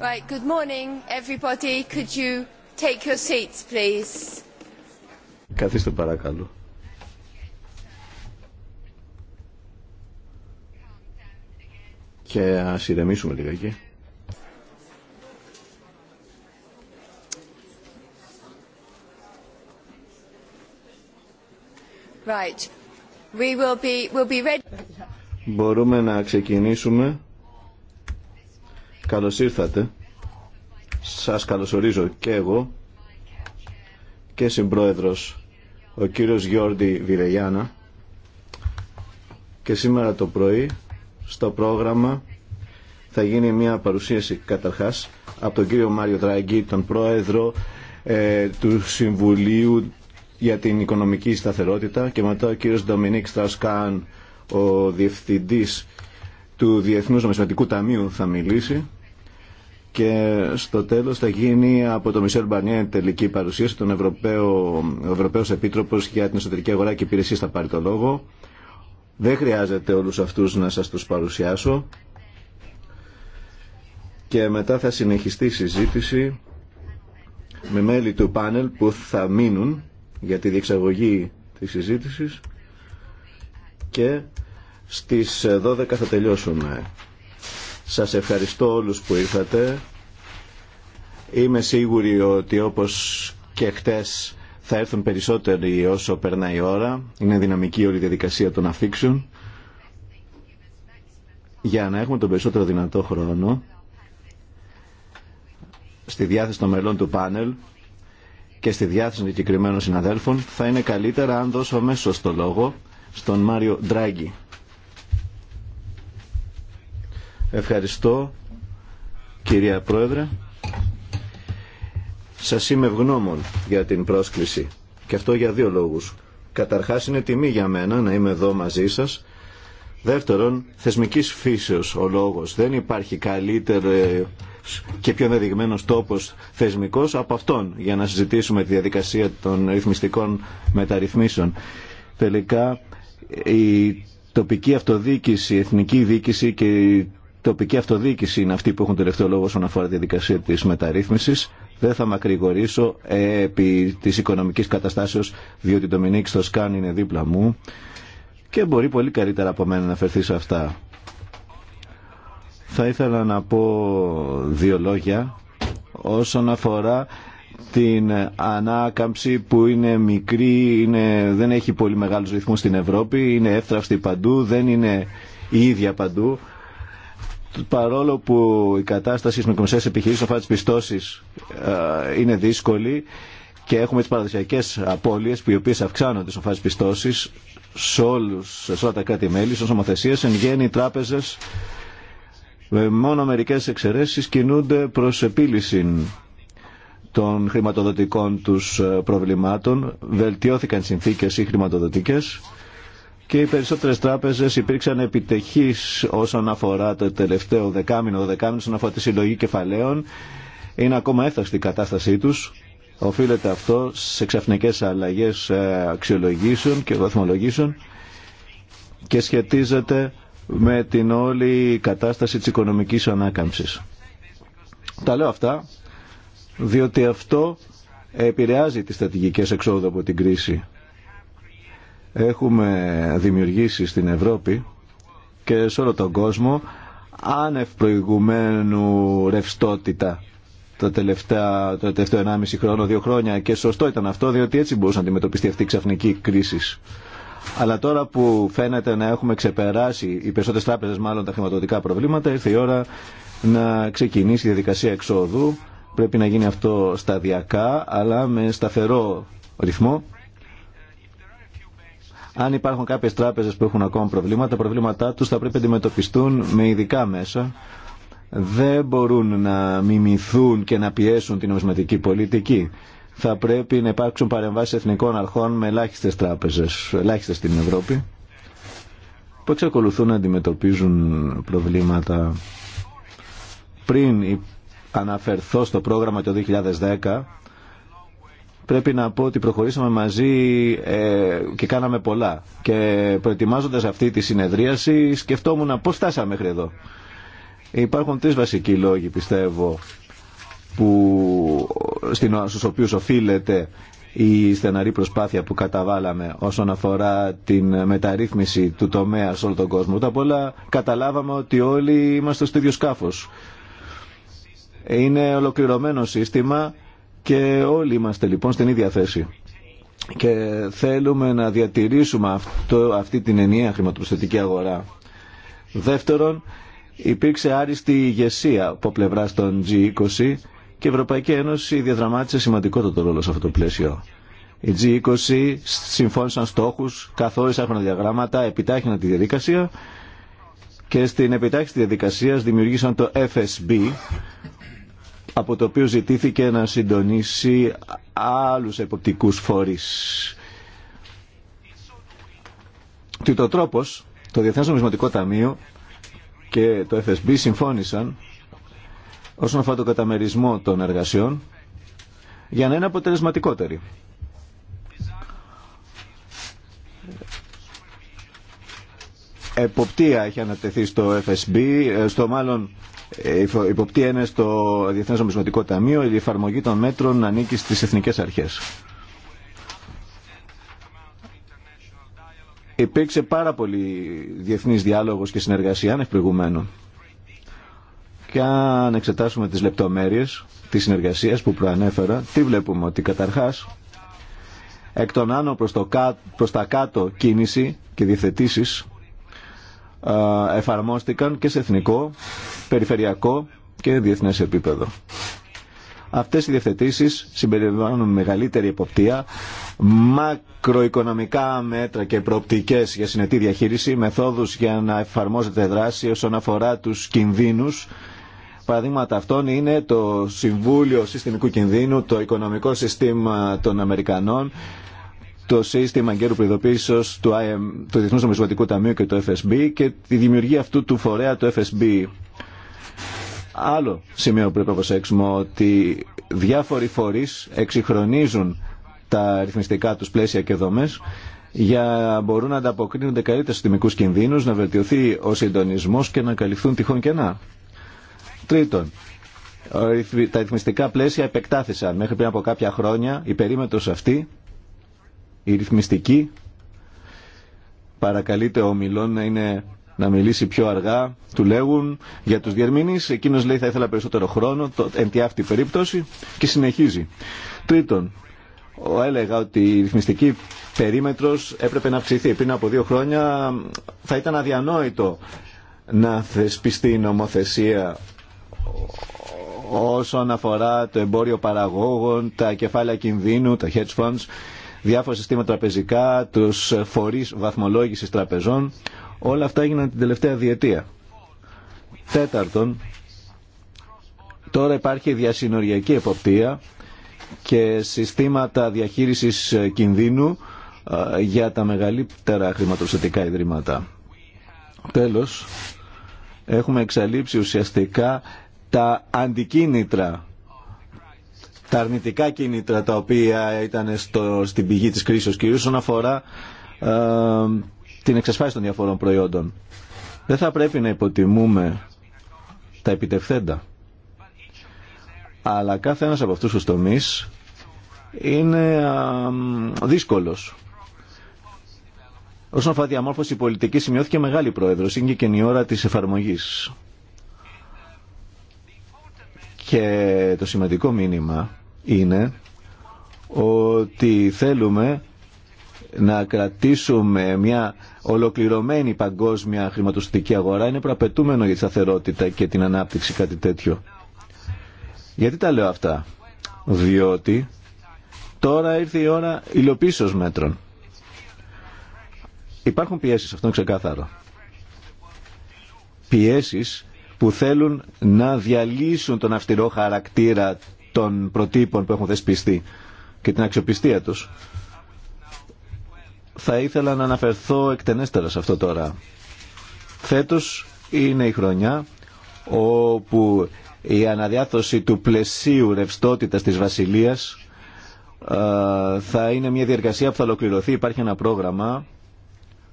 Right, good morning everybody. Could you take your seats please? Καθίστε παρακαλώ. Και ας ηρεμήσουμε λιγάκι. Right. We will be, will be ready. Μπορούμε να ξεκινήσουμε Καλώς ήρθατε. Σας καλωσορίζω και εγώ και συμπρόεδρος ο κύριος Γιώργη Βιρεγιάννα και σήμερα το πρωί στο πρόγραμμα θα γίνει μια παρουσίαση καταρχάς από τον κύριο Μάριο Τράγκη, τον πρόεδρο ε, του Συμβουλίου για την Οικονομική Σταθερότητα και μετά ο κύριος Ντομινίκ Στρασκάν, ο διευθυντής του Διεθνούς Νομισματικού Ταμείου θα μιλήσει και στο τέλος θα γίνει από το Μισελ Μπανιέ τελική παρουσίαση τον Ευρωπαίο, ο Ευρωπαίος Επίτροπος για την Εσωτερική Αγορά και Υπηρεσίες θα πάρει το λόγο. Δεν χρειάζεται όλους αυτούς να σας τους παρουσιάσω και μετά θα συνεχιστεί η συζήτηση με μέλη του πάνελ που θα μείνουν για τη διεξαγωγή της συζήτησης και στις 12 θα τελειώσουμε. Σας ευχαριστώ όλους που ήρθατε. Είμαι σίγουρη ότι όπως και χτες θα έρθουν περισσότεροι όσο περνάει η ώρα. Είναι δυναμική όλη η διαδικασία των αφήξεων. Για να έχουμε τον περισσότερο δυνατό χρόνο στη διάθεση των μελών του πάνελ και στη διάθεση των συγκεκριμένων συναδέλφων θα είναι καλύτερα αν δώσω αμέσως το λόγο στον Μάριο Ντράγκη. Ευχαριστώ κυρία Πρόεδρε. Σας είμαι ευγνώμων για την πρόσκληση και αυτό για δύο λόγους. Καταρχάς είναι τιμή για μένα να είμαι εδώ μαζί σας. Δεύτερον, θεσμικής φύσεως ο λόγος. Δεν υπάρχει καλύτερο και πιο ενδεδειγμένος τόπος θεσμικός από αυτόν για να συζητήσουμε τη διαδικασία των ρυθμιστικών μεταρρυθμίσεων. Τελικά, η τοπική αυτοδιοίκηση, η εθνική δίκηση και η τοπική αυτοδιοίκηση είναι αυτοί που έχουν τελευταίο λόγο όσον αφορά τη διαδικασία της μεταρρύθμισης. Δεν θα μακρηγορήσω επί της οικονομικής καταστάσεω, διότι το Μινίκ στο ΣΚΑΝ είναι δίπλα μου και μπορεί πολύ καλύτερα από μένα να αφαιρθεί σε αυτά. Θα ήθελα να πω δύο λόγια όσον αφορά την ανάκαμψη που είναι μικρή, είναι, δεν έχει πολύ μεγάλους ρυθμούς στην Ευρώπη, είναι εύθραυστη παντού, δεν είναι η ίδια παντού παρόλο που η κατάσταση στις μικρομεσαίες επιχειρήσεις αφορά τις πιστώσεις ε, είναι δύσκολη και έχουμε τις παραδοσιακές απώλειες που οι οποίες αυξάνονται στο πιστώσεις σε, σε όλα τα κράτη-μέλη, στις ομοθεσίες, εν γέννη οι τράπεζες με μόνο μερικές εξαιρέσεις κινούνται προς επίλυση των χρηματοδοτικών τους ε, προβλημάτων. Βελτιώθηκαν συνθήκες ή χρηματοδοτικές και οι περισσότερες τράπεζες υπήρξαν επιτεχείς όσον αφορά το τελευταίο δεκάμινο, το δεκάμινο όσον αφορά τη συλλογή κεφαλαίων. Είναι ακόμα έφταστη η κατάστασή τους. Οφείλεται αυτό σε ξαφνικές αλλαγές ε, αξιολογήσεων και βαθμολογήσεων και σχετίζεται με την όλη κατάσταση της οικονομικής ανάκαμψης. Τα λέω αυτά διότι αυτό επηρεάζει τις στρατηγικές εξόδου από την κρίση έχουμε δημιουργήσει στην Ευρώπη και σε όλο τον κόσμο άνευ προηγουμένου ρευστότητα τα τελευταία, το τελευταίο 1,5 χρόνο, 2 χρόνια και σωστό ήταν αυτό διότι έτσι μπορούσε να αντιμετωπιστεί αυτή η ξαφνική κρίση. Αλλά τώρα που φαίνεται να έχουμε ξεπεράσει οι περισσότερε τράπεζε μάλλον τα χρηματοδοτικά προβλήματα, ήρθε η ώρα να ξεκινήσει η διαδικασία εξόδου. Πρέπει να γίνει αυτό σταδιακά αλλά με σταθερό ρυθμό αν υπάρχουν κάποιε τράπεζε που έχουν ακόμα προβλήματα, τα προβλήματά του θα πρέπει να αντιμετωπιστούν με ειδικά μέσα. Δεν μπορούν να μιμηθούν και να πιέσουν την νομισματική πολιτική. Θα πρέπει να υπάρξουν παρεμβάσει εθνικών αρχών με ελάχιστε τράπεζε, ελάχιστε στην Ευρώπη, που εξακολουθούν να αντιμετωπίζουν προβλήματα. Πριν αναφερθώ στο πρόγραμμα το 2010, πρέπει να πω ότι προχωρήσαμε μαζί ε, και κάναμε πολλά. Και προετοιμάζοντας αυτή τη συνεδρίαση σκεφτόμουν πώς φτάσαμε μέχρι εδώ. Υπάρχουν τρεις βασικοί λόγοι πιστεύω που, στους οποίους οφείλεται η στεναρή προσπάθεια που καταβάλαμε όσον αφορά την μεταρρύθμιση του τομέα σε όλο τον κόσμο. Τα πολλά καταλάβαμε ότι όλοι είμαστε στο ίδιο σκάφος. Είναι ολοκληρωμένο σύστημα και όλοι είμαστε λοιπόν στην ίδια θέση. Και θέλουμε να διατηρήσουμε αυτό, αυτή την ενιαία χρηματοπιστωτική αγορά. Δεύτερον, υπήρξε άριστη ηγεσία από πλευρά των G20 και η Ευρωπαϊκή Ένωση διαδραμάτισε σημαντικότατο ρόλο σε αυτό το πλαίσιο. Οι G20 συμφώνησαν στόχου, καθόρισαν χρονοδιαγράμματα, επιτάχυναν τη διαδικασία και στην επιτάχυνση τη διαδικασία δημιουργήσαν το FSB από το οποίο ζητήθηκε να συντονίσει άλλους εποπτικούς φορείς. Τι το τρόπος, το Διεθνές Νομισματικό Ταμείο και το FSB συμφώνησαν όσον αφορά τον καταμερισμό των εργασιών για να είναι αποτελεσματικότεροι. Εποπτεία έχει ανατεθεί στο FSB, ε, στο μάλλον ε, υποπτή είναι στο Διεθνές Νομισματικό Ταμείο, η εφαρμογή των μέτρων ανήκει στις εθνικές αρχές. Υπήρξε πάρα πολύ διεθνής διάλογος και συνεργασία άνευ Και αν εξετάσουμε τις λεπτομέρειες της συνεργασίας που προανέφερα, τι βλέπουμε ότι καταρχάς εκ των άνω προς, το, τα κάτω κίνηση και διθετήσεις εφαρμόστηκαν και σε εθνικό, περιφερειακό και διεθνές επίπεδο. Αυτές οι διευθετήσεις συμπεριλαμβάνουν μεγαλύτερη εποπτεία, μακροοικονομικά μέτρα και προοπτικές για συνετή διαχείριση, μεθόδους για να εφαρμόζεται δράση όσον αφορά τους κινδύνους. Παραδείγματα αυτών είναι το Συμβούλιο Συστημικού Κινδύνου, το Οικονομικό Συστήμα των Αμερικανών, το σύστημα αγκαίρου προειδοποίησεω του, του Νομισματικού Ταμείου και του FSB και τη δημιουργία αυτού του φορέα του FSB. Άλλο σημείο που πρέπει να προσέξουμε ότι διάφοροι φορεί εξυγχρονίζουν τα ρυθμιστικά του πλαίσια και δομέ για να μπορούν να ανταποκρίνονται καλύτερα στου τιμικούς κινδύνους, να βελτιωθεί ο συντονισμό και να καλυφθούν τυχόν κενά. Τρίτον, τα ρυθμιστικά πλαίσια επεκτάθησαν μέχρι πριν από κάποια χρόνια η περίμετρο αυτή η ρυθμιστική παρακαλείται ο μιλόν να, είναι, να μιλήσει πιο αργά, του λέγουν για τους διερμηνείς, εκείνος λέει θα ήθελα περισσότερο χρόνο, το, εν τη αυτή περίπτωση και συνεχίζει. Τρίτον, έλεγα ότι η ρυθμιστική περίμετρος έπρεπε να αυξηθεί. Πριν από δύο χρόνια θα ήταν αδιανόητο να θεσπιστεί η νομοθεσία όσον αφορά το εμπόριο παραγόγων, τα κεφάλαια κινδύνου, τα hedge funds διάφορα συστήματα τραπεζικά, τους φορείς βαθμολόγηση τραπεζών. Όλα αυτά έγιναν την τελευταία διετία. Τέταρτον, τώρα υπάρχει διασυνοριακή εποπτεία και συστήματα διαχείρισης κινδύνου για τα μεγαλύτερα χρηματοστατικά ιδρύματα. Τέλος, έχουμε εξαλείψει ουσιαστικά τα αντικίνητρα τα αρνητικά κίνητρα τα οποία ήταν στο, στην πηγή της κρίσης, κυρίως όσον αφορά ε, την εξασφάλιση των διαφορών προϊόντων. Δεν θα πρέπει να υποτιμούμε τα επιτευθέντα. Αλλά κάθε ένας από αυτούς τους τομείς είναι α, δύσκολος. Όσον αφορά τη διαμόρφωση πολιτική, σημειώθηκε μεγάλη πρόεδρο. Είναι και, και η ώρα τη εφαρμογή. Και το σημαντικό μήνυμα είναι ότι θέλουμε να κρατήσουμε μια ολοκληρωμένη παγκόσμια χρηματοσυντική αγορά είναι προαπαιτούμενο για τη σταθερότητα και την ανάπτυξη κάτι τέτοιο. Γιατί τα λέω αυτά. Διότι τώρα ήρθε η ώρα υλοποίησης μέτρων. Υπάρχουν πιέσεις, αυτό είναι ξεκάθαρο. Πιέσεις που θέλουν να διαλύσουν τον αυστηρό χαρακτήρα των προτύπων που έχουν θεσπιστεί και την αξιοπιστία τους. Θα ήθελα να αναφερθώ εκτενέστερα σε αυτό τώρα. Φέτος είναι η χρονιά όπου η αναδιάθρωση του πλαισίου ρευστότητας της Βασιλείας θα είναι μια διαργασία που θα ολοκληρωθεί. Υπάρχει ένα πρόγραμμα,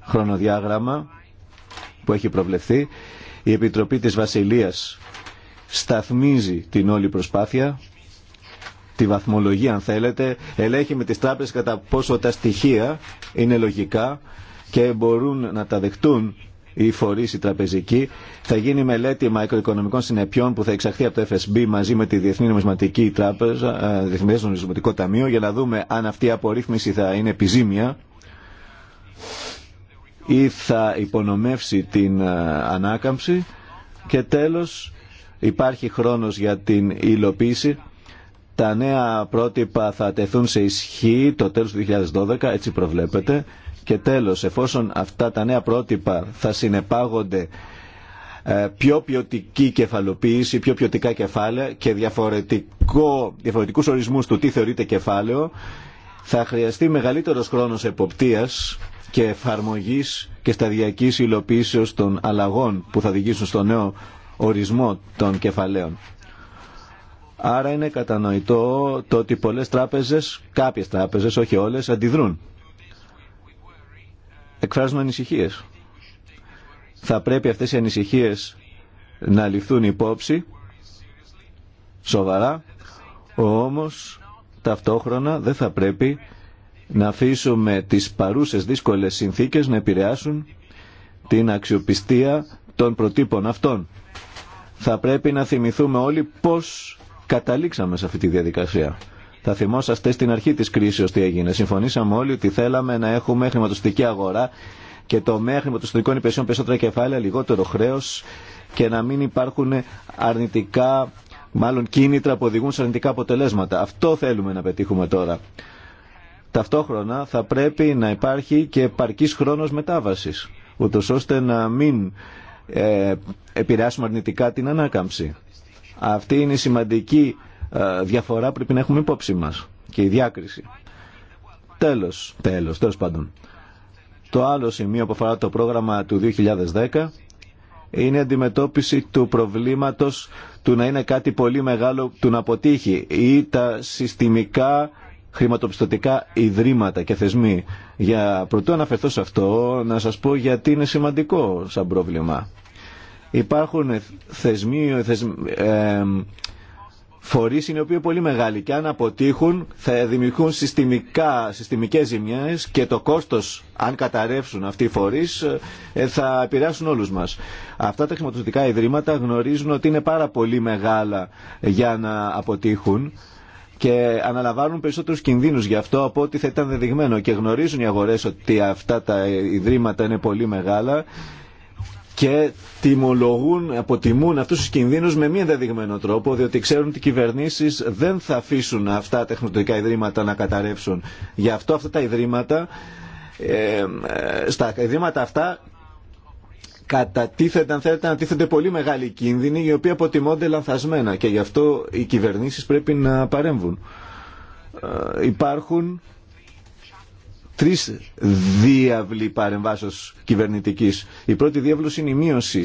χρονοδιάγραμμα που έχει προβλεφθεί. Η Επιτροπή της Βασιλείας σταθμίζει την όλη προσπάθεια τη βαθμολογία αν θέλετε, ελέγχει με τις τράπεζες κατά πόσο τα στοιχεία είναι λογικά και μπορούν να τα δεχτούν οι φορεί οι τραπεζικοί. Θα γίνει μελέτη μακροοικονομικών συνεπειών που θα εξαχθεί από το FSB μαζί με τη Διεθνή Νομισματική Τράπεζα, ε, Διεθνή Νομισματικό Ταμείο, για να δούμε αν αυτή η απορρίθμιση θα είναι επιζήμια ή θα υπονομεύσει την ε, ανάκαμψη. Και τέλος υπάρχει χρόνος για την υλοποίηση τα νέα πρότυπα θα τεθούν σε ισχύ το τέλος του 2012, έτσι προβλέπεται. Και τέλος, εφόσον αυτά τα νέα πρότυπα θα συνεπάγονται ε, πιο ποιοτική κεφαλοποίηση, πιο ποιοτικά κεφάλαια και διαφορετικό, διαφορετικούς ορισμούς του τι θεωρείται κεφάλαιο, θα χρειαστεί μεγαλύτερος χρόνος εποπτείας και εφαρμογής και σταδιακής υλοποίησεως των αλλαγών που θα οδηγήσουν στο νέο ορισμό των κεφαλαίων. Άρα είναι κατανοητό το ότι πολλές τράπεζες, κάποιες τράπεζες, όχι όλες, αντιδρούν. Εκφράζουν ανησυχίες. Θα πρέπει αυτές οι ανησυχίες να ληφθούν υπόψη, σοβαρά, όμως ταυτόχρονα δεν θα πρέπει να αφήσουμε τις παρούσες δύσκολες συνθήκες να επηρεάσουν την αξιοπιστία των προτύπων αυτών. Θα πρέπει να θυμηθούμε όλοι πώς καταλήξαμε σε αυτή τη διαδικασία. Θα θυμόσαστε στην αρχή της κρίσης τι έγινε. Συμφωνήσαμε όλοι ότι θέλαμε να έχουμε χρηματοστική αγορά και το μέχρι χρηματοστικών υπηρεσιών περισσότερα κεφάλαια, λιγότερο χρέος και να μην υπάρχουν αρνητικά, μάλλον κίνητρα που οδηγούν σε αρνητικά αποτελέσματα. Αυτό θέλουμε να πετύχουμε τώρα. Ταυτόχρονα θα πρέπει να υπάρχει και παρκής χρόνος μετάβασης, ούτως ώστε να μην ε, επηρεάσουμε αρνητικά την ανάκαμψη. Αυτή είναι η σημαντική ε, διαφορά που πρέπει να έχουμε υπόψη μας και η διάκριση. Τέλος, τέλος, τέλος πάντων. Το άλλο σημείο που αφορά το πρόγραμμα του 2010 είναι η αντιμετώπιση του προβλήματος του να είναι κάτι πολύ μεγάλο του να αποτύχει ή τα συστημικά χρηματοπιστωτικά ιδρύματα και θεσμοί. Για πρωτού αναφερθώ σε αυτό, να σας πω γιατί είναι σημαντικό σαν πρόβλημα. Υπάρχουν θεσμοί, θεσμ, ε, φορείς είναι οι οποίοι πολύ μεγάλοι και αν αποτύχουν θα δημιουργούν συστημικά, συστημικές ζημιές και το κόστος αν καταρρεύσουν αυτοί οι φορείς ε, θα επηρεάσουν όλους μας. Αυτά τα χρηματοδοτικά ιδρύματα γνωρίζουν ότι είναι πάρα πολύ μεγάλα για να αποτύχουν και αναλαμβάνουν περισσότερου κινδύνου γι' αυτό από ό,τι θα ήταν δεδειγμένο. Και γνωρίζουν οι αγορέ ότι αυτά τα ιδρύματα είναι πολύ μεγάλα και τιμολογούν, αποτιμούν αυτούς τους κινδύνους με μία ενδεδειγμένο τρόπο, διότι ξέρουν ότι οι κυβερνήσεις δεν θα αφήσουν αυτά τα τεχνολογικά ιδρύματα να καταρρεύσουν. Γι' αυτό αυτά τα ιδρύματα, ε, ε στα ιδρύματα αυτά κατατίθεται, αν θέλετε, να πολύ μεγάλη κίνδυνη, οι οποίοι αποτιμώνται λανθασμένα και γι' αυτό οι κυβερνήσεις πρέπει να παρέμβουν. Ε, υπάρχουν Τρει διάβλοι παρεμβάσεω κυβερνητικής. Η πρώτη διάβλος είναι η μείωση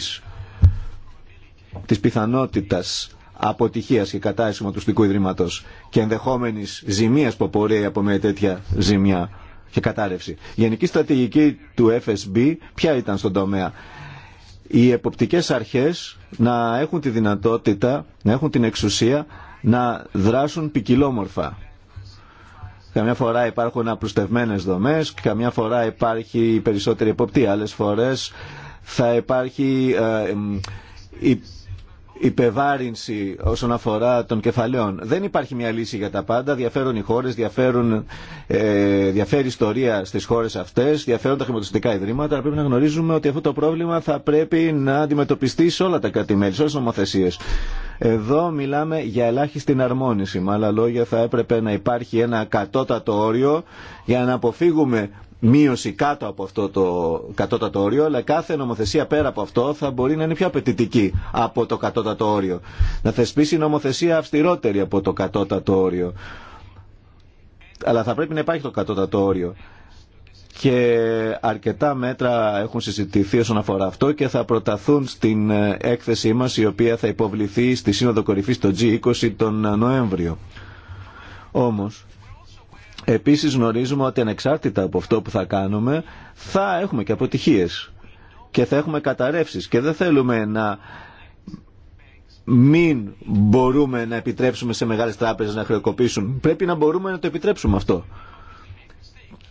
της πιθανότητας αποτυχίας και κατάρρευση του στικού ιδρύματο και ενδεχόμενη ζημίας που απορρέει από μια τέτοια ζημιά και κατάρρευση. Η γενική στρατηγική του FSB ποια ήταν στον τομέα. Οι εποπτικές αρχές να έχουν τη δυνατότητα, να έχουν την εξουσία να δράσουν ποικιλόμορφα Καμιά φορά υπάρχουν απλουστευμένες δομές, καμιά φορά υπάρχει περισσότερη εποπτή. Άλλες φορές θα υπάρχει ε, υπεβάρυνση όσον αφορά των κεφαλαίων. Δεν υπάρχει μια λύση για τα πάντα. Διαφέρουν οι χώρε, διαφέρουν, ε, διαφέρει η ιστορία στι χώρε αυτέ, διαφέρουν τα χρηματοσυντικά ιδρύματα. Αλλά πρέπει να γνωρίζουμε ότι αυτό το πρόβλημα θα πρέπει να αντιμετωπιστεί σε όλα τα κράτη-μέλη, σε όλε τι νομοθεσίε. Εδώ μιλάμε για ελάχιστη εναρμόνιση. Με άλλα λόγια, θα έπρεπε να υπάρχει ένα κατώτατο όριο για να αποφύγουμε μείωση κάτω από αυτό το κατώτατο όριο, αλλά κάθε νομοθεσία πέρα από αυτό θα μπορεί να είναι πιο απαιτητική από το κατώτατο όριο. Να θεσπίσει νομοθεσία αυστηρότερη από το κατώτατο όριο. Αλλά θα πρέπει να υπάρχει το κατώτατο όριο. Και αρκετά μέτρα έχουν συζητηθεί όσον αφορά αυτό και θα προταθούν στην έκθεσή μας η οποία θα υποβληθεί στη Σύνοδο Κορυφής το G20 τον Νοέμβριο. Όμως, Επίσης γνωρίζουμε ότι ανεξάρτητα από αυτό που θα κάνουμε θα έχουμε και αποτυχίες και θα έχουμε καταρρεύσεις και δεν θέλουμε να μην μπορούμε να επιτρέψουμε σε μεγάλες τράπεζες να χρεοκοπήσουν. Πρέπει να μπορούμε να το επιτρέψουμε αυτό.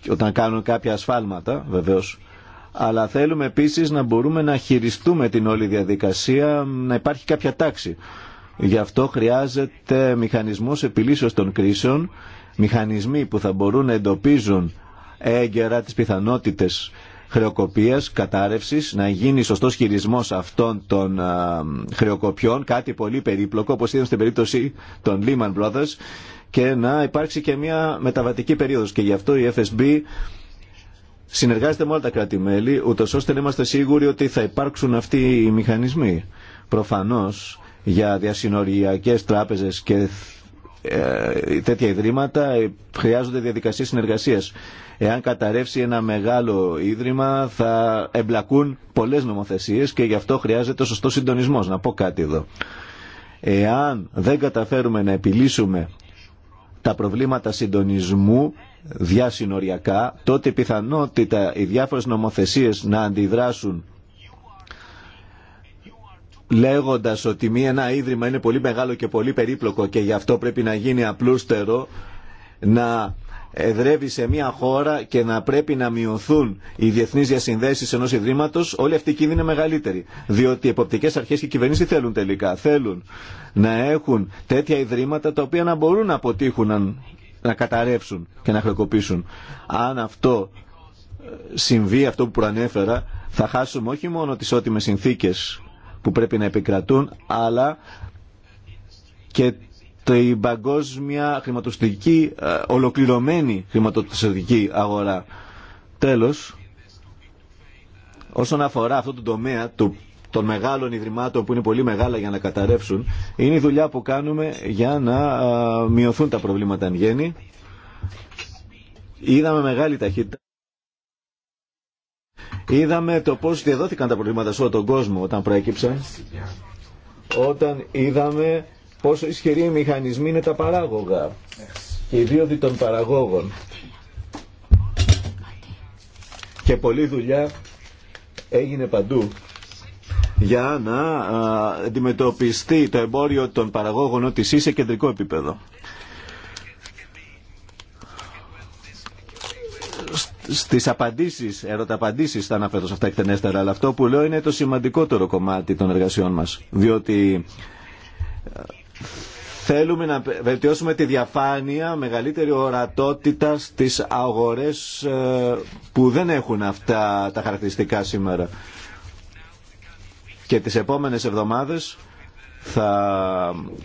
Όταν κάνουν κάποια ασφάλματα βεβαίως. Αλλά θέλουμε επίσης να μπορούμε να χειριστούμε την όλη διαδικασία, να υπάρχει κάποια τάξη. Γι' αυτό χρειάζεται μηχανισμός επιλύσεως των κρίσεων μηχανισμοί που θα μπορούν να εντοπίζουν έγκαιρα τις πιθανότητες χρεοκοπίας, κατάρρευσης, να γίνει σωστός χειρισμός αυτών των χρεοκοπιών, κάτι πολύ περίπλοκο, όπως είδαμε στην περίπτωση των Lehman Brothers, και να υπάρξει και μια μεταβατική περίοδος. Και γι' αυτό η FSB συνεργάζεται με όλα τα κράτη-μέλη, ούτως ώστε να είμαστε σίγουροι ότι θα υπάρξουν αυτοί οι μηχανισμοί. Προφανώς για διασυνοριακές τράπεζες και ε, τέτοια ιδρύματα ε, χρειάζονται διαδικασίες συνεργασίας. Εάν καταρρεύσει ένα μεγάλο ίδρυμα θα εμπλακούν πολλές νομοθεσίες και γι' αυτό χρειάζεται ο σωστός συντονισμός. Να πω κάτι εδώ. Εάν δεν καταφέρουμε να επιλύσουμε τα προβλήματα συντονισμού διασυνοριακά, τότε η πιθανότητα οι διάφορες νομοθεσίες να αντιδράσουν λέγοντας ότι μία, ένα ίδρυμα είναι πολύ μεγάλο και πολύ περίπλοκο και γι' αυτό πρέπει να γίνει απλούστερο να εδρεύει σε μία χώρα και να πρέπει να μειωθούν οι διεθνείς διασυνδέσεις ενός ιδρύματος, όλη αυτή η κίνδυνη είναι μεγαλύτερη. Διότι οι εποπτικές αρχές και οι θέλουν τελικά, θέλουν να έχουν τέτοια ιδρύματα τα οποία να μπορούν να αποτύχουν να, να καταρρεύσουν και να χρεοκοπήσουν. Αν αυτό ε, συμβεί, αυτό που προανέφερα, θα χάσουμε όχι μόνο τις ότιμε συνθήκες που πρέπει να επικρατούν, αλλά και η παγκόσμια χρηματοστική, ε, ολοκληρωμένη χρηματοστική αγορά. Τέλος, όσον αφορά αυτό το τομέα του των μεγάλων ιδρυμάτων που είναι πολύ μεγάλα για να καταρρεύσουν, είναι η δουλειά που κάνουμε για να ε, μειωθούν τα προβλήματα εν γέννη. Είδαμε μεγάλη ταχύτητα Είδαμε το πώς διαδόθηκαν τα προβλήματα σε όλο τον κόσμο όταν προέκυψαν. Όταν είδαμε πόσο ισχυροί οι μηχανισμοί είναι τα παράγωγα και οι των παραγόγων. Και πολλή δουλειά έγινε παντού για να αντιμετωπιστεί το εμπόριο των παραγόγων ότι σε κεντρικό επίπεδο. στις απαντήσεις, ερωταπαντήσεις θα αναφέρω σε αυτά εκτενέστερα, αλλά αυτό που λέω είναι το σημαντικότερο κομμάτι των εργασιών μας, διότι ε, θέλουμε να βελτιώσουμε τη διαφάνεια, μεγαλύτερη ορατότητα στις αγορές ε, που δεν έχουν αυτά τα χαρακτηριστικά σήμερα. Και τις επόμενες εβδομάδες θα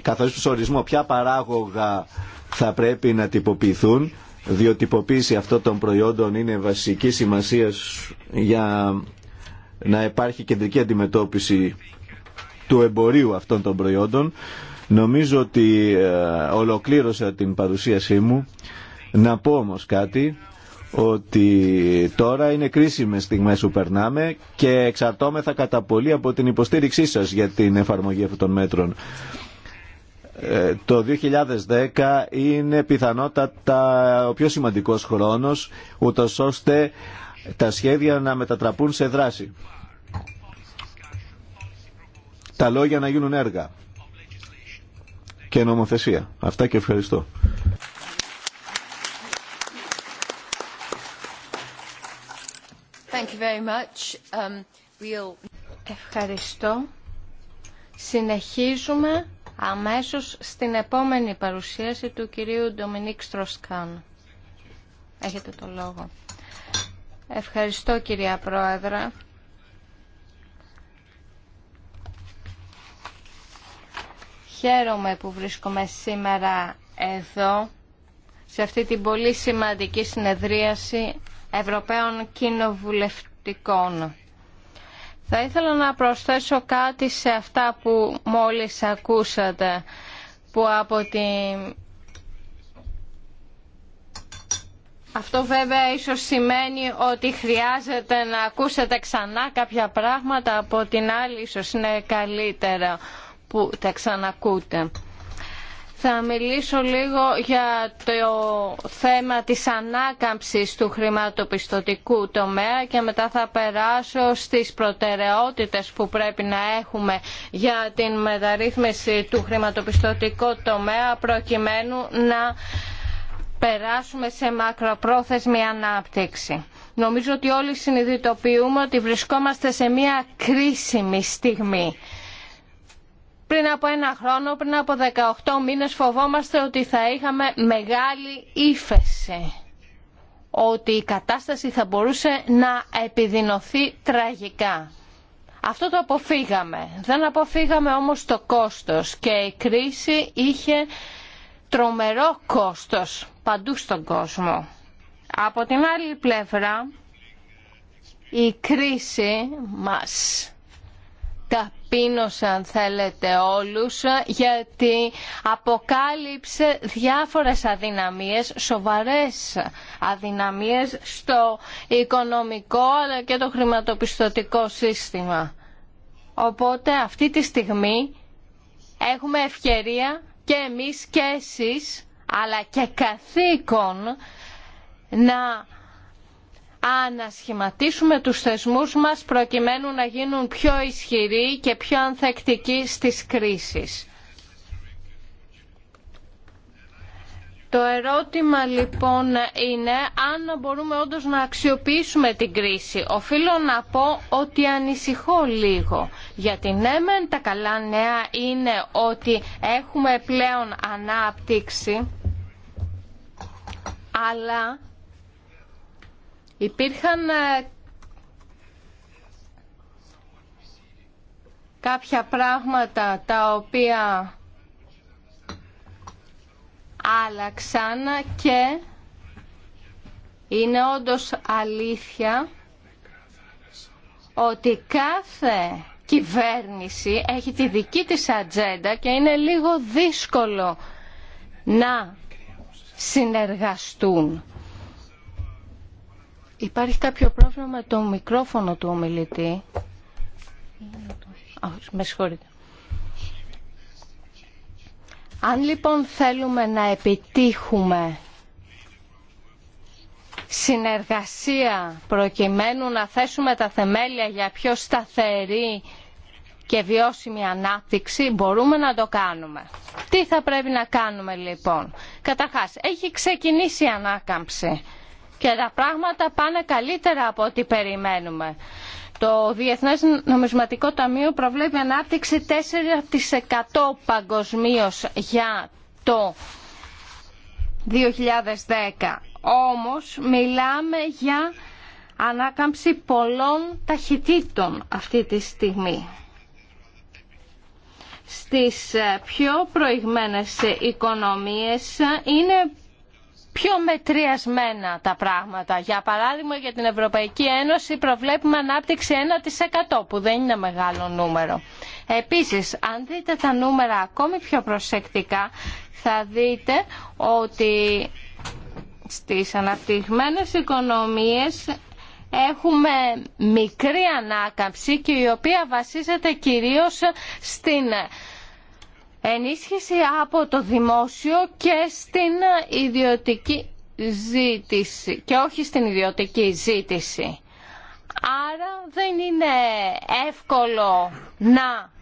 καθορίσουμε ορισμό ποια παράγωγα θα πρέπει να τυποποιηθούν διοτυποποίηση αυτών των προϊόντων είναι βασική σημασία για να υπάρχει κεντρική αντιμετώπιση του εμπορίου αυτών των προϊόντων. Νομίζω ότι ε, ολοκλήρωσα την παρουσίασή μου. Να πω όμως κάτι ότι τώρα είναι κρίσιμες στιγμές που περνάμε και εξαρτώμεθα κατά πολύ από την υποστήριξή σας για την εφαρμογή αυτών των μέτρων. Ε, το 2010 είναι πιθανότατα ο πιο σημαντικός χρόνος, ούτως ώστε τα σχέδια να μετατραπούν σε δράση. Τα λόγια να γίνουν έργα και νομοθεσία. Αυτά και ευχαριστώ. Thank you very much. Um, Ευχαριστώ. Συνεχίζουμε αμέσως στην επόμενη παρουσίαση του κυρίου Ντομινίκ Στροσκάν. Έχετε το λόγο. Ευχαριστώ κυρία Πρόεδρα. Χαίρομαι που βρίσκομαι σήμερα εδώ, σε αυτή την πολύ σημαντική συνεδρίαση Ευρωπαίων Κοινοβουλευτικών. Θα ήθελα να προσθέσω κάτι σε αυτά που μόλις ακούσατε, που από τη... Αυτό βέβαια ίσως σημαίνει ότι χρειάζεται να ακούσετε ξανά κάποια πράγματα, από την άλλη ίσως είναι καλύτερα που τα ξανακούτε. Θα μιλήσω λίγο για το θέμα της ανάκαμψης του χρηματοπιστωτικού τομέα και μετά θα περάσω στις προτεραιότητες που πρέπει να έχουμε για την μεταρρύθμιση του χρηματοπιστωτικού τομέα προκειμένου να περάσουμε σε μακροπρόθεσμη ανάπτυξη. Νομίζω ότι όλοι συνειδητοποιούμε ότι βρισκόμαστε σε μια κρίσιμη στιγμή πριν από ένα χρόνο, πριν από 18 μήνες φοβόμαστε ότι θα είχαμε μεγάλη ύφεση. Ότι η κατάσταση θα μπορούσε να επιδεινωθεί τραγικά. Αυτό το αποφύγαμε. Δεν αποφύγαμε όμως το κόστος και η κρίση είχε τρομερό κόστος παντού στον κόσμο. Από την άλλη πλευρά η κρίση μας ταπείνωσαν θέλετε όλους γιατί αποκάλυψε διάφορες αδυναμίες, σοβαρές αδυναμίες στο οικονομικό αλλά και το χρηματοπιστωτικό σύστημα. Οπότε αυτή τη στιγμή έχουμε ευκαιρία και εμείς και εσείς αλλά και καθήκον να ανασχηματίσουμε τους θεσμούς μας προκειμένου να γίνουν πιο ισχυροί και πιο ανθεκτικοί στις κρίσεις. Το ερώτημα λοιπόν είναι αν μπορούμε όντως να αξιοποιήσουμε την κρίση. Οφείλω να πω ότι ανησυχώ λίγο. Γιατί ναι μεν τα καλά νέα είναι ότι έχουμε πλέον ανάπτυξη, αλλά Υπήρχαν ε, κάποια πράγματα τα οποία άλλαξαν και είναι όντως αλήθεια ότι κάθε κυβέρνηση έχει τη δική της ατζέντα και είναι λίγο δύσκολο να συνεργαστούν. Υπάρχει κάποιο πρόβλημα με το μικρόφωνο του ομιλητή. με συγχωρείτε. Αν λοιπόν θέλουμε να επιτύχουμε συνεργασία προκειμένου να θέσουμε τα θεμέλια για πιο σταθερή και βιώσιμη ανάπτυξη μπορούμε να το κάνουμε. Τι θα πρέπει να κάνουμε λοιπόν. Καταρχάς, έχει ξεκινήσει η ανάκαμψη και τα πράγματα πάνε καλύτερα από ό,τι περιμένουμε. Το Διεθνές Νομισματικό Ταμείο προβλέπει ανάπτυξη 4% παγκοσμίως για το 2010. Όμως μιλάμε για ανάκαμψη πολλών ταχυτήτων αυτή τη στιγμή. Στις πιο προηγμένες οικονομίες είναι πιο μετριασμένα τα πράγματα. Για παράδειγμα, για την Ευρωπαϊκή Ένωση προβλέπουμε ανάπτυξη 1% που δεν είναι μεγάλο νούμερο. Επίσης, αν δείτε τα νούμερα ακόμη πιο προσεκτικά, θα δείτε ότι στις αναπτυγμένες οικονομίες έχουμε μικρή ανάκαμψη και η οποία βασίζεται κυρίως στην ενίσχυση από το δημόσιο και στην ιδιωτική ζήτηση και όχι στην ιδιωτική ζήτηση. Άρα δεν είναι εύκολο να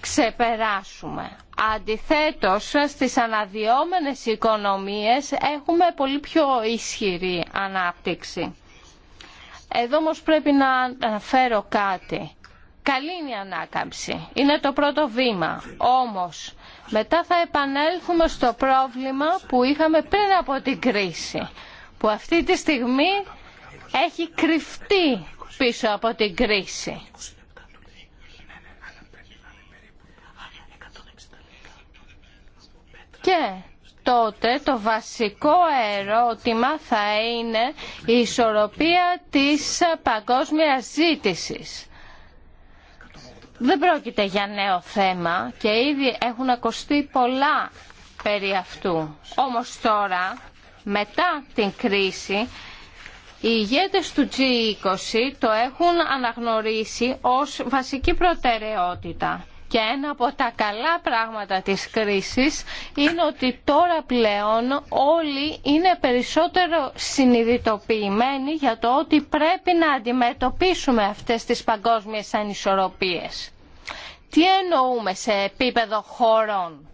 ξεπεράσουμε. Αντιθέτως, στις αναδυόμενες οικονομίες έχουμε πολύ πιο ισχυρή ανάπτυξη. Εδώ όμως πρέπει να αναφέρω κάτι. Καλή είναι η ανάκαμψη. Είναι το πρώτο βήμα. Όμως, μετά θα επανέλθουμε στο πρόβλημα που είχαμε πριν από την κρίση. Που αυτή τη στιγμή έχει κρυφτεί πίσω από την κρίση. Και τότε το βασικό ερώτημα θα είναι η ισορροπία της παγκόσμιας ζήτησης. Δεν πρόκειται για νέο θέμα και ήδη έχουν ακουστεί πολλά περί αυτού. Όμως τώρα, μετά την κρίση, οι ηγέτες του G20 το έχουν αναγνωρίσει ως βασική προτεραιότητα. Και ένα από τα καλά πράγματα της κρίσης είναι ότι τώρα πλέον όλοι είναι περισσότερο συνειδητοποιημένοι για το ότι πρέπει να αντιμετωπίσουμε αυτές τις παγκόσμιες ανισορροπίες. Τι εννοούμε σε επίπεδο χωρών.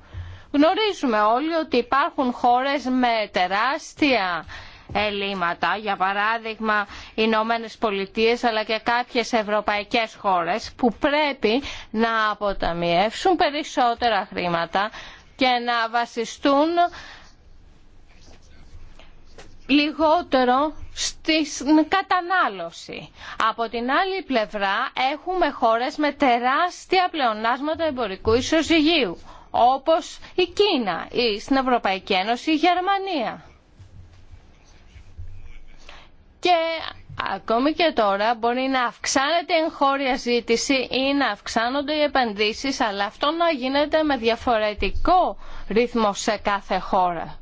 Γνωρίζουμε όλοι ότι υπάρχουν χώρες με τεράστια ελλείμματα, για παράδειγμα οι Ηνωμένε Πολιτείε αλλά και κάποιες ευρωπαϊκές χώρες που πρέπει να αποταμιεύσουν περισσότερα χρήματα και να βασιστούν λιγότερο στην κατανάλωση. Από την άλλη πλευρά έχουμε χώρες με τεράστια πλεονάσματα εμπορικού ισοζυγίου, όπως η Κίνα ή στην Ευρωπαϊκή Ένωση η Γερμανία και ακόμη και τώρα μπορεί να αυξάνεται η εγχώρια ζήτηση ή να αυξάνονται οι επενδύσεις, αλλά αυτό να γίνεται με διαφορετικό ρυθμό σε κάθε χώρα.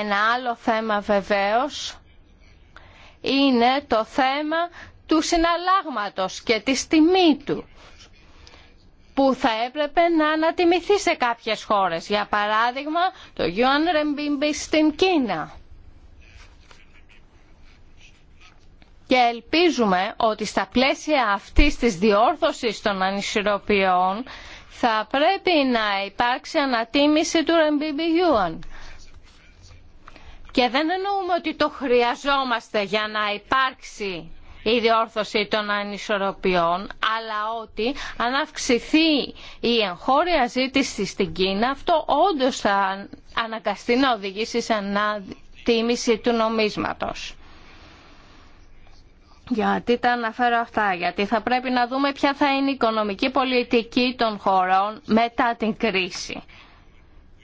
Ένα άλλο θέμα βεβαίως είναι το θέμα του συναλλάγματος και της τιμή του που θα έπρεπε να ανατιμηθεί σε κάποιες χώρες. Για παράδειγμα, το Yuan Renminbi στην Κίνα. και ελπίζουμε ότι στα πλαίσια αυτής της διόρθωσης των ανισορροπιών θα πρέπει να υπάρξει ανατίμηση του MBBU. Και δεν εννοούμε ότι το χρειαζόμαστε για να υπάρξει η διόρθωση των ανισορροπιών, αλλά ότι αν αυξηθεί η εγχώρια ζήτηση στην Κίνα, αυτό όντως θα αναγκαστεί να οδηγήσει σε ανατίμηση του νομίσματος. Γιατί τα αναφέρω αυτά, γιατί θα πρέπει να δούμε ποια θα είναι η οικονομική πολιτική των χωρών μετά την κρίση.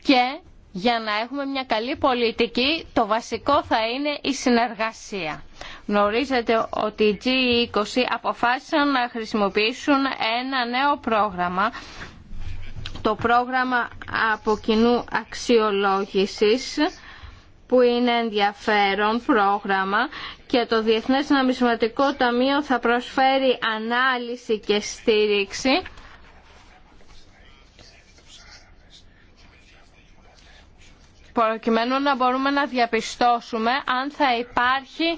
Και για να έχουμε μια καλή πολιτική, το βασικό θα είναι η συνεργασία. Γνωρίζετε ότι οι G20 αποφάσισαν να χρησιμοποιήσουν ένα νέο πρόγραμμα, το πρόγραμμα από κοινού αξιολόγησης, που είναι ενδιαφέρον πρόγραμμα και το Διεθνές Νομισματικό Ταμείο θα προσφέρει ανάλυση και στήριξη. προκειμένου να μπορούμε να διαπιστώσουμε αν θα υπάρχει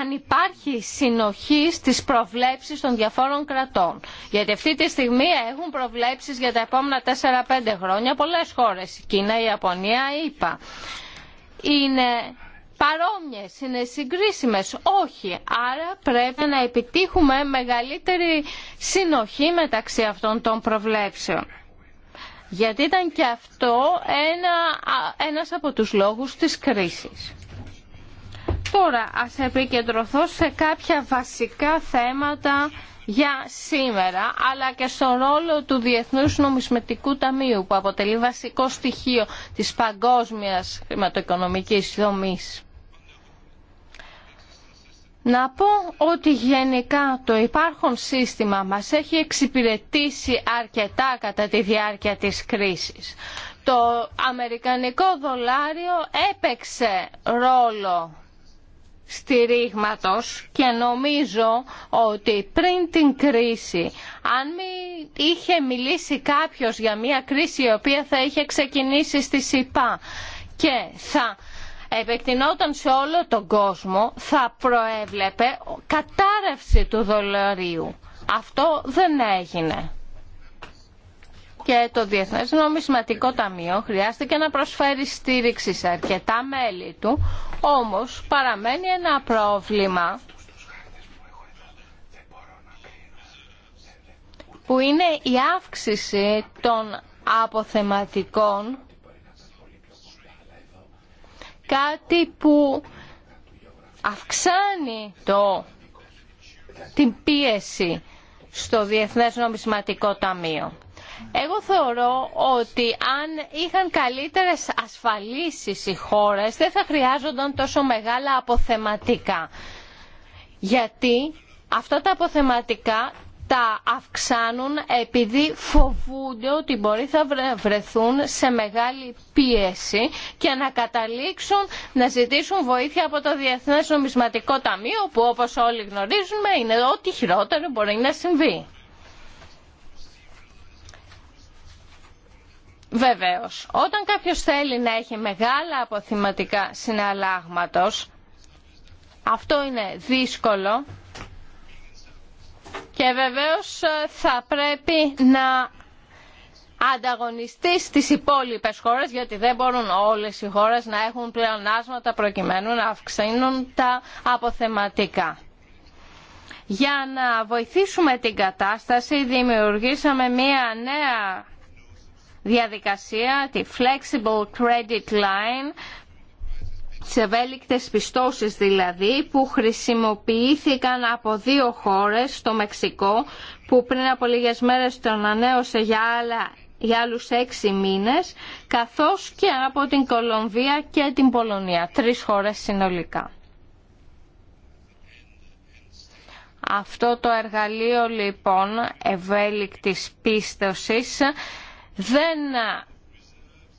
αν υπάρχει συνοχή στις προβλέψεις των διαφόρων κρατών. Γιατί αυτή τη στιγμή έχουν προβλέψεις για τα επόμενα 4-5 χρόνια πολλές χώρες, η Κίνα, η Ιαπωνία, η ΙΠΑ είναι παρόμοιες, είναι συγκρίσιμες. Όχι. Άρα πρέπει να επιτύχουμε μεγαλύτερη συνοχή μεταξύ αυτών των προβλέψεων. Γιατί ήταν και αυτό ένα, ένας από τους λόγους της κρίσης. Τώρα ας επικεντρωθώ σε κάποια βασικά θέματα για σήμερα, αλλά και στον ρόλο του Διεθνούς Νομισματικού Ταμείου, που αποτελεί βασικό στοιχείο της παγκόσμιας χρηματοοικονομικής δομής. Να πω ότι γενικά το υπάρχον σύστημα μας έχει εξυπηρετήσει αρκετά κατά τη διάρκεια της κρίσης. Το αμερικανικό δολάριο έπαιξε ρόλο στηρίγματος και νομίζω ότι πριν την κρίση αν είχε μιλήσει κάποιος για μια κρίση η οποία θα είχε ξεκινήσει στη ΣΥΠΑ και θα επεκτηνόταν σε όλο τον κόσμο θα προέβλεπε κατάρρευση του δολαρίου. Αυτό δεν έγινε και το Διεθνές Νομισματικό Ταμείο χρειάστηκε να προσφέρει στήριξη σε αρκετά μέλη του, όμως παραμένει ένα πρόβλημα που είναι η αύξηση των αποθεματικών, κάτι που αυξάνει το, την πίεση στο Διεθνές Νομισματικό Ταμείο. Εγώ θεωρώ ότι αν είχαν καλύτερες ασφαλίσεις οι χώρες δεν θα χρειάζονταν τόσο μεγάλα αποθεματικά. Γιατί αυτά τα αποθεματικά τα αυξάνουν επειδή φοβούνται ότι μπορεί θα βρεθούν σε μεγάλη πίεση και να καταλήξουν να ζητήσουν βοήθεια από το Διεθνές Νομισματικό Ταμείο που όπως όλοι γνωρίζουμε είναι ό,τι χειρότερο μπορεί να συμβεί. Βεβαίως, όταν κάποιος θέλει να έχει μεγάλα αποθηματικά συναλλάγματος, αυτό είναι δύσκολο και βεβαίως ε, θα πρέπει να ανταγωνιστεί στις υπόλοιπες χώρες, γιατί δεν μπορούν όλες οι χώρες να έχουν πλεονάσματα προκειμένου να αυξήνουν τα αποθεματικά. Για να βοηθήσουμε την κατάσταση δημιουργήσαμε μία νέα διαδικασία, τη Flexible Credit Line, σε ευέλικτες πιστώσεις δηλαδή, που χρησιμοποιήθηκαν από δύο χώρες, το Μεξικό, που πριν από λίγες μέρες τον ανέωσε για άλλα για άλλους έξι μήνες, καθώς και από την Κολομβία και την Πολωνία, τρεις χώρες συνολικά. Αυτό το εργαλείο λοιπόν ευέλικτης πίστοσης δεν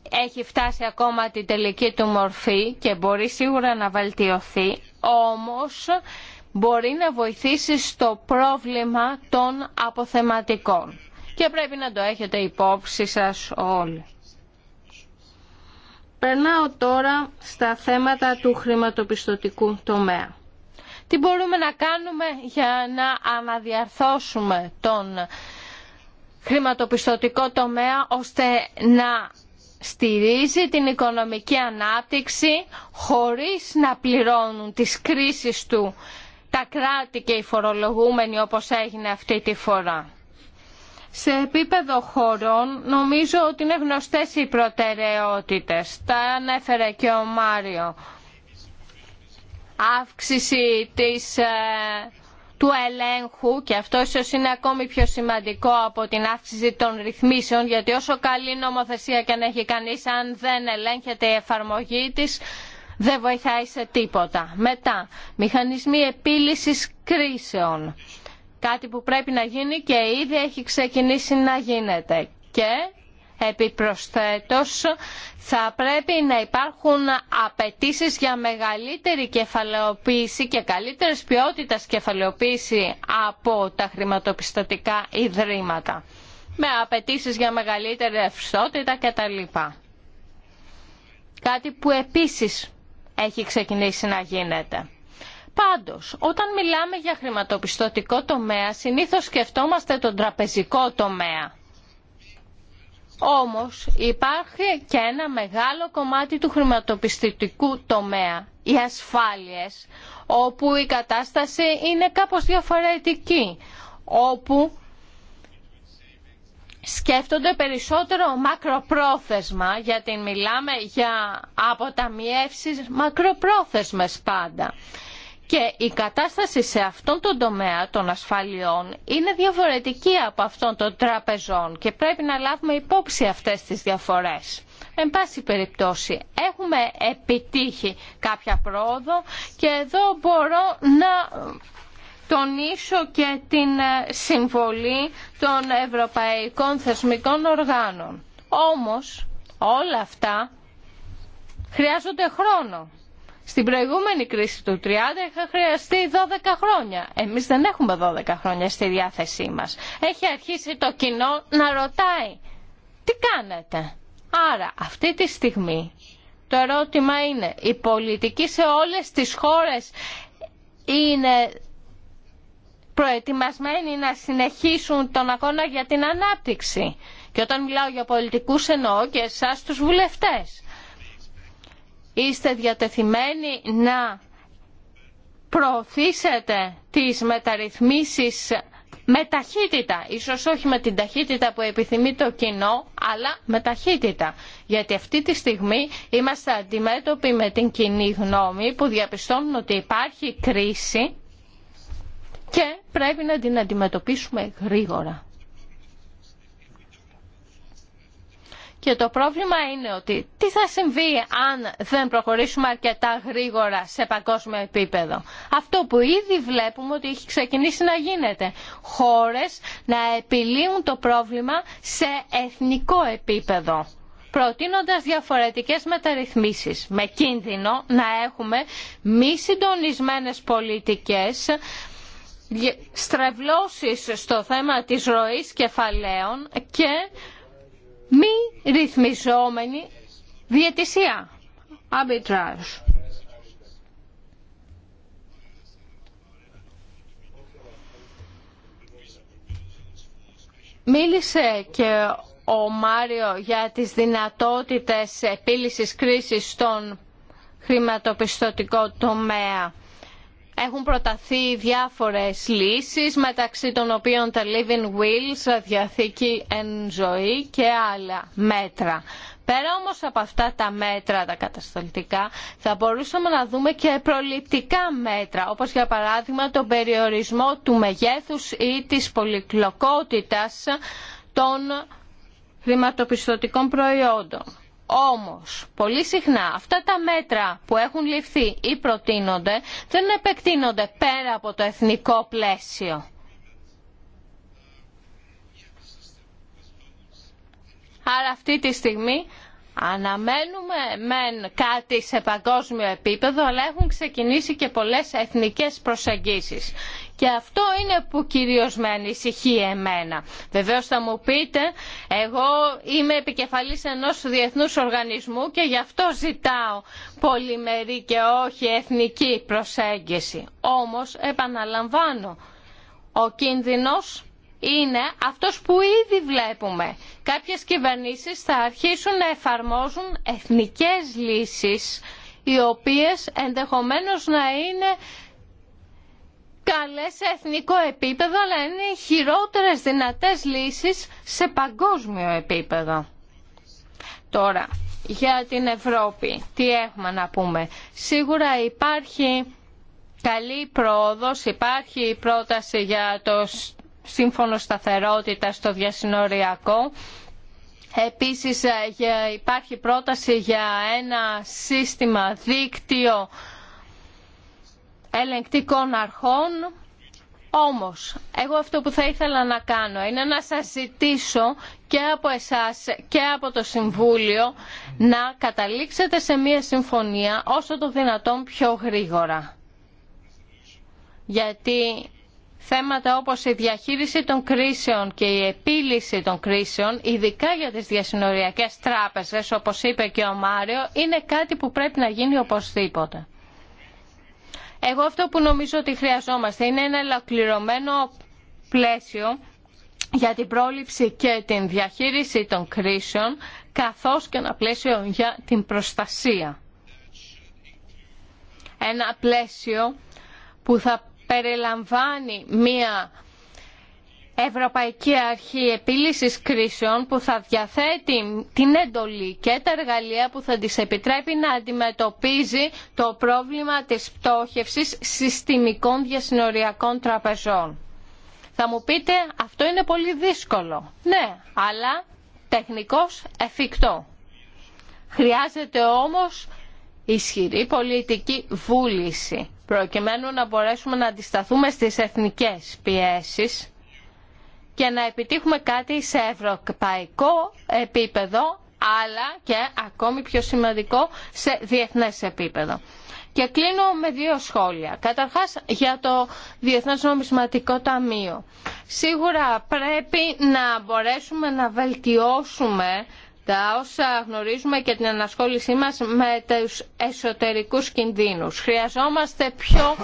έχει φτάσει ακόμα την τελική του μορφή και μπορεί σίγουρα να βελτιωθεί, όμως μπορεί να βοηθήσει στο πρόβλημα των αποθεματικών. Και πρέπει να το έχετε υπόψη σας όλοι. Περνάω τώρα στα θέματα του χρηματοπιστωτικού τομέα. Τι μπορούμε να κάνουμε για να αναδιαρθώσουμε τον χρηματοπιστωτικό τομέα ώστε να στηρίζει την οικονομική ανάπτυξη χωρίς να πληρώνουν τις κρίσεις του τα κράτη και οι φορολογούμενοι όπως έγινε αυτή τη φορά. Σε επίπεδο χωρών νομίζω ότι είναι γνωστές οι προτεραιότητες. Τα ανέφερε και ο Μάριο. Αύξηση της ε, του ελέγχου και αυτό ίσως είναι ακόμη πιο σημαντικό από την αύξηση των ρυθμίσεων γιατί όσο καλή νομοθεσία και αν έχει κανείς αν δεν ελέγχεται η εφαρμογή της δεν βοηθάει σε τίποτα. Μετά, μηχανισμοί επίλυσης κρίσεων. Κάτι που πρέπει να γίνει και ήδη έχει ξεκινήσει να γίνεται. Και Επιπροσθέτως, θα πρέπει να υπάρχουν απαιτήσει για μεγαλύτερη κεφαλαιοποίηση και καλύτερης ποιότητας κεφαλαιοποίηση από τα χρηματοπιστωτικά ιδρύματα. Με απαιτήσει για μεγαλύτερη ευστότητα κτλ. Κάτι που επίσης έχει ξεκινήσει να γίνεται. Πάντως, όταν μιλάμε για χρηματοπιστωτικό τομέα, συνήθως σκεφτόμαστε τον τραπεζικό τομέα όμως υπάρχει και ένα μεγάλο κομμάτι του χρηματοπιστητικού τομέα, οι ασφάλειες, όπου η κατάσταση είναι κάπως διαφορετική, όπου σκέφτονται περισσότερο μακροπρόθεσμα, γιατί μιλάμε για αποταμιεύσεις μακροπρόθεσμες πάντα. Και η κατάσταση σε αυτόν τον τομέα των ασφαλιών είναι διαφορετική από αυτών των τραπεζών και πρέπει να λάβουμε υπόψη αυτές τις διαφορές. Εν πάση περιπτώσει, έχουμε επιτύχει κάποια πρόοδο και εδώ μπορώ να τονίσω και την συμβολή των ευρωπαϊκών θεσμικών οργάνων. Όμως, όλα αυτά χρειάζονται χρόνο. Στην προηγούμενη κρίση του 30 είχα χρειαστεί 12 χρόνια. Εμείς δεν έχουμε 12 χρόνια στη διάθεσή μας. Έχει αρχίσει το κοινό να ρωτάει τι κάνετε. Άρα αυτή τη στιγμή το ερώτημα είναι η πολιτική σε όλες τις χώρες είναι προετοιμασμένοι να συνεχίσουν τον αγώνα για την ανάπτυξη. Και όταν μιλάω για πολιτικούς εννοώ και εσάς τους βουλευτές. Είστε διατεθειμένοι να προωθήσετε τις μεταρρυθμίσεις με ταχύτητα, ίσως όχι με την ταχύτητα που επιθυμεί το κοινό, αλλά με ταχύτητα. Γιατί αυτή τη στιγμή είμαστε αντιμέτωποι με την κοινή γνώμη που διαπιστώνουν ότι υπάρχει κρίση και πρέπει να την αντιμετωπίσουμε γρήγορα. Και το πρόβλημα είναι ότι τι θα συμβεί αν δεν προχωρήσουμε αρκετά γρήγορα σε παγκόσμιο επίπεδο. Αυτό που ήδη βλέπουμε ότι έχει ξεκινήσει να γίνεται. Χώρες να επιλύουν το πρόβλημα σε εθνικό επίπεδο προτείνοντας διαφορετικές μεταρρυθμίσεις με κίνδυνο να έχουμε μη συντονισμένες πολιτικές στρεβλώσεις στο θέμα της ροής κεφαλαίων και μη ρυθμιζόμενη διαιτησία. Arbitrage. Μίλησε και ο Μάριο για τις δυνατότητες επίλυσης κρίσης στον χρηματοπιστωτικό τομέα. Έχουν προταθεί διάφορες λύσεις, μεταξύ των οποίων τα Living Wills, διαθήκη εν ζωή και άλλα μέτρα. Πέρα όμως από αυτά τα μέτρα, τα κατασταλτικά, θα μπορούσαμε να δούμε και προληπτικά μέτρα, όπως για παράδειγμα τον περιορισμό του μεγέθους ή της πολυκλοκότητας των χρηματοπιστωτικών προϊόντων. Όμως, πολύ συχνά αυτά τα μέτρα που έχουν ληφθεί ή προτείνονται δεν επεκτείνονται πέρα από το εθνικό πλαίσιο. Άρα αυτή τη στιγμή αναμένουμε μεν κάτι σε παγκόσμιο επίπεδο, αλλά έχουν ξεκινήσει και πολλές εθνικές προσεγγίσεις. Και αυτό είναι που κυρίως με ανησυχεί εμένα. Βεβαίως θα μου πείτε, εγώ είμαι επικεφαλής ενός διεθνούς οργανισμού και γι' αυτό ζητάω πολυμερή και όχι εθνική προσέγγιση. Όμως, επαναλαμβάνω, ο κίνδυνος είναι αυτός που ήδη βλέπουμε. Κάποιες κυβερνήσεις θα αρχίσουν να εφαρμόζουν εθνικές λύσεις οι οποίες ενδεχομένως να είναι καλές σε εθνικό επίπεδο, αλλά είναι οι χειρότερες δυνατές λύσεις σε παγκόσμιο επίπεδο. Τώρα, για την Ευρώπη, τι έχουμε να πούμε. Σίγουρα υπάρχει καλή πρόοδος, υπάρχει πρόταση για το σύμφωνο σταθερότητα στο διασυνοριακό. Επίσης ε, υπάρχει πρόταση για ένα σύστημα δίκτυο ελεγκτικών αρχών. Όμως, εγώ αυτό που θα ήθελα να κάνω είναι να σας ζητήσω και από εσάς και από το Συμβούλιο να καταλήξετε σε μία συμφωνία όσο το δυνατόν πιο γρήγορα. Γιατί θέματα όπως η διαχείριση των κρίσεων και η επίλυση των κρίσεων, ειδικά για τις διασυνοριακές τράπεζες, όπως είπε και ο Μάριο, είναι κάτι που πρέπει να γίνει οπωσδήποτε. Εγώ αυτό που νομίζω ότι χρειαζόμαστε είναι ένα ολοκληρωμένο πλαίσιο για την πρόληψη και την διαχείριση των κρίσεων, καθώς και ένα πλαίσιο για την προστασία. Ένα πλαίσιο που θα περιλαμβάνει μία Ευρωπαϊκή Αρχή Επίλυσης Κρίσεων που θα διαθέτει την εντολή και τα εργαλεία που θα της επιτρέπει να αντιμετωπίζει το πρόβλημα της πτώχευσης συστημικών διασυνοριακών τραπεζών. Θα μου πείτε αυτό είναι πολύ δύσκολο. Ναι, αλλά τεχνικός εφικτό. Χρειάζεται όμως ισχυρή πολιτική βούληση προκειμένου να μπορέσουμε να αντισταθούμε στις εθνικές πιέσεις και να επιτύχουμε κάτι σε ευρωπαϊκό επίπεδο αλλά και ακόμη πιο σημαντικό σε διεθνές επίπεδο. Και κλείνω με δύο σχόλια. Καταρχάς για το Διεθνές Νομισματικό Ταμείο. Σίγουρα πρέπει να μπορέσουμε να βελτιώσουμε τα όσα γνωρίζουμε και την ανασχόλησή μας με τους εσωτερικούς κινδύνους. Χρειαζόμαστε πιο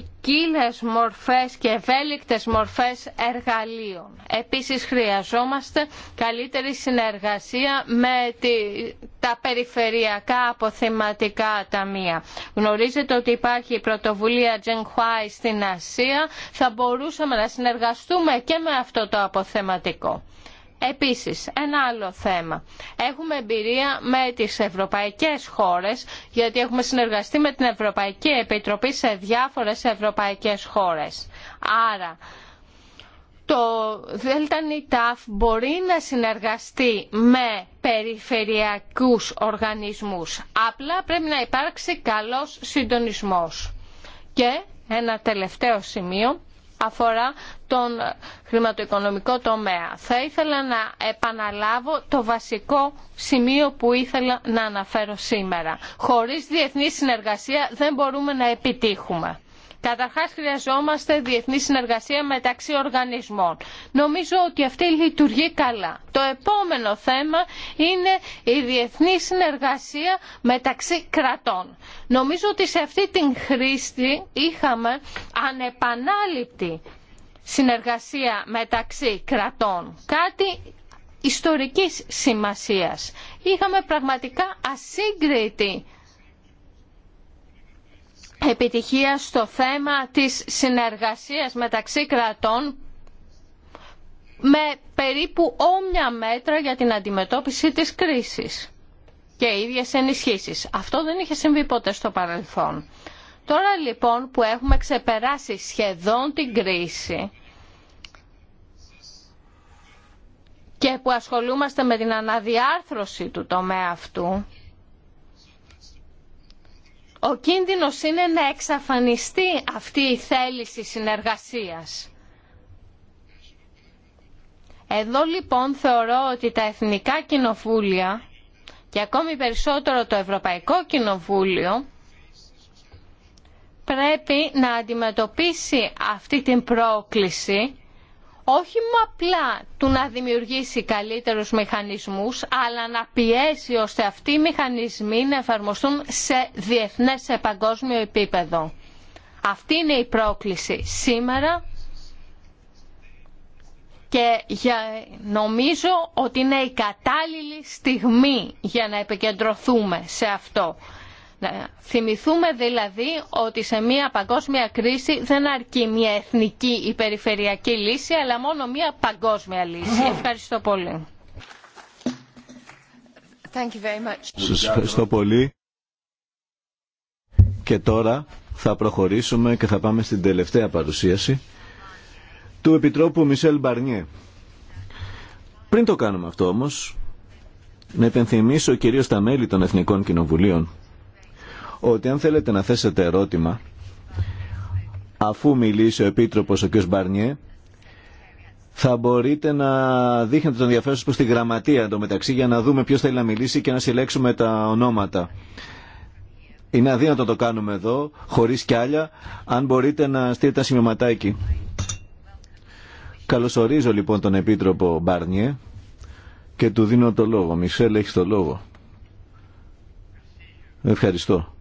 ποικίλε μορφές και ευέλικτες μορφές εργαλείων. Επίσης χρειαζόμαστε καλύτερη συνεργασία με τη, τα περιφερειακά αποθεματικά ταμεία. Γνωρίζετε ότι υπάρχει η πρωτοβουλία Τζενχουάι στην Ασία. Θα μπορούσαμε να συνεργαστούμε και με αυτό το αποθεματικό. Επίσης, ένα άλλο θέμα. Έχουμε εμπειρία με τις ευρωπαϊκές χώρες, γιατί έχουμε συνεργαστεί με την Ευρωπαϊκή Επιτροπή σε διάφορες ευρωπαϊκές χώρες. Άρα, το ΔΝΤ μπορεί να συνεργαστεί με περιφερειακούς οργανισμούς. Απλά πρέπει να υπάρξει καλός συντονισμός. Και ένα τελευταίο σημείο αφορά τον χρηματοοικονομικό τομέα. Θα ήθελα να επαναλάβω το βασικό σημείο που ήθελα να αναφέρω σήμερα. Χωρίς διεθνή συνεργασία δεν μπορούμε να επιτύχουμε. Καταρχά χρειαζόμαστε διεθνή συνεργασία μεταξύ οργανισμών. Νομίζω ότι αυτή λειτουργεί καλά. Το επόμενο θέμα είναι η διεθνή συνεργασία μεταξύ κρατών. Νομίζω ότι σε αυτή την χρήση είχαμε ανεπανάληπτη συνεργασία μεταξύ κρατών. Κάτι ιστορικής σημασίας. Είχαμε πραγματικά ασύγκριτη επιτυχία στο θέμα της συνεργασίας μεταξύ κρατών με περίπου όμοια μέτρα για την αντιμετώπιση της κρίσης και ίδιες ενισχύσεις. Αυτό δεν είχε συμβεί ποτέ στο παρελθόν. Τώρα λοιπόν που έχουμε ξεπεράσει σχεδόν την κρίση και που ασχολούμαστε με την αναδιάρθρωση του τομέα αυτού, ο κίνδυνος είναι να εξαφανιστεί αυτή η θέληση συνεργασίας. Εδώ λοιπόν θεωρώ ότι τα εθνικά κοινοβούλια και ακόμη περισσότερο το Ευρωπαϊκό Κοινοβούλιο πρέπει να αντιμετωπίσει αυτή την πρόκληση όχι μόνο απλά του να δημιουργήσει καλύτερους μηχανισμούς, αλλά να πιέσει ώστε αυτοί οι μηχανισμοί να εφαρμοστούν σε διεθνές, σε παγκόσμιο επίπεδο. Αυτή είναι η πρόκληση σήμερα και για, νομίζω ότι είναι η κατάλληλη στιγμή για να επικεντρωθούμε σε αυτό θυμηθούμε δηλαδή ότι σε μια παγκόσμια κρίση δεν αρκεί μια εθνική ή περιφερειακή λύση, αλλά μόνο μια παγκόσμια λύση. Ευχαριστώ πολύ. Σας ευχαριστώ πολύ. Και τώρα θα προχωρήσουμε και θα πάμε στην τελευταία παρουσίαση του Επιτρόπου Μισελ Μπαρνιέ. Πριν το κάνουμε αυτό όμως, να επενθυμίσω κυρίως τα μέλη των Εθνικών Κοινοβουλίων ότι αν θέλετε να θέσετε ερώτημα, αφού μιλήσει ο Επίτροπος ο κ. Μπαρνιέ, θα μπορείτε να δείχνετε τον ενδιαφέρον σας προς τη γραμματεία εντωμεταξύ για να δούμε ποιος θέλει να μιλήσει και να συλλέξουμε τα ονόματα. Είναι αδύνατο να το κάνουμε εδώ, χωρίς κι άλλα, αν μπορείτε να στείλετε τα σημειωματάκι. Καλωσορίζω λοιπόν τον Επίτροπο Μπάρνιε και του δίνω το λόγο. Μισελ, έχει το λόγο. Ευχαριστώ.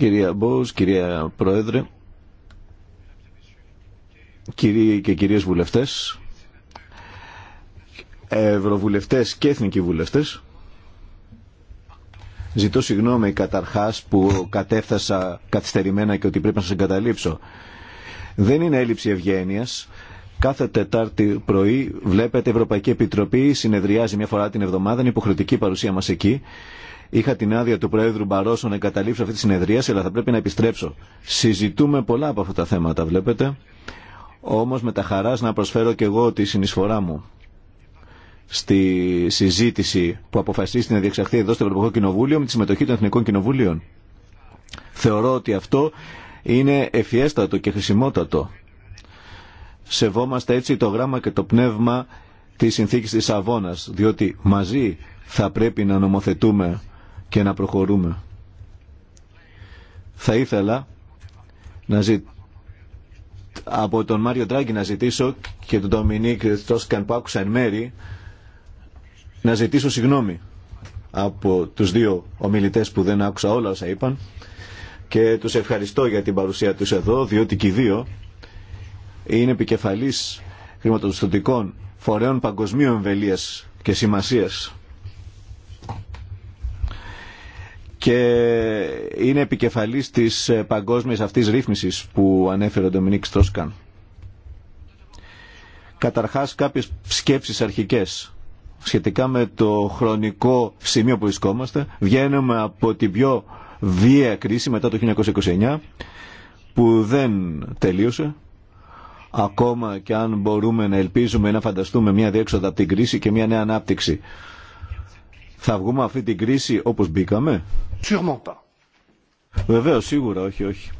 Κυρία Μπούς, κυρία Πρόεδρε, κυρίοι και κυρίες βουλευτές, ευρωβουλευτές και εθνικοί βουλευτές, ζητώ συγγνώμη καταρχάς που κατέφθασα καθυστερημένα και ότι πρέπει να σας εγκαταλείψω. Δεν είναι έλλειψη ευγένειας. Κάθε Τετάρτη πρωί βλέπετε Ευρωπαϊκή Επιτροπή συνεδριάζει μια φορά την εβδομάδα, είναι υποχρεωτική παρουσία μας εκεί Είχα την άδεια του Προέδρου Μπαρόσο να εγκαταλείψω αυτή τη συνεδρία, αλλά θα πρέπει να επιστρέψω. Συζητούμε πολλά από αυτά τα θέματα, βλέπετε. Όμω με τα χαρά να προσφέρω και εγώ τη συνεισφορά μου στη συζήτηση που αποφασίστηκε να διεξαχθεί εδώ στο Ευρωπαϊκό Κοινοβούλιο με τη συμμετοχή των Εθνικών Κοινοβουλίων. Θεωρώ ότι αυτό είναι ευφιέστατο και χρησιμότατο. Σεβόμαστε έτσι το γράμμα και το πνεύμα της συνθήκη τη Αβώνα, διότι μαζί θα πρέπει να νομοθετούμε και να προχωρούμε. Θα ήθελα να ζη... από τον Μάριο Τράγκη να ζητήσω και τον Ντομινίκ Τόσκαν που άκουσα εν μέρη να ζητήσω συγγνώμη από τους δύο ομιλητές που δεν άκουσα όλα όσα είπαν και τους ευχαριστώ για την παρουσία τους εδώ διότι και οι δύο είναι επικεφαλής χρηματοδοτικών φορέων παγκοσμίου εμβελίας και σημασίας και είναι επικεφαλής της παγκόσμιας αυτής ρύθμισης που ανέφερε ο Ντομινίκ Στρόσκαν. Καταρχάς κάποιες σκέψεις αρχικές σχετικά με το χρονικό σημείο που βρισκόμαστε. Βγαίνουμε από την πιο βία κρίση μετά το 1929 που δεν τελείωσε. Ακόμα και αν μπορούμε να ελπίζουμε να φανταστούμε μια διέξοδο από την κρίση και μια νέα ανάπτυξη. Θα βγούμε αυτή την κρίση όπως μπήκαμε. Βεβαίως, σίγουρα, όχι, όχι.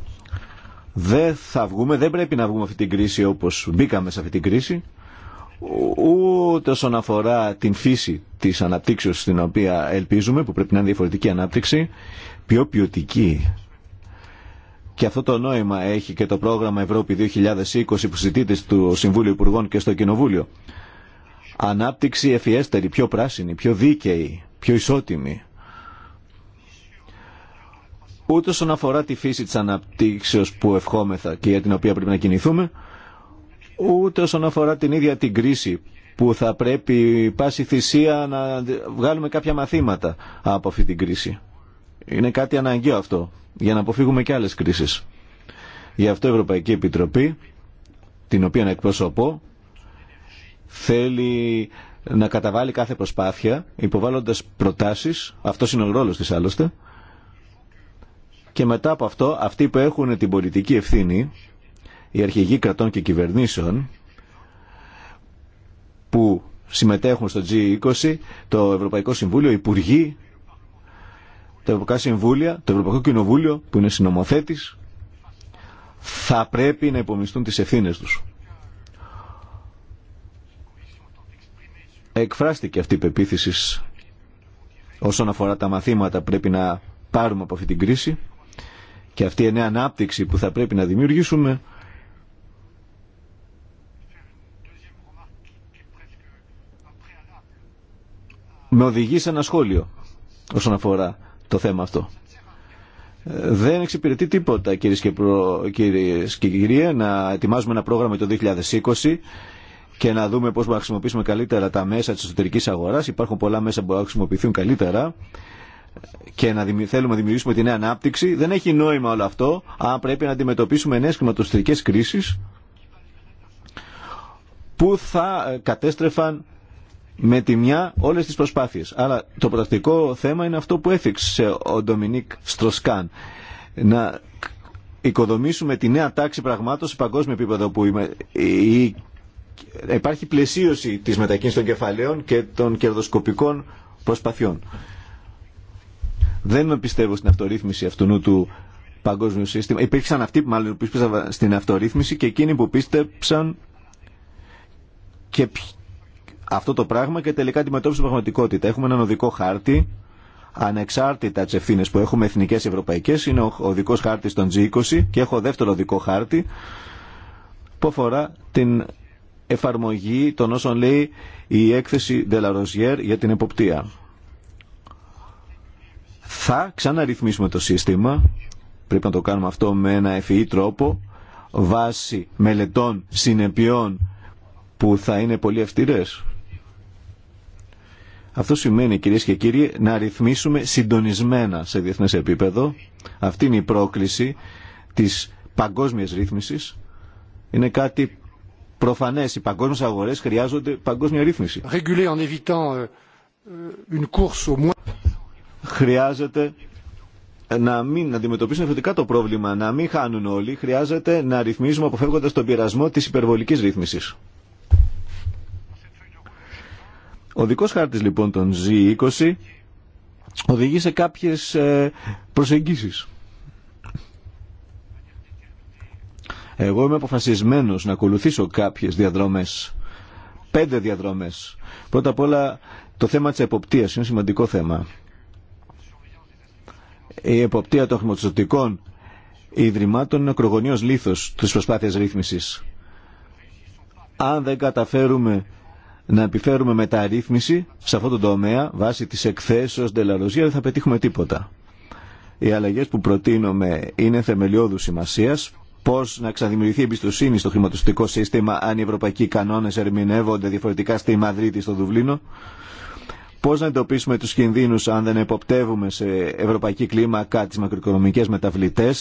Δεν θα βγούμε, δεν πρέπει να βγούμε αυτή την κρίση όπως μπήκαμε σε αυτή την κρίση. Ούτε όσον αφορά την φύση της αναπτύξεως στην οποία ελπίζουμε, που πρέπει να είναι διαφορετική ανάπτυξη, πιο ποιοτική. Και αυτό το νόημα έχει και το πρόγραμμα Ευρώπη 2020 που συζητείται στο Συμβούλιο Υπουργών και στο Κοινοβούλιο. Ανάπτυξη εφιέστερη, πιο πράσινη, πιο δίκαιη πιο ισότιμη. Ούτε όσον αφορά τη φύση της αναπτύξεως που ευχόμεθα και για την οποία πρέπει να κινηθούμε, ούτε όσον αφορά την ίδια την κρίση που θα πρέπει πάση θυσία να βγάλουμε κάποια μαθήματα από αυτή την κρίση. Είναι κάτι αναγκαίο αυτό για να αποφύγουμε και άλλες κρίσεις. Γι' αυτό η Ευρωπαϊκή Επιτροπή, την οποία εκπροσωπώ, θέλει να καταβάλει κάθε προσπάθεια υποβάλλοντας προτάσεις, αυτό είναι ο ρόλος της άλλωστε, και μετά από αυτό αυτοί που έχουν την πολιτική ευθύνη, οι αρχηγοί κρατών και κυβερνήσεων, που συμμετέχουν στο G20, το Ευρωπαϊκό Συμβούλιο, υπουργοί, τα Ευρωπαϊκά Συμβούλια, το Ευρωπαϊκό Κοινοβούλιο που είναι συνομοθέτης, θα πρέπει να υπομισθούν τις ευθύνες τους. εκφράστηκε αυτή η πεποίθηση όσον αφορά τα μαθήματα πρέπει να πάρουμε από αυτή την κρίση και αυτή η νέα ανάπτυξη που θα πρέπει να δημιουργήσουμε με οδηγεί σε ένα σχόλιο όσον αφορά το θέμα αυτό. Δεν εξυπηρετεί τίποτα κύριε και, προ... και να ετοιμάζουμε ένα πρόγραμμα το 2020 και να δούμε πώς μπορούμε να χρησιμοποιήσουμε καλύτερα τα μέσα της εσωτερικής αγοράς. Υπάρχουν πολλά μέσα που μπορούν να χρησιμοποιηθούν καλύτερα και να θέλουμε να δημιουργήσουμε τη νέα ανάπτυξη. Δεν έχει νόημα όλο αυτό αν πρέπει να αντιμετωπίσουμε νέες χρηματοστηρικές κρίσεις που θα ε, κατέστρεφαν με τη μια όλες τις προσπάθειες. Άρα το πρακτικό θέμα είναι αυτό που έφυξε ο Ντομινίκ Στροσκάν. Να οικοδομήσουμε τη νέα τάξη πραγμάτων σε παγκόσμιο επίπεδο που η υπάρχει πλαισίωση της μετακίνησης των κεφαλαίων και των κερδοσκοπικών προσπαθειών. Δεν πιστεύω στην αυτορύθμιση αυτού του παγκόσμιου σύστημα. Υπήρξαν αυτοί μάλλον, που πίστευαν στην αυτορύθμιση και εκείνοι που πίστεψαν και αυτό το πράγμα και τελικά αντιμετώπισαν την πραγματικότητα. Έχουμε έναν οδικό χάρτη, ανεξάρτητα τι ευθύνε που έχουμε εθνικέ και ευρωπαϊκέ. Είναι ο οδικό χάρτη των G20 και έχω δεύτερο οδικό χάρτη που αφορά την εφαρμογή των όσων λέει η έκθεση Δελαροζιέρ για την εποπτεία. Θα ξαναρυθμίσουμε το σύστημα, πρέπει να το κάνουμε αυτό με ένα ευφυή τρόπο, βάσει μελετών συνεπειών που θα είναι πολύ ευθυρές. Αυτό σημαίνει κυρίες και κύριοι να ρυθμίσουμε συντονισμένα σε διεθνές επίπεδο. Αυτή είναι η πρόκληση της παγκόσμιας ρύθμισης. Είναι κάτι Προφανέ, οι παγκόσμιε αγορέ χρειάζονται παγκόσμια ρύθμιση. Euh, euh, Χρειάζεται να μην αντιμετωπίσουν θετικά το πρόβλημα, να μην χάνουν όλοι. Χρειάζεται να ρυθμίζουμε αποφεύγοντα τον πειρασμό τη υπερβολικής ρύθμιση. Ο δικό χάρτη λοιπόν των G20 οδηγεί σε κάποιε ε, προσεγγίσεις. Εγώ είμαι αποφασισμένος να ακολουθήσω κάποιες διαδρομές. Πέντε διαδρομές. Πρώτα απ' όλα το θέμα της εποπτείας είναι σημαντικό θέμα. Η εποπτεία των χρηματοδοτικών ιδρυμάτων είναι ο κρογωνίος λήθος της προσπάθειας ρύθμισης. Αν δεν καταφέρουμε να επιφέρουμε μεταρρύθμιση σε αυτό το τομέα βάσει της εκθέσεως Ντελαροζία δεν θα πετύχουμε τίποτα. Οι αλλαγές που προτείνουμε είναι θεμελιώδου σημασίας πώ να ξαναδημιουργηθεί εμπιστοσύνη στο χρηματοστικό σύστημα αν οι ευρωπαϊκοί κανόνε ερμηνεύονται διαφορετικά στη Μαδρίτη, στο Δουβλίνο. Πώ να εντοπίσουμε του κινδύνου αν δεν εποπτεύουμε σε ευρωπαϊκή κλίμακα τι μακροοικονομικέ μεταβλητέ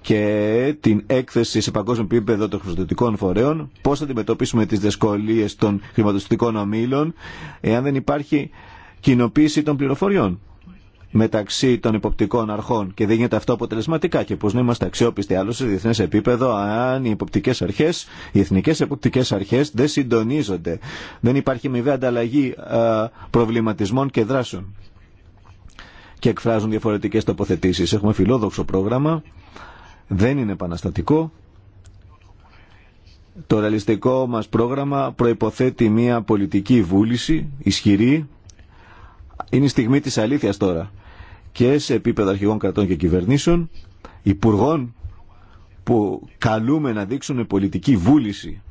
και την έκθεση σε παγκόσμιο επίπεδο των χρηματοδοτικών φορέων. Πώ θα αντιμετωπίσουμε τι δυσκολίε των χρηματοδοτικών ομήλων εάν δεν υπάρχει κοινοποίηση των πληροφοριών μεταξύ των υποπτικών αρχών και δεν γίνεται αυτό αποτελεσματικά και πώς να είμαστε αξιόπιστοι άλλο σε διεθνές επίπεδο αν οι υποπτικές αρχές, οι εθνικές υποπτικές αρχές δεν συντονίζονται. Δεν υπάρχει μηδέα ανταλλαγή ε, προβληματισμών και δράσεων και εκφράζουν διαφορετικές τοποθετήσεις. Έχουμε φιλόδοξο πρόγραμμα, δεν είναι επαναστατικό. Το ρεαλιστικό μας πρόγραμμα προϋποθέτει μια πολιτική βούληση ισχυρή. Είναι η στιγμή της αλήθειας τώρα και σε επίπεδο αρχηγών κρατών και κυβερνήσεων, υπουργών που καλούμε να δείξουν πολιτική βούληση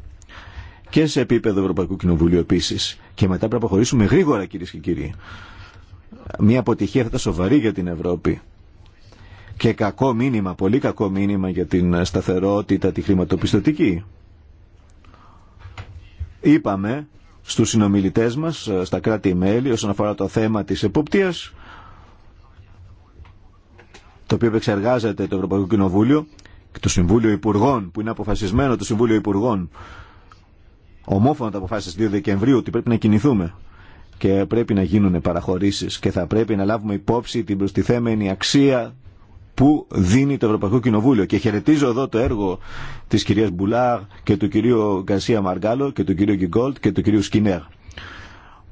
και σε επίπεδο Ευρωπαϊκού Κοινοβουλίου επίση. Και μετά πρέπει να προχωρήσουμε γρήγορα, κυρίε και κύριοι. Μια αποτυχία θα ήταν σοβαρή για την Ευρώπη. Και κακό μήνυμα, πολύ κακό μήνυμα για την σταθερότητα τη χρηματοπιστωτική. Είπαμε στους συνομιλητές μας, στα κράτη-μέλη, όσον αφορά το θέμα της εποπτείας, το οποίο επεξεργάζεται το Ευρωπαϊκό Κοινοβούλιο και το Συμβούλιο Υπουργών, που είναι αποφασισμένο το Συμβούλιο Υπουργών, ομόφωνα τα αποφάσει 2 Δεκεμβρίου ότι πρέπει να κινηθούμε και πρέπει να γίνουν παραχωρήσεις και θα πρέπει να λάβουμε υπόψη την προστιθέμενη αξία που δίνει το Ευρωπαϊκό Κοινοβούλιο. Και χαιρετίζω εδώ το έργο τη κυρία Μπουλάρ και του κυρίου Γκαρσία Μαργκάλο και του κυρίου Γκιγκόλτ και του κυρίου Σκινέρ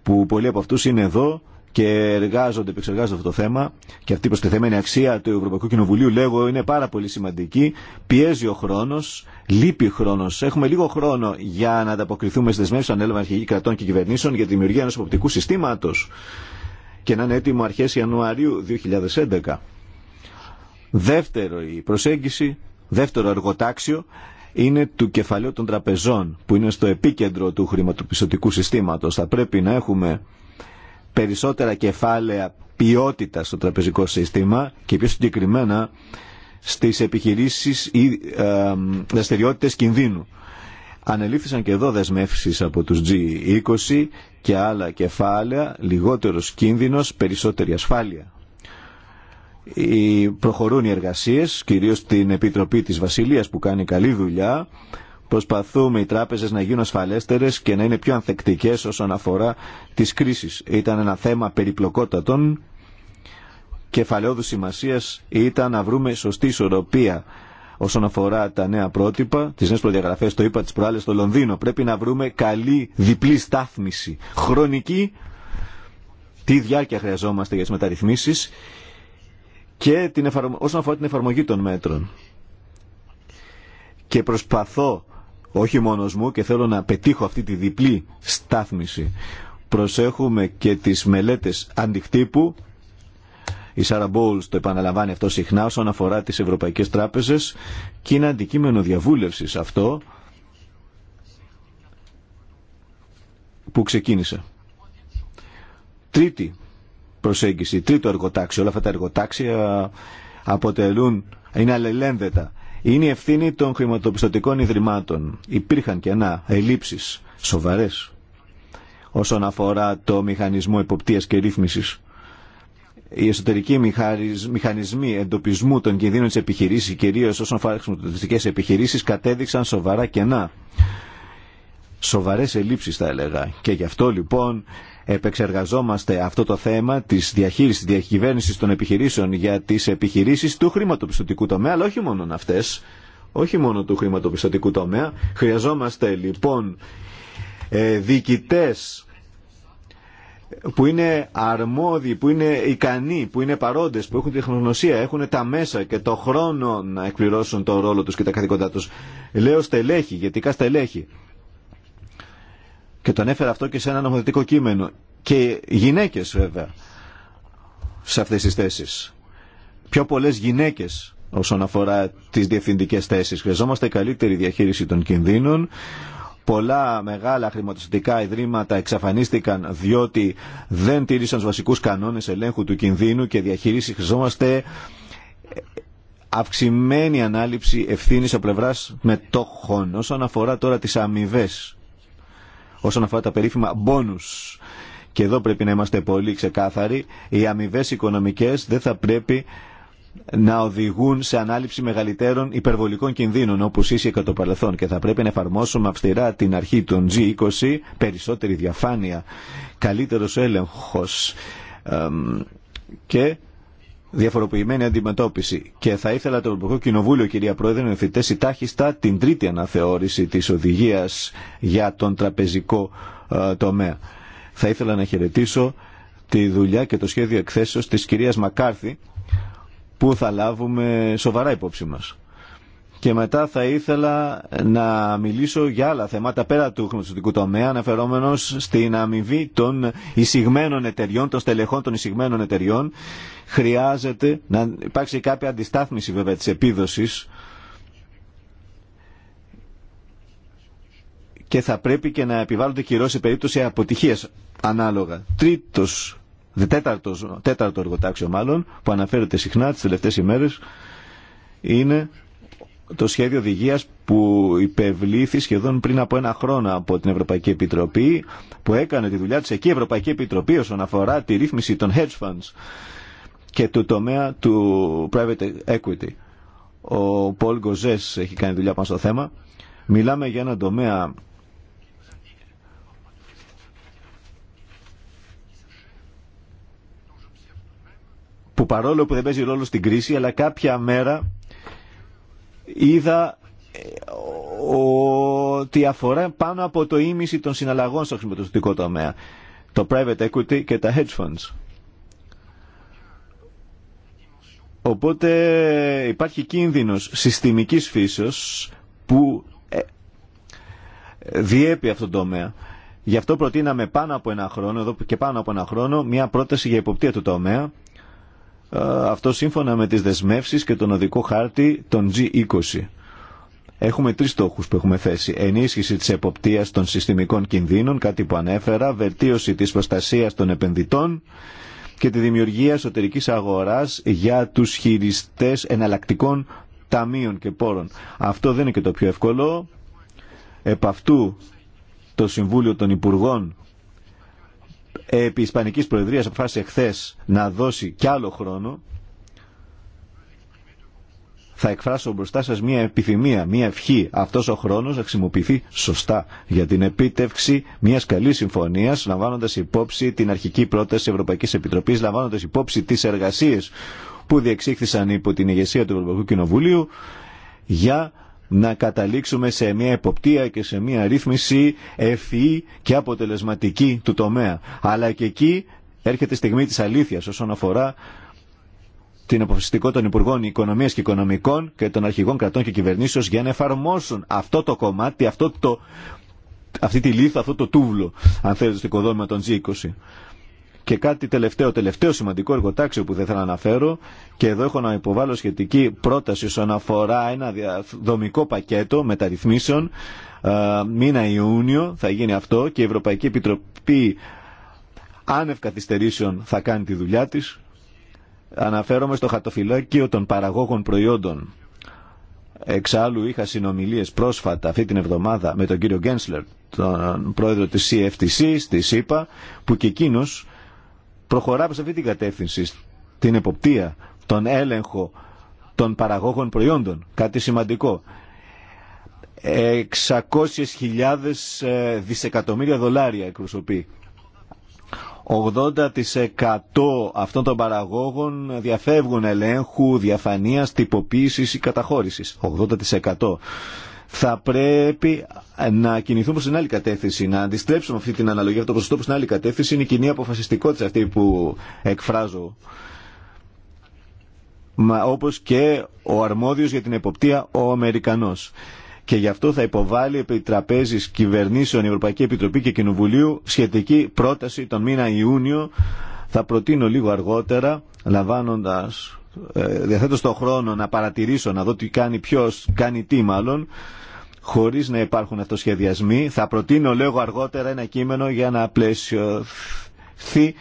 που πολλοί από αυτού είναι εδώ και εργάζονται, επεξεργάζονται αυτό το θέμα και αυτή η προστιθέμενη αξία του Ευρωπαϊκού Κοινοβουλίου λέγω είναι πάρα πολύ σημαντική. Πιέζει ο χρόνο, λείπει χρόνο. Έχουμε λίγο χρόνο για να ανταποκριθούμε στι δεσμεύσει ανέλαβαν αρχηγοί κρατών και κυβερνήσεων για τη δημιουργία ενό υποπτικού συστήματο και να είναι έτοιμο αρχέ Ιανουαρίου 2011. Δεύτερο, η προσέγγιση, δεύτερο εργοτάξιο είναι του κεφαλαίου των τραπεζών που είναι στο επίκεντρο του χρηματοπιστωτικού συστήματος. Θα πρέπει να έχουμε περισσότερα κεφάλαια ποιότητα στο τραπεζικό σύστημα και πιο συγκεκριμένα στις επιχειρήσεις ή δραστηριότητε κινδύνου. Ανελήφθησαν και εδώ δεσμεύσει από τους G20 και άλλα κεφάλαια, λιγότερος κίνδυνος, περισσότερη ασφάλεια. Οι προχωρούν οι εργασίες, κυρίως την Επιτροπή της Βασιλείας που κάνει καλή δουλειά, Προσπαθούμε οι τράπεζες να γίνουν ασφαλέστερες και να είναι πιο ανθεκτικές όσον αφορά τις κρίσεις. Ήταν ένα θέμα περιπλοκότατων κεφαλαιόδου σημασίας ήταν να βρούμε σωστή ισορροπία όσον αφορά τα νέα πρότυπα, τι νέε προδιαγραφέ, το είπα τι προάλλες στο Λονδίνο. Πρέπει να βρούμε καλή διπλή στάθμιση. Χρονική, τι διάρκεια χρειαζόμαστε για τι μεταρρυθμίσεις και την εφαρμο... όσον αφορά την εφαρμογή των μέτρων. Και προσπαθώ όχι μόνος μου και θέλω να πετύχω αυτή τη διπλή στάθμιση. Προσέχουμε και τις μελέτες αντικτύπου. Η Σάρα Μπόλς το επαναλαμβάνει αυτό συχνά όσον αφορά τις Ευρωπαϊκές Τράπεζες και είναι αντικείμενο διαβούλευσης αυτό που ξεκίνησε. Τρίτη προσέγγιση, τρίτο εργοτάξιο. Όλα αυτά τα εργοτάξια αποτελούν, είναι αλληλένδετα είναι η ευθύνη των χρηματοπιστωτικών ιδρυμάτων. Υπήρχαν κενά, ελλείψεις σοβαρές όσον αφορά το μηχανισμό υποπτια και ρύθμισης. Οι εσωτερικοί μηχανισμοί εντοπισμού των κινδύνων της επιχειρήσης, κυρίως όσον αφορά τις επιχειρήσεις, κατέδειξαν σοβαρά κενά. Σοβαρές ελλείψεις θα έλεγα. Και γι' αυτό λοιπόν επεξεργαζόμαστε αυτό το θέμα της διαχείρισης, της διακυβέρνηση των επιχειρήσεων για τις επιχειρήσεις του χρηματοπιστωτικού τομέα, αλλά όχι μόνο αυτέ, όχι μόνο του χρηματοπιστωτικού τομέα. Χρειαζόμαστε λοιπόν ε, διοικητέ που είναι αρμόδιοι, που είναι ικανοί, που είναι παρόντες, που έχουν τεχνογνωσία, έχουν τα μέσα και το χρόνο να εκπληρώσουν το ρόλο τους και τα καθήκοντά τους. Λέω στελέχη, γιατί στελέχη. Και τον έφερα αυτό και σε ένα νομοθετικό κείμενο. Και γυναίκε βέβαια σε αυτές τις θέσει. Πιο πολλές γυναίκε όσον αφορά τις διευθυντικέ θέσει, Χρειαζόμαστε καλύτερη διαχείριση των κινδύνων. Πολλά μεγάλα χρηματοστατικά ιδρύματα εξαφανίστηκαν διότι δεν τήρησαν του βασικούς κανόνες ελέγχου του κινδύνου και διαχείριση. Χρειαζόμαστε αυξημένη ανάληψη ευθύνη από πλευρά μετόχων όσον αφορά τώρα τι αμοιβέ όσον αφορά τα περίφημα bonus. Και εδώ πρέπει να είμαστε πολύ ξεκάθαροι. Οι αμοιβέ οικονομικές δεν θα πρέπει να οδηγούν σε ανάληψη μεγαλύτερων υπερβολικών κινδύνων όπω ίσχυε κατά το παρελθόν και θα πρέπει να εφαρμόσουμε αυστηρά την αρχή των G20 περισσότερη διαφάνεια, καλύτερος έλεγχος και διαφοροποιημένη αντιμετώπιση. Και θα ήθελα το Ευρωπαϊκό Κοινοβούλιο, κυρία Πρόεδρε, να εφητέσει τάχιστα την τρίτη αναθεώρηση της οδηγίας για τον τραπεζικό ε, τομέα. Θα ήθελα να χαιρετήσω τη δουλειά και το σχέδιο εκθέσεως της κυρίας Μακάρθη που θα λάβουμε σοβαρά υπόψη μας. Και μετά θα ήθελα να μιλήσω για άλλα θέματα πέρα του χρηματιστικού τομέα, αναφερόμενο στην αμοιβή των εισηγμένων εταιριών, των στελεχών των εισηγμένων εταιριών. Χρειάζεται να υπάρξει κάποια αντιστάθμιση βέβαια τη επίδοση. Και θα πρέπει και να επιβάλλονται κυρώσει σε περίπτωση αποτυχία ανάλογα. Τρίτος, τέταρτο εργοτάξιο μάλλον, που αναφέρεται συχνά τι τελευταίε ημέρε, είναι το σχέδιο οδηγίας που υπευλήθη σχεδόν πριν από ένα χρόνο από την Ευρωπαϊκή Επιτροπή που έκανε τη δουλειά της εκεί η Ευρωπαϊκή Επιτροπή όσον αφορά τη ρύθμιση των hedge funds και του τομέα του private equity. Ο Πολ Γκοζές έχει κάνει δουλειά πάνω στο θέμα. Μιλάμε για ένα τομέα που παρόλο που δεν παίζει ρόλο στην κρίση αλλά κάποια μέρα είδα ε, ότι αφορά πάνω από το ίμιση των συναλλαγών στο χρηματοδοτικό τομέα. Το private equity και τα hedge funds. Οπότε υπάρχει κίνδυνος συστημικής φύσεως που ε, διέπει αυτό το τομέα. Γι' αυτό προτείναμε πάνω από ένα χρόνο, εδώ και πάνω από ένα χρόνο, μια πρόταση για υποπτία του τομέα αυτό σύμφωνα με τις δεσμεύσεις και τον οδικό χάρτη των G20. Έχουμε τρεις στόχους που έχουμε θέσει. Ενίσχυση της εποπτείας των συστημικών κινδύνων, κάτι που ανέφερα, βελτίωση της προστασίας των επενδυτών και τη δημιουργία εσωτερικής αγοράς για τους χειριστές εναλλακτικών ταμείων και πόρων. Αυτό δεν είναι και το πιο εύκολο. Επ' αυτού το Συμβούλιο των Υπουργών επί Ισπανικής Προεδρίας αποφάσισε χθε να δώσει κι άλλο χρόνο, θα εκφράσω μπροστά σας μία επιθυμία, μία ευχή αυτός ο χρόνος να χρησιμοποιηθεί σωστά για την επίτευξη μιας καλής συμφωνίας λαμβάνοντας υπόψη την αρχική πρόταση Ευρωπαϊκής Επιτροπής, λαμβάνοντας υπόψη τις εργασίες που διεξήχθησαν υπό την ηγεσία του Ευρωπαϊκού Κοινοβουλίου για να καταλήξουμε σε μια εποπτεία και σε μια ρύθμιση ευφυή και αποτελεσματική του τομέα. Αλλά και εκεί έρχεται η στιγμή της αλήθειας όσον αφορά την αποφασιστικό των Υπουργών Οικονομίας και Οικονομικών και των αρχηγών κρατών και κυβερνήσεως για να εφαρμόσουν αυτό το κομμάτι, αυτό το, αυτή τη λίθα, αυτό το τούβλο, αν θέλετε, στο οικοδόμημα των G20. Και κάτι τελευταίο, τελευταίο σημαντικό εργοτάξιο που δεν θέλω να αναφέρω και εδώ έχω να υποβάλω σχετική πρόταση όσον αφορά ένα δομικό πακέτο μεταρρυθμίσεων. Ε, μήνα Ιούνιο θα γίνει αυτό και η Ευρωπαϊκή Επιτροπή άνευ καθυστερήσεων θα κάνει τη δουλειά της. Αναφέρομαι στο χατοφυλάκιο των παραγόγων προϊόντων. Εξάλλου είχα συνομιλίες πρόσφατα αυτή την εβδομάδα με τον κύριο Γκένσλερ, τον πρόεδρο της CFTC, της ΕΠΑ, που και εκείνος Προχωράμε σε αυτή την κατεύθυνση, την εποπτεία, τον έλεγχο των παραγόγων προϊόντων. Κάτι σημαντικό. 600.000 ε, δισεκατομμύρια δολάρια εκπροσωπεί. 80% αυτών των παραγόγων διαφεύγουν ελέγχου, διαφανείας, τυποποίησης ή καταχώρησης. 80% θα πρέπει να κινηθούμε στην άλλη κατεύθυνση, να αντιστρέψουμε αυτή την αναλογία, αυτό το ποσοστό στην άλλη κατεύθυνση είναι η κοινή αποφασιστικότητα αυτή που εκφράζω. Μα όπως και ο αρμόδιος για την εποπτεία ο Αμερικανός. Και γι' αυτό θα υποβάλει επί τραπέζης κυβερνήσεων η Ευρωπαϊκή Επιτροπή και Κοινοβουλίου σχετική πρόταση τον μήνα Ιούνιο. Θα προτείνω λίγο αργότερα, λαμβάνοντας ε, διαθέτω στον χρόνο να παρατηρήσω, να δω τι κάνει ποιο, κάνει τι μάλλον, χωρί να υπάρχουν αυτοσχεδιασμοί. Θα προτείνω, λέγω αργότερα, ένα κείμενο για να πλαισιωθεί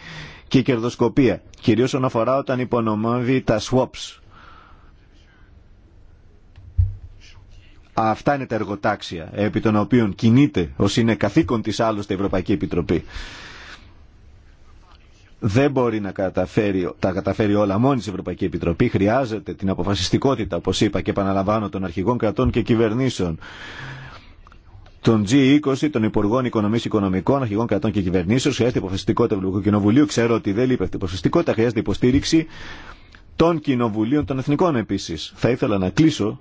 και η κερδοσκοπία. Κυρίω όσον αφορά όταν υπονομεύει τα swaps. Αυτά είναι τα εργοτάξια επί των οποίων κινείται ως είναι καθήκον της άλλωστε Ευρωπαϊκή Επιτροπή δεν μπορεί να καταφέρει, τα καταφέρει όλα μόνη η Ευρωπαϊκή Επιτροπή. Χρειάζεται την αποφασιστικότητα, όπω είπα και επαναλαμβάνω, των αρχηγών κρατών και κυβερνήσεων των G20, των Υπουργών Οικονομή Οικονομικών, Αρχηγών Κρατών και Κυβερνήσεων. Χρειάζεται υποφασιστικότητα του Ευρωπαϊκού Κοινοβουλίου. Ξέρω ότι δεν λείπει αυτή η υποφασιστικότητα. Χρειάζεται υποστήριξη των Κοινοβουλίων των Εθνικών επίση. Θα ήθελα να κλείσω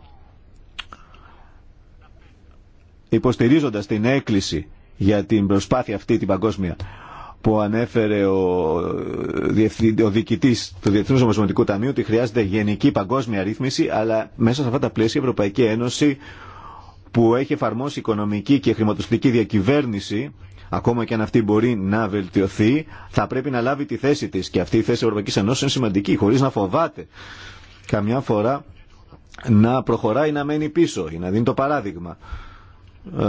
υποστηρίζοντα την έκκληση για την προσπάθεια αυτή την παγκόσμια που ανέφερε ο, ο του Διεθνού Ομοσπονδιακού Ταμείου ότι χρειάζεται γενική παγκόσμια ρύθμιση, αλλά μέσα σε αυτά τα πλαίσια η Ευρωπαϊκή Ένωση που έχει εφαρμόσει οικονομική και χρηματοστική διακυβέρνηση, ακόμα και αν αυτή μπορεί να βελτιωθεί, θα πρέπει να λάβει τη θέση τη. Και αυτή η θέση της Ευρωπαϊκής Ένωσης είναι σημαντική, χωρί να φοβάται. Καμιά φορά να προχωράει να μένει πίσω ή να δίνει το παράδειγμα. Ε,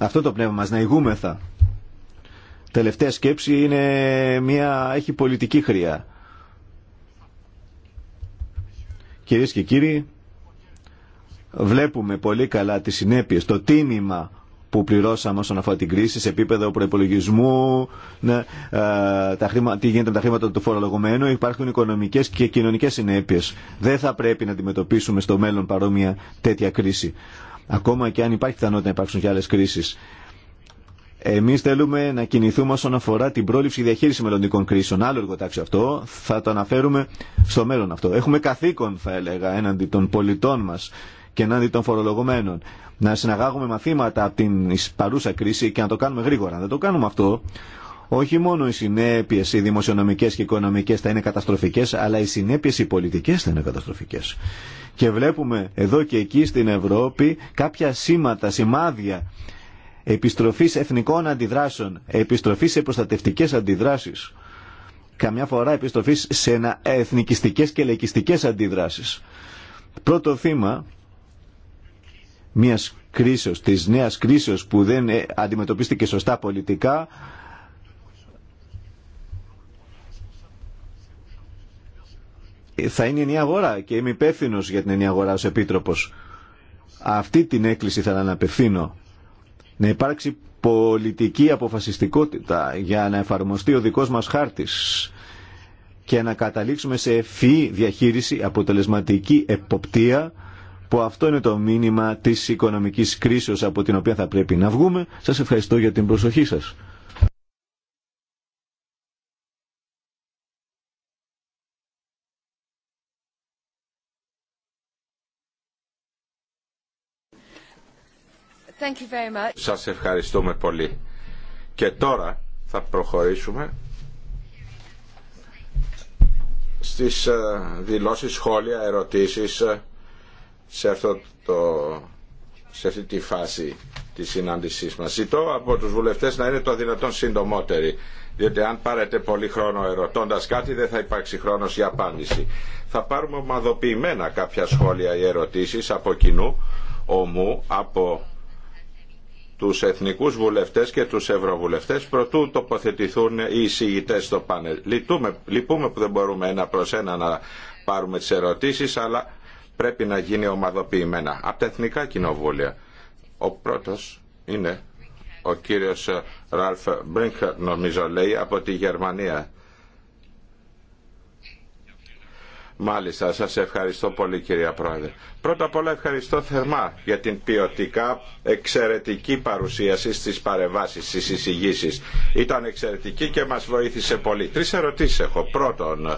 αυτό το πνεύμα μας, να ηγούμεθα τελευταία σκέψη είναι μια, έχει πολιτική χρειά. Κυρίες και κύριοι, βλέπουμε πολύ καλά τις συνέπειες, το τίμημα που πληρώσαμε όσον αφορά την κρίση σε επίπεδο προπολογισμού, τα τι γίνεται με τα χρήματα του φορολογουμένου, υπάρχουν οικονομικές και κοινωνικές συνέπειες. Δεν θα πρέπει να αντιμετωπίσουμε στο μέλλον παρόμοια τέτοια κρίση. Ακόμα και αν υπάρχει πιθανότητα να υπάρξουν και άλλες κρίσεις. Εμεί θέλουμε να κινηθούμε όσον αφορά την πρόληψη διαχείριση μελλοντικών κρίσεων. Άλλο εργοτάξιο αυτό θα το αναφέρουμε στο μέλλον αυτό. Έχουμε καθήκον, θα έλεγα, έναντι των πολιτών μα και έναντι των φορολογωμένων. Να συναγάγουμε μαθήματα από την παρούσα κρίση και να το κάνουμε γρήγορα. Αν δεν το κάνουμε αυτό, όχι μόνο οι συνέπειε, οι δημοσιονομικέ και οικονομικέ θα είναι καταστροφικέ, αλλά οι συνέπειε, οι πολιτικέ θα είναι καταστροφικέ. Και βλέπουμε εδώ και εκεί στην Ευρώπη κάποια σήματα, σημάδια επιστροφής εθνικών αντιδράσεων, επιστροφή σε προστατευτικές αντιδράσεις, καμιά φορά επιστροφή σε εθνικιστικές και λεκιστικές αντιδράσεις. Πρώτο θύμα μια κρίσεω, της νέας κρίσεω που δεν ε, αντιμετωπίστηκε σωστά πολιτικά, θα είναι η νέα αγορά και είμαι υπεύθυνο για την νέα αγορά ως επίτροπος. Αυτή την έκκληση θα αναπευθύνω να υπάρξει πολιτική αποφασιστικότητα για να εφαρμοστεί ο δικός μας χάρτης και να καταλήξουμε σε ευφυή διαχείριση, αποτελεσματική εποπτεία, που αυτό είναι το μήνυμα της οικονομικής κρίσεως από την οποία θα πρέπει να βγούμε. Σας ευχαριστώ για την προσοχή σας. Thank Σας ευχαριστούμε πολύ. Και τώρα θα προχωρήσουμε στις ε, δηλώσεις, σχόλια, ερωτήσεις ε, σε, αυτό το, σε αυτή τη φάση της συνάντησής μας. Ζητώ από τους βουλευτές να είναι το δυνατόν συντομότεροι, διότι αν πάρετε πολύ χρόνο ερωτώντας κάτι δεν θα υπάρξει χρόνος για απάντηση. Θα πάρουμε ομαδοποιημένα κάποια σχόλια ή ερωτήσεις από κοινού, ομού, από τους εθνικούς βουλευτές και τους ευρωβουλευτές προτού τοποθετηθούν οι εισηγητές στο πάνελ. Λυπούμε, λυπούμε που δεν μπορούμε ένα προς ένα να πάρουμε τις ερωτήσεις, αλλά πρέπει να γίνει ομαδοποιημένα. Από τα εθνικά κοινοβούλια. Ο πρώτος είναι ο κύριος Ραλφ Μπρίνκ, νομίζω λέει, από τη Γερμανία. Μάλιστα, σας ευχαριστώ πολύ κυρία Πρόεδρε. Πρώτα απ' όλα ευχαριστώ θερμά για την ποιοτικά εξαιρετική παρουσίαση στις παρεμβάσεις, στις εισηγήσεις. Ήταν εξαιρετική και μας βοήθησε πολύ. Τρεις ερωτήσεις έχω. Πρώτον,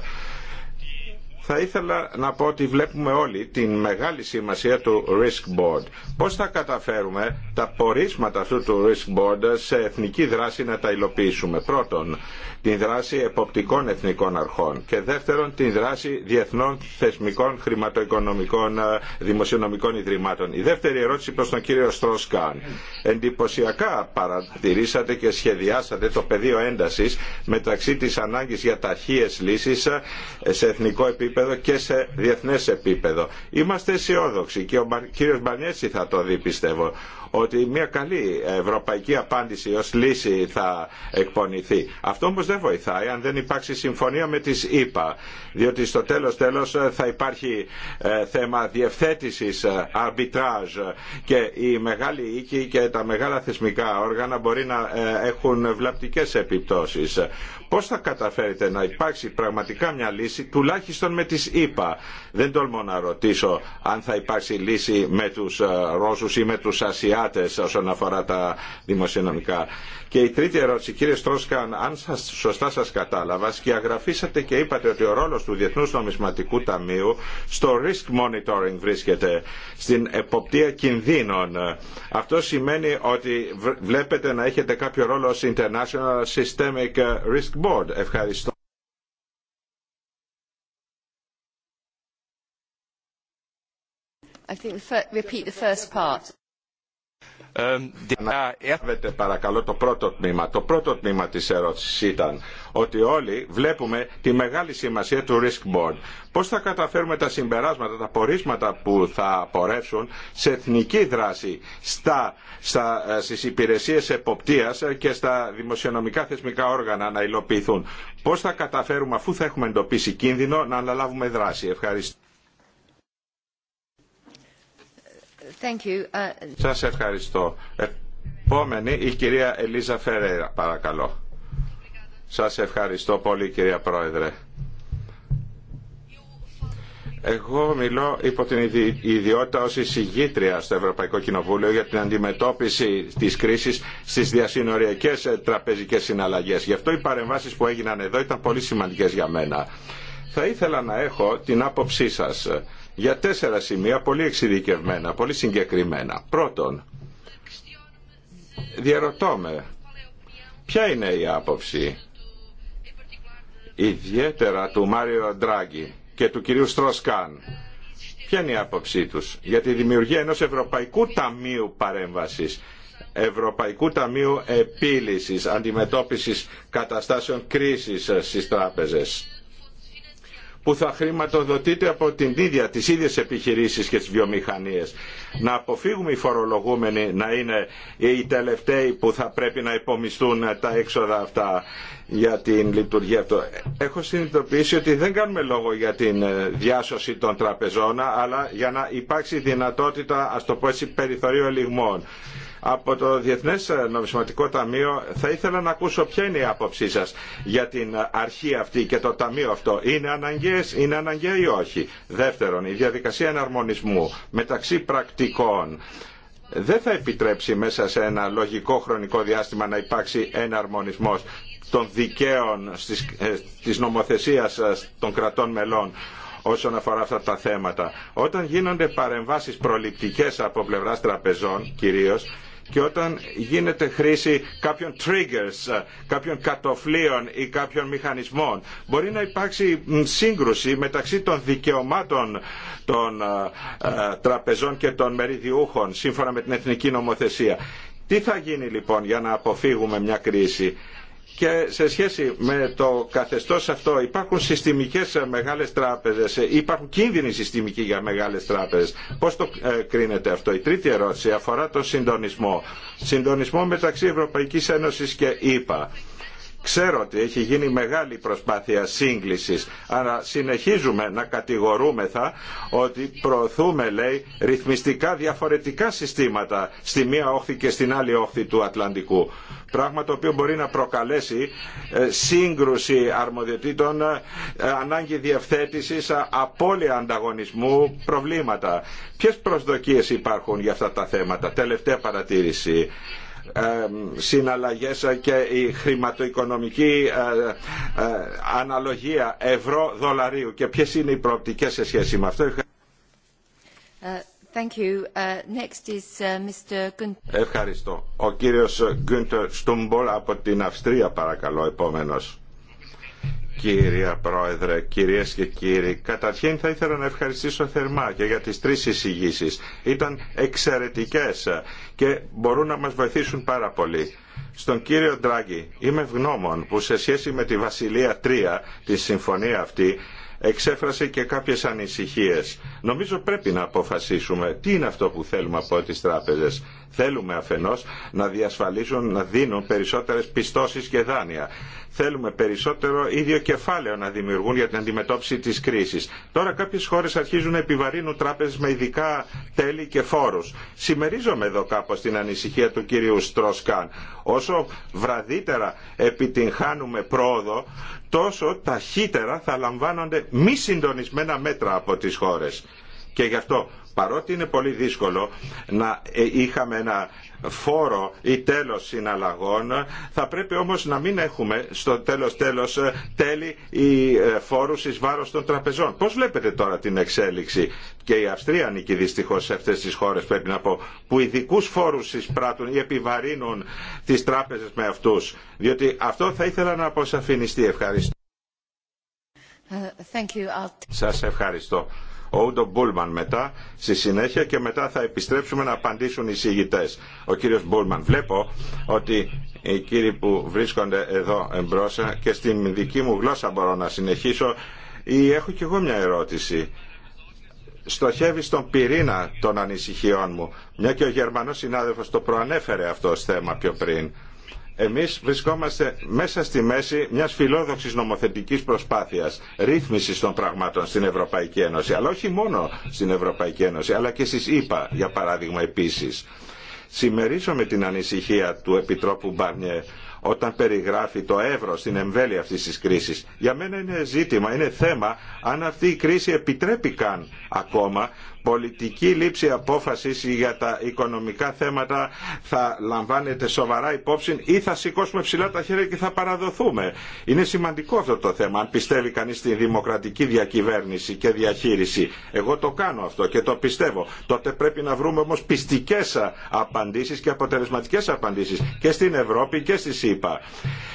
θα ήθελα να πω ότι βλέπουμε όλοι την μεγάλη σημασία του Risk Board. Πώς θα καταφέρουμε τα πορίσματα αυτού του Risk Board σε εθνική δράση να τα υλοποιήσουμε. Πρώτον, την δράση εποπτικών εθνικών αρχών και δεύτερον την δράση διεθνών θεσμικών χρηματοοικονομικών ε, δημοσιονομικών ιδρυμάτων. Η δεύτερη ερώτηση προς τον κύριο Στροσκάν. Εντυπωσιακά παρατηρήσατε και σχεδιάσατε το πεδίο έντασης μεταξύ της ανάγκης για ταχύε λύσει ε, σε εθνικό επίπεδο επίπεδο και σε διεθνές επίπεδο. Είμαστε αισιόδοξοι και ο κύριος Μπανιέση θα το δει πιστεύω ότι μια καλή ευρωπαϊκή απάντηση ως λύση θα εκπονηθεί. Αυτό όμως δεν βοηθάει αν δεν υπάρξει συμφωνία με τις ΗΠΑ, διότι στο τέλος τέλος θα υπάρχει ε, θέμα διευθέτησης, αρμπιτράζ ε, και οι μεγάλοι οίκοι και τα μεγάλα θεσμικά όργανα μπορεί να ε, έχουν βλαπτικές επιπτώσεις. Πώς θα καταφέρετε να υπάρξει πραγματικά μια λύση, τουλάχιστον με τις ΗΠΑ. Δεν τολμώ να ρωτήσω αν θα υπάρξει λύση με τους Ρώσους ή με τους Ασιάτες όσον αφορά τα δημοσιονομικά. Και η τρίτη ερώτηση, κύριε Στρόσκαν, αν σας, σωστά σας κατάλαβα, σκιαγραφίσατε και είπατε ότι ο ρόλος του Διεθνούς Νομισματικού Ταμείου στο risk monitoring βρίσκεται, στην εποπτεία κινδύνων. Αυτό σημαίνει ότι βλέπετε να έχετε κάποιο ρόλο ως International Systemic Risk Board. Ευχαριστώ. I think repeat the first part. Ε- παρακαλώ το πρώτο τμήμα. Το πρώτο τμήμα της ερώτησης ήταν ότι όλοι βλέπουμε τη μεγάλη σημασία του risk board. Πώς θα καταφέρουμε τα συμπεράσματα, τα πορίσματα που θα πορεύσουν σε εθνική δράση στα, στα, ε, στις υπηρεσίες εποπτείας ε, και στα δημοσιονομικά θεσμικά όργανα να υλοποιηθούν. Πώς θα καταφέρουμε αφού θα έχουμε εντοπίσει κίνδυνο να αναλάβουμε δράση. Ευχαριστώ. Thank uh, Σας ευχαριστώ. Επόμενη η κυρία Ελίζα Φερέρα, παρακαλώ. Σας ευχαριστώ πολύ κυρία Πρόεδρε. Εγώ μιλώ υπό την ιδιότητα ως εισηγήτρια στο Ευρωπαϊκό Κοινοβούλιο για την αντιμετώπιση της κρίσης στις διασυνοριακές ε, τραπεζικές συναλλαγές. Γι' αυτό οι παρεμβάσεις που έγιναν εδώ ήταν πολύ σημαντικές για μένα. Θα ήθελα να έχω την άποψή σας για τέσσερα σημεία πολύ εξειδικευμένα, πολύ συγκεκριμένα. Πρώτον, διαρωτώ με, ποια είναι η άποψη ιδιαίτερα του Μάριο Αντράγκη και του κυρίου Στροσκάν. Ποια είναι η άποψή τους για τη δημιουργία ενός Ευρωπαϊκού Ταμείου Παρέμβασης, Ευρωπαϊκού Ταμείου Επίλυσης, Αντιμετώπισης Καταστάσεων Κρίσης στις τράπεζες που θα χρηματοδοτείται από την ίδια, τις ίδιες επιχειρήσεις και τις βιομηχανίες. Να αποφύγουμε οι φορολογούμενοι να είναι οι τελευταίοι που θα πρέπει να υπομισθούν τα έξοδα αυτά για την λειτουργία αυτό. Έχω συνειδητοποιήσει ότι δεν κάνουμε λόγο για την ε, διάσωση των τραπεζών, αλλά για να υπάρξει δυνατότητα, ας το πω έτσι, περιθωρίου ελιγμών. Από το Διεθνές Νομισματικό Ταμείο θα ήθελα να ακούσω ποια είναι η άποψή σας για την αρχή αυτή και το ταμείο αυτό. Είναι αναγκαίες, είναι αναγκαία ή όχι. Δεύτερον, η διαδικασία εναρμονισμού μεταξύ πρακτικών δεν θα επιτρέψει μέσα σε ένα λογικό χρονικό διάστημα να υπάρξει εναρμονισμός των δικαίων ε, της νομοθεσίας ε, των κρατών μελών όσον αφορά αυτά τα θέματα. Όταν γίνονται παρεμβάσεις προληπτικές από πλευράς τραπεζών κυρίως, και όταν γίνεται χρήση κάποιων triggers, ε, κάποιων κατοφλίων ή κάποιων μηχανισμών μπορεί να υπάρξει σύγκρουση μεταξύ των δικαιωμάτων των ε, ε, τραπεζών και των μεριδιούχων σύμφωνα με την εθνική νομοθεσία. Τι θα γίνει λοιπόν για να αποφύγουμε μια κρίση και σε σχέση με το καθεστώς αυτό υπάρχουν συστημικές μεγάλες τράπεζες, υπάρχουν κίνδυνοι συστημικοί για μεγάλες τράπεζες. Πώς το ε, κρίνεται αυτό. Η τρίτη ερώτηση αφορά το συντονισμό. Συντονισμό μεταξύ Ευρωπαϊκής Ένωσης και ΕΠΑ. Ξέρω ότι έχει γίνει μεγάλη προσπάθεια σύγκλησης, αλλά συνεχίζουμε να κατηγορούμεθα ότι προωθούμε, λέει, ρυθμιστικά διαφορετικά συστήματα στη μία όχθη και στην άλλη όχθη του Ατλαντικού πράγμα το οποίο μπορεί να προκαλέσει ε, σύγκρουση αρμοδιοτήτων, ε, ανάγκη διευθέτησης, ε, απώλεια ανταγωνισμού, προβλήματα. Ποιες προσδοκίες υπάρχουν για αυτά τα θέματα. Τελευταία παρατήρηση συναλλαγές και η χρηματοοικονομική αναλογία ευρώ-δολαρίου και ποιες είναι οι προοπτικές σε σχέση με αυτό. Uh, uh, Ευχαριστώ. Ο κύριος Γκούντερ Στούμπολ από την Αυστρία παρακαλώ επόμενος. Κύριε Πρόεδρε, κυρίες και κύριοι, καταρχήν θα ήθελα να ευχαριστήσω θερμά και για τις τρεις εισηγήσει. Ήταν εξαιρετικές και μπορούν να μας βοηθήσουν πάρα πολύ. Στον κύριο Ντράγκη, είμαι ευγνώμων που σε σχέση με τη Βασιλεία 3, τη συμφωνία αυτή, εξέφρασε και κάποιες ανησυχίες. Νομίζω πρέπει να αποφασίσουμε τι είναι αυτό που θέλουμε από τις τράπεζες. Θέλουμε αφενός να διασφαλίσουν, να δίνουν περισσότερες πιστώσεις και δάνεια. Θέλουμε περισσότερο ίδιο κεφάλαιο να δημιουργούν για την αντιμετώπιση της κρίσης. Τώρα κάποιες χώρες αρχίζουν να επιβαρύνουν τράπεζες με ειδικά τέλη και φόρους. Σημερίζομαι εδώ κάπως την ανησυχία του κυρίου Στροσκάν. Όσο βραδύτερα επιτυγχάνουμε πρόοδο, τόσο ταχύτερα θα λαμβάνονται μη συντονισμένα μέτρα από τις χώρες. Και γι' αυτό παρότι είναι πολύ δύσκολο να ε, είχαμε ένα φόρο ή τέλος συναλλαγών θα πρέπει όμως να μην έχουμε στο τέλος τέλος ε, τέλη ή ε, φόρους βάρος των τραπεζών. Πώς βλέπετε τώρα την εξέλιξη και η Αυστρία νίκη δυστυχώς σε αυτές τις χώρες πρέπει να πω που ειδικού φόρους εισπράττουν ή επιβαρύνουν τις τράπεζες με αυτούς διότι αυτό θα ήθελα να αποσαφινιστεί. Ευχαριστώ. Thank you. Σας ευχαριστώ ο Ούντο Μπούλμαν μετά στη συνέχεια και μετά θα επιστρέψουμε να απαντήσουν οι συγητές. Ο κύριος Μπούλμαν. Βλέπω ότι οι κύριοι που βρίσκονται εδώ εμπρός και στην δική μου γλώσσα μπορώ να συνεχίσω ή έχω κι εγώ μια ερώτηση στοχεύει στον πυρήνα των ανησυχιών μου, μια και ο Γερμανός συνάδελφος το προανέφερε αυτό το θέμα πιο πριν. Εμείς βρισκόμαστε μέσα στη μέση μιας φιλόδοξης νομοθετικής προσπάθειας ρύθμισης των πραγμάτων στην Ευρωπαϊκή Ένωση, αλλά όχι μόνο στην Ευρωπαϊκή Ένωση, αλλά και στις ΗΠΑ, για παράδειγμα, επίσης. με την ανησυχία του Επιτρόπου Μπαρνιέ όταν περιγράφει το ευρώ στην εμβέλεια αυτής της κρίση. Για μένα είναι ζήτημα, είναι θέμα αν αυτή η κρίση επιτρέπει καν ακόμα πολιτική λήψη απόφασης για τα οικονομικά θέματα θα λαμβάνεται σοβαρά υπόψη ή θα σηκώσουμε ψηλά τα χέρια και θα παραδοθούμε. Είναι σημαντικό αυτό το θέμα, αν πιστεύει κανείς στη δημοκρατική διακυβέρνηση και διαχείριση. Εγώ το κάνω αυτό και το πιστεύω. Τότε πρέπει να βρούμε όμως πιστικές απαντήσεις και αποτελεσματικές απαντήσεις και στην Ευρώπη και στη ΣΥΠΑ.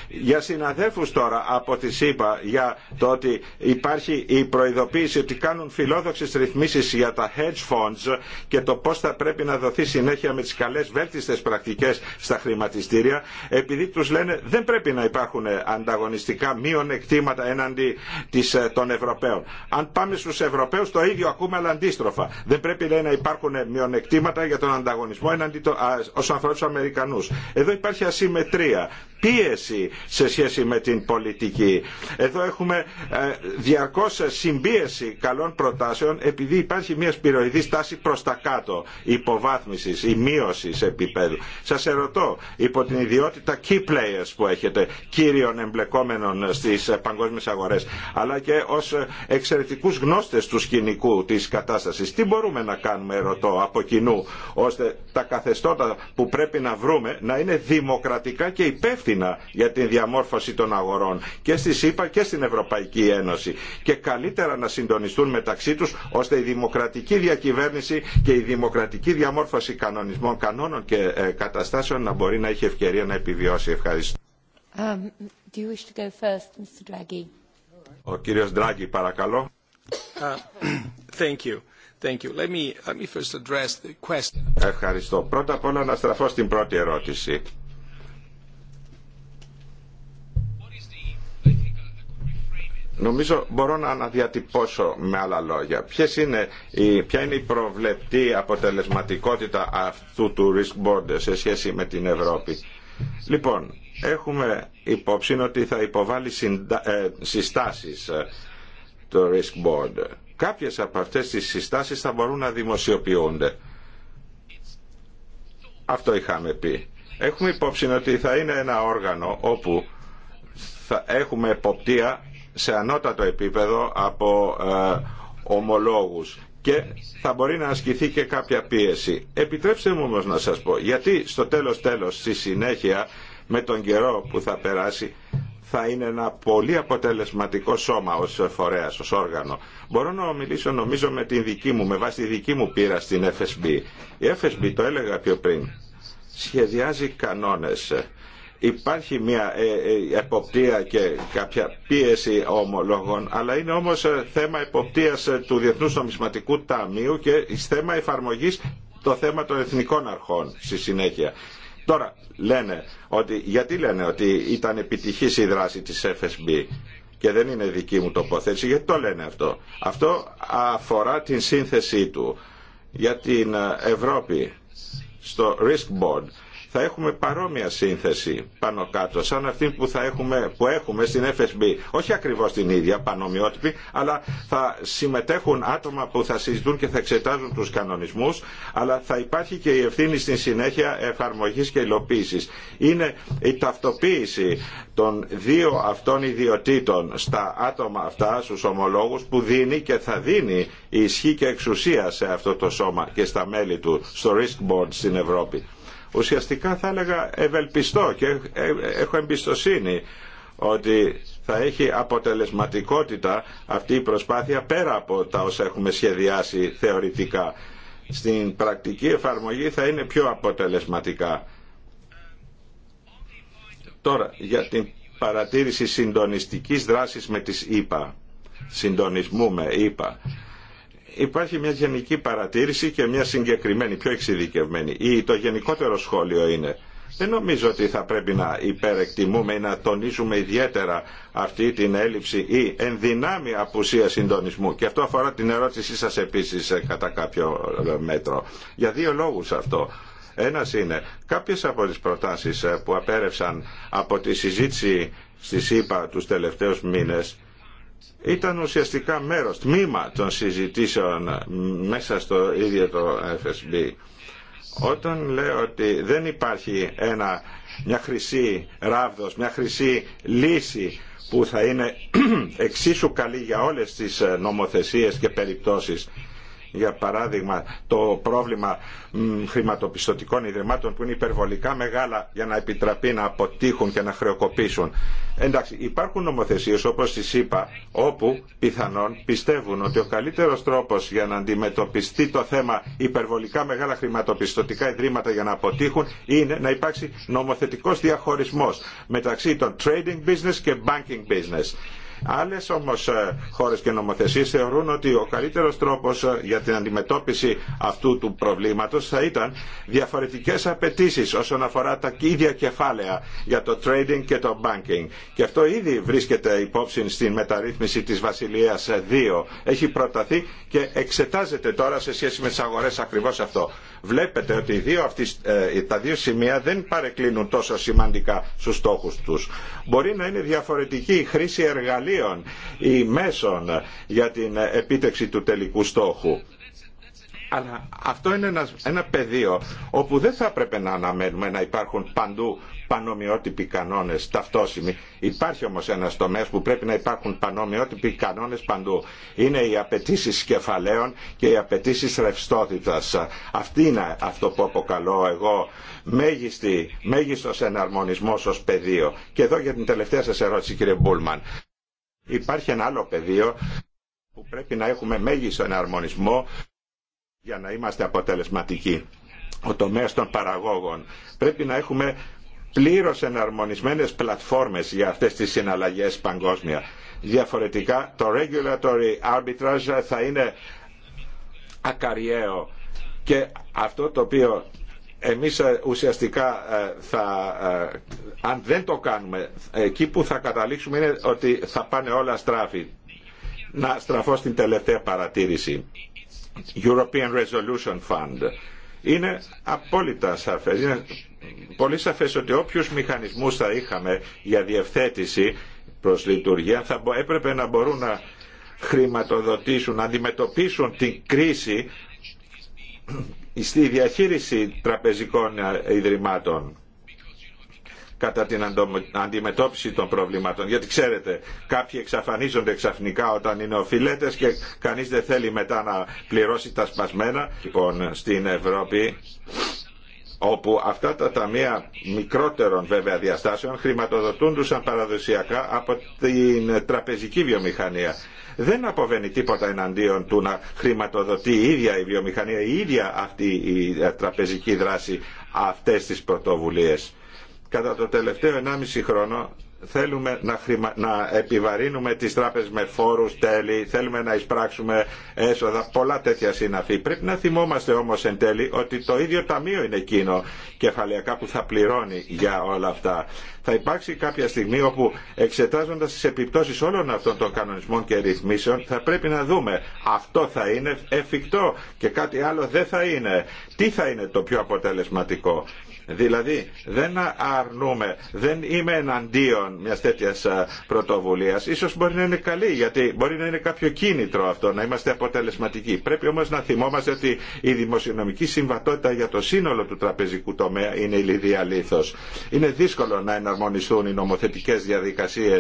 Για συναδέλφους τώρα από τη ΣΥΠΑ για το ότι υπάρχει η προειδοποίηση ότι κάνουν φιλόδοξες ρυθμίσεις για τα hedge funds και το πώς θα πρέπει να δοθεί συνέχεια με τις καλές βέλτιστες πρακτικές στα χρηματιστήρια επειδή τους λένε δεν πρέπει να υπάρχουν ανταγωνιστικά μειονεκτήματα έναντι της, ε, των Ευρωπαίων. Αν πάμε στους Ευρωπαίους το ίδιο ακούμε αλλά αντίστροφα. Δεν πρέπει λέει, να υπάρχουν μειονεκτήματα για τον ανταγωνισμό έναντι το, α, τους Αμερικανούς. Εδώ υπάρχει ασυμμετρία πίεση σε σχέση με την πολιτική. Εδώ έχουμε ε, διαρκώς συμπίεση καλών προτάσεων επειδή υπάρχει μια σπυροειδή στάση προς τα κάτω υποβάθμισης ή μείωσης επίπεδου. Σας ερωτώ υπό την ιδιότητα key players που έχετε κύριων εμπλεκόμενων στις ε, παγκόσμιες αγορές αλλά και ως ε, εξαιρετικούς γνώστες του σκηνικού της κατάστασης τι μπορούμε να κάνουμε ρωτώ, από κοινού ώστε τα καθεστώτα που πρέπει να βρούμε να είναι δημοκρατικά και υπεύθυνα για τη διαμόρφωση των αγορών και στη ΣΥΠΑ και στην Ευρωπαϊκή Ένωση και καλύτερα να συντονιστούν μεταξύ τους ώστε η δημοκρατική διακυβέρνηση και η δημοκρατική διαμόρφωση κανονισμών, κανόνων και ε, καταστάσεων να μπορεί να έχει ευκαιρία να επιβιώσει. Ευχαριστώ. Um, do you wish to go first, Mr. Draghi? Ο κύριος Draghi παρακαλώ. Uh, thank you. Thank Ευχαριστώ. Πρώτα απ' όλα να στραφώ στην πρώτη ερώτηση Νομίζω μπορώ να αναδιατυπώσω με άλλα λόγια. Ποιες είναι η, ποια είναι η προβλεπτή αποτελεσματικότητα αυτού του risk board σε σχέση με την Ευρώπη. Λοιπόν, έχουμε υπόψη ότι θα υποβάλει συντα, ε, συστάσεις ε, το risk board. Κάποιες από αυτές τις συστάσεις θα μπορούν να δημοσιοποιούνται. Αυτό είχαμε πει. Έχουμε υπόψη ότι θα είναι ένα όργανο όπου θα έχουμε εποπτεία σε ανώτατο επίπεδο από ε, ομολόγους και θα μπορεί να ασκηθεί και κάποια πίεση. Επιτρέψτε μου όμως να σας πω, γιατί στο τέλος τέλος, στη συνέχεια, με τον καιρό που θα περάσει, θα είναι ένα πολύ αποτελεσματικό σώμα ως φορέας, ως όργανο. Μπορώ να μιλήσω νομίζω με την δική μου, με βάση τη δική μου πείρα στην FSB. Η FSB, το έλεγα πιο πριν, σχεδιάζει κανόνες Υπάρχει μια ε, ε, εποπτεία και κάποια πίεση ομολόγων, αλλά είναι όμως ε, θέμα εποπτείας του Διεθνούς Νομισματικού Ταμείου και θέμα εφαρμογής το θέμα των εθνικών αρχών στη συνέχεια. Τώρα λένε ότι, γιατί λένε ότι ήταν επιτυχής η δράση της FSB και δεν είναι δική μου τοποθέτηση, γιατί το λένε αυτό. Αυτό αφορά την σύνθεσή του για την Ευρώπη στο Risk Board θα έχουμε παρόμοια σύνθεση πάνω κάτω, σαν αυτή που, θα έχουμε, που έχουμε στην FSB. Όχι ακριβώ την ίδια, πανομοιότυπη, αλλά θα συμμετέχουν άτομα που θα συζητούν και θα εξετάζουν τους κανονισμού, αλλά θα υπάρχει και η ευθύνη στην συνέχεια εφαρμογή και υλοποίηση. Είναι η ταυτοποίηση των δύο αυτών ιδιωτήτων στα άτομα αυτά, στου ομολόγου, που δίνει και θα δίνει ισχύ και εξουσία σε αυτό το σώμα και στα μέλη του, στο Risk Board στην Ευρώπη ουσιαστικά θα έλεγα ευελπιστώ και ε, έχω εμπιστοσύνη ότι θα έχει αποτελεσματικότητα αυτή η προσπάθεια πέρα από τα όσα έχουμε σχεδιάσει θεωρητικά. Στην πρακτική εφαρμογή θα είναι πιο αποτελεσματικά. Τώρα, για την παρατήρηση συντονιστικής δράσης με τις ίπα συντονισμού με ίπα υπάρχει μια γενική παρατήρηση και μια συγκεκριμένη, πιο εξειδικευμένη. Ή το γενικότερο σχόλιο είναι δεν νομίζω ότι θα πρέπει να υπερεκτιμούμε ή να τονίζουμε ιδιαίτερα αυτή την έλλειψη ή ενδυνάμει απουσία συντονισμού. Και αυτό αφορά την ερώτησή σας επίσης ε, κατά κάποιο ε, μέτρο. Για δύο λόγους αυτό. Ένας είναι κάποιες από τις προτάσεις ε, που απέρευσαν από τη συζήτηση στη ΣΥΠΑ τους τελευταίους μήνες ήταν ουσιαστικά μέρος, τμήμα των συζητήσεων μέσα στο ίδιο το FSB. Όταν λέω ότι δεν υπάρχει ένα, μια χρυσή ράβδος, μια χρυσή λύση που θα είναι εξίσου καλή για όλες τις νομοθεσίες και περιπτώσεις για παράδειγμα το πρόβλημα χρηματοπιστωτικών ιδρυμάτων που είναι υπερβολικά μεγάλα για να επιτραπεί να αποτύχουν και να χρεοκοπήσουν. Εντάξει, υπάρχουν νομοθεσίες όπως τις είπα όπου πιθανόν πιστεύουν ότι ο καλύτερος τρόπος για να αντιμετωπιστεί το θέμα υπερβολικά μεγάλα χρηματοπιστωτικά ιδρύματα για να αποτύχουν είναι να υπάρξει νομοθετικός διαχωρισμός μεταξύ των trading business και banking business Άλλε όμω ε, χώρε και νομοθεσίε θεωρούν ότι ο καλύτερο τρόπο ε, για την αντιμετώπιση αυτού του προβλήματο θα ήταν διαφορετικέ απαιτήσει όσον αφορά τα ίδια κεφάλαια για το trading και το banking. Και αυτό ήδη βρίσκεται υπόψη στην μεταρρύθμιση τη Βασιλεία 2. Έχει προταθεί και εξετάζεται τώρα σε σχέση με τι αγορέ ακριβώ αυτό βλέπετε ότι οι δύο ε, τα δύο σημεία δεν παρεκκλίνουν τόσο σημαντικά στους στόχους τους. Μπορεί να είναι διαφορετική η χρήση εργαλείων ή μέσων για την επίτευξη του τελικού στόχου. Αλλά αυτό είναι ένα, ένα πεδίο όπου δεν θα έπρεπε να αναμένουμε να υπάρχουν παντού πανομοιότυποι κανόνε ταυτόσιμοι. Υπάρχει όμω ένα τομέα που πρέπει να υπάρχουν πανομοιότυποι κανόνε παντού. Είναι οι απαιτήσει κεφαλαίων και οι απαιτήσει ρευστότητα. Αυτή είναι αυτό που αποκαλώ εγώ μέγιστη, μέγιστος ω πεδίο. Και εδώ για την τελευταία σα ερώτηση κύριε Μπούλμαν. Υπάρχει ένα άλλο πεδίο που πρέπει να έχουμε μέγιστο εναρμονισμό για να είμαστε αποτελεσματικοί. Ο τομέας των παραγόγων. Πρέπει να έχουμε πλήρως εναρμονισμένες πλατφόρμες για αυτές τις συναλλαγές παγκόσμια. Διαφορετικά το regulatory arbitrage θα είναι ακαριέο και αυτό το οποίο εμείς ε, ουσιαστικά ε, θα, ε, αν δεν το κάνουμε, εκεί που θα καταλήξουμε είναι ότι θα πάνε όλα στράφη. Να στραφώ στην τελευταία παρατήρηση European Resolution Fund. Είναι απόλυτα σαφές. Είναι πολύ σαφές ότι όποιους μηχανισμούς θα είχαμε για διευθέτηση προς λειτουργία θα έπρεπε να μπορούν να χρηματοδοτήσουν, να αντιμετωπίσουν την κρίση στη διαχείριση τραπεζικών ιδρυμάτων κατά την αντιμετώπιση των προβλημάτων. Γιατί ξέρετε, κάποιοι εξαφανίζονται ξαφνικά όταν είναι οφειλέτες και κανείς δεν θέλει μετά να πληρώσει τα σπασμένα. Λοιπόν, στην Ευρώπη όπου αυτά τα ταμεία μικρότερων βέβαια διαστάσεων χρηματοδοτούντουσαν παραδοσιακά από την τραπεζική βιομηχανία. Δεν αποβαίνει τίποτα εναντίον του να χρηματοδοτεί η ίδια η βιομηχανία, η ίδια αυτή η τραπεζική δράση αυτές τις πρωτοβουλίες κατά το τελευταίο 1,5 χρόνο θέλουμε να, χρημα... να επιβαρύνουμε τις τράπεζες με φόρους, τέλη, θέλουμε να εισπράξουμε έσοδα, πολλά τέτοια συναφή. Πρέπει να θυμόμαστε όμως εν τέλει ότι το ίδιο ταμείο είναι εκείνο κεφαλαιακά που θα πληρώνει για όλα αυτά. Θα υπάρξει κάποια στιγμή όπου εξετάζοντας τις επιπτώσεις όλων αυτών των κανονισμών και ρυθμίσεων θα πρέπει να δούμε αυτό θα είναι εφικτό και κάτι άλλο δεν θα είναι. Τι θα είναι το πιο αποτελεσματικό. Δηλαδή δεν αρνούμε, δεν είμαι εναντίον μια τέτοια πρωτοβουλία. Ίσως μπορεί να είναι καλή γιατί μπορεί να είναι κάποιο κίνητρο αυτό, να είμαστε αποτελεσματικοί. Πρέπει όμω να θυμόμαστε ότι η δημοσιονομική συμβατότητα για το σύνολο του τραπεζικού τομέα είναι η λιδία Είναι δύσκολο να εναρμονιστούν οι νομοθετικέ διαδικασίε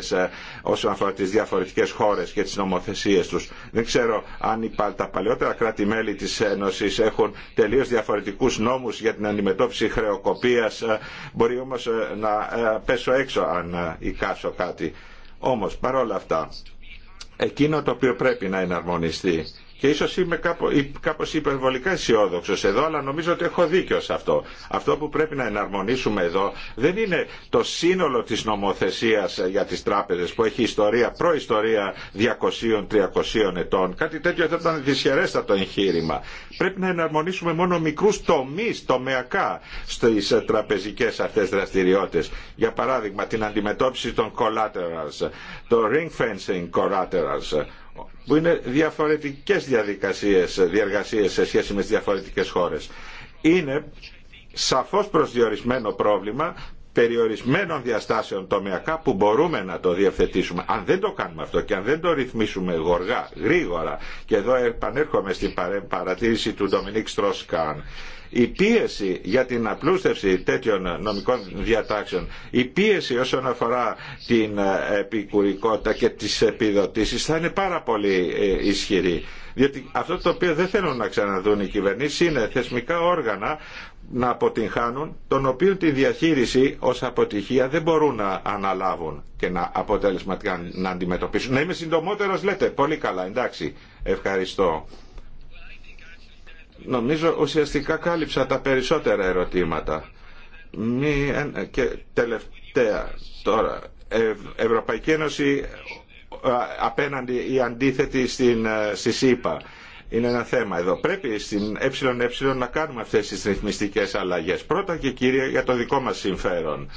όσον αφορά τι διαφορετικέ χώρε και τι νομοθεσίε του. Δεν ξέρω αν τα παλαιότερα κράτη-μέλη τη Ένωση έχουν τελείω διαφορετικού νόμου για την αντιμετώπιση χρεοκοπή οποίας ε, μπορεί όμως ε, να ε, πέσω έξω αν εικάσω κάτι. Όμως παρόλα αυτά εκείνο το οποίο πρέπει να εναρμονιστεί και ίσως είμαι κάπως υπερβολικά αισιόδοξο εδώ, αλλά νομίζω ότι έχω δίκιο σε αυτό. Αυτό που πρέπει να εναρμονίσουμε εδώ δεν είναι το σύνολο της νομοθεσίας ε, για τις τράπεζες που έχει ιστορία, προϊστορία 200-300 ετών. Κάτι τέτοιο θα ήταν δυσχερέστατο εγχείρημα. Πρέπει να εναρμονίσουμε μόνο μικρούς τομείς, τομεακά, στις ε, τραπεζικές αυτές δραστηριότητες. Για παράδειγμα, την αντιμετώπιση των collaterals, το ring fencing collaterals, που είναι διαφορετικές διαδικασίες, διεργασίες σε σχέση με τις διαφορετικές χώρες. Είναι σαφώς προσδιορισμένο πρόβλημα περιορισμένων διαστάσεων τομιακά που μπορούμε να το διευθετήσουμε. Αν δεν το κάνουμε αυτό και αν δεν το ρυθμίσουμε γοργά, γρήγορα, και εδώ επανέρχομαι στην παρατήρηση του Ντομινίκ Στρόσκαν η πίεση για την απλούστευση τέτοιων νομικών διατάξεων, η πίεση όσον αφορά την ε, επικουρικότητα και τις επιδοτήσεις θα είναι πάρα πολύ ε, ισχυρή. Διότι αυτό το οποίο δεν θέλουν να ξαναδούν οι κυβερνήσει είναι θεσμικά όργανα να αποτυγχάνουν, τον οποίο τη διαχείριση ως αποτυχία δεν μπορούν να αναλάβουν και να αποτελεσματικά να αντιμετωπίσουν. Να είμαι συντομότερος λέτε. Πολύ καλά. Εντάξει. Ευχαριστώ. Νομίζω ουσιαστικά κάλυψα τα περισσότερα ερωτήματα. Μη, ε, ε, και τελευταία τώρα. Ευρωπαϊκή Ένωση ε, απέναντι ή αντίθετη στην, στη ΣΥΠΑ. Είναι ένα θέμα εδώ. Πρέπει στην ΕΕ να κάνουμε αυτές τις ρυθμιστικές αλλαγές. Πρώτα και κύρια για το δικό μας συμφέρον.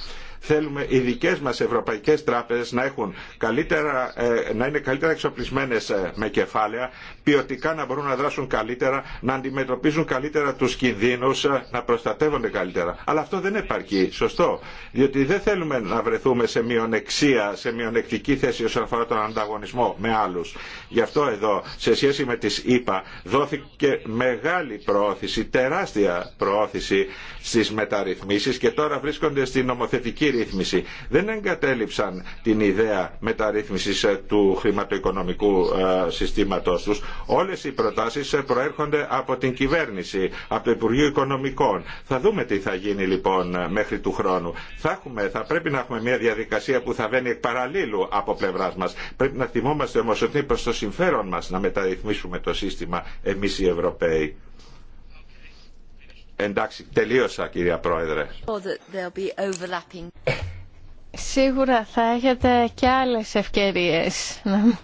Θέλουμε οι δικές μας ευρωπαϊκές τράπεζες να, έχουν καλύτερα, να είναι καλύτερα εξοπλισμένες με κεφάλαια, ποιοτικά να μπορούν να δράσουν καλύτερα, να αντιμετωπίζουν καλύτερα τους κινδύνους, ε, να προστατεύονται καλύτερα. Αλλά αυτό δεν επαρκεί, σωστό, διότι δεν θέλουμε να βρεθούμε σε μειονεξία, σε μειονεκτική θέση όσον αφορά τον ανταγωνισμό με άλλους. Γι' αυτό εδώ, σε σχέση με τις ΗΠΑ, δόθηκε μεγάλη προώθηση, τεράστια προώθηση στις μεταρρυθμίσεις και τώρα βρίσκονται στην νομοθετική ρύθμιση. Δεν εγκατέλειψαν την ιδέα μεταρρύθμισης ε, του χρηματοοικονομικού ε, συστήματος τους, Όλες οι προτάσεις ε, προέρχονται από την κυβέρνηση, από το Υπουργείο Οικονομικών. Θα δούμε τι θα γίνει λοιπόν ε, μέχρι του χρόνου. Θα, θα πρέπει να έχουμε μια διαδικασία που θα βαίνει εκ παραλίλου από πλευρά μα. Πρέπει να θυμόμαστε όμω ότι είναι προ το συμφέρον μα να μεταρρυθμίσουμε το σύστημα εμεί οι Ευρωπαίοι. Εντάξει, τελείωσα κυρία Πρόεδρε. Σίγουρα θα έχετε και άλλες ευκαιρίες να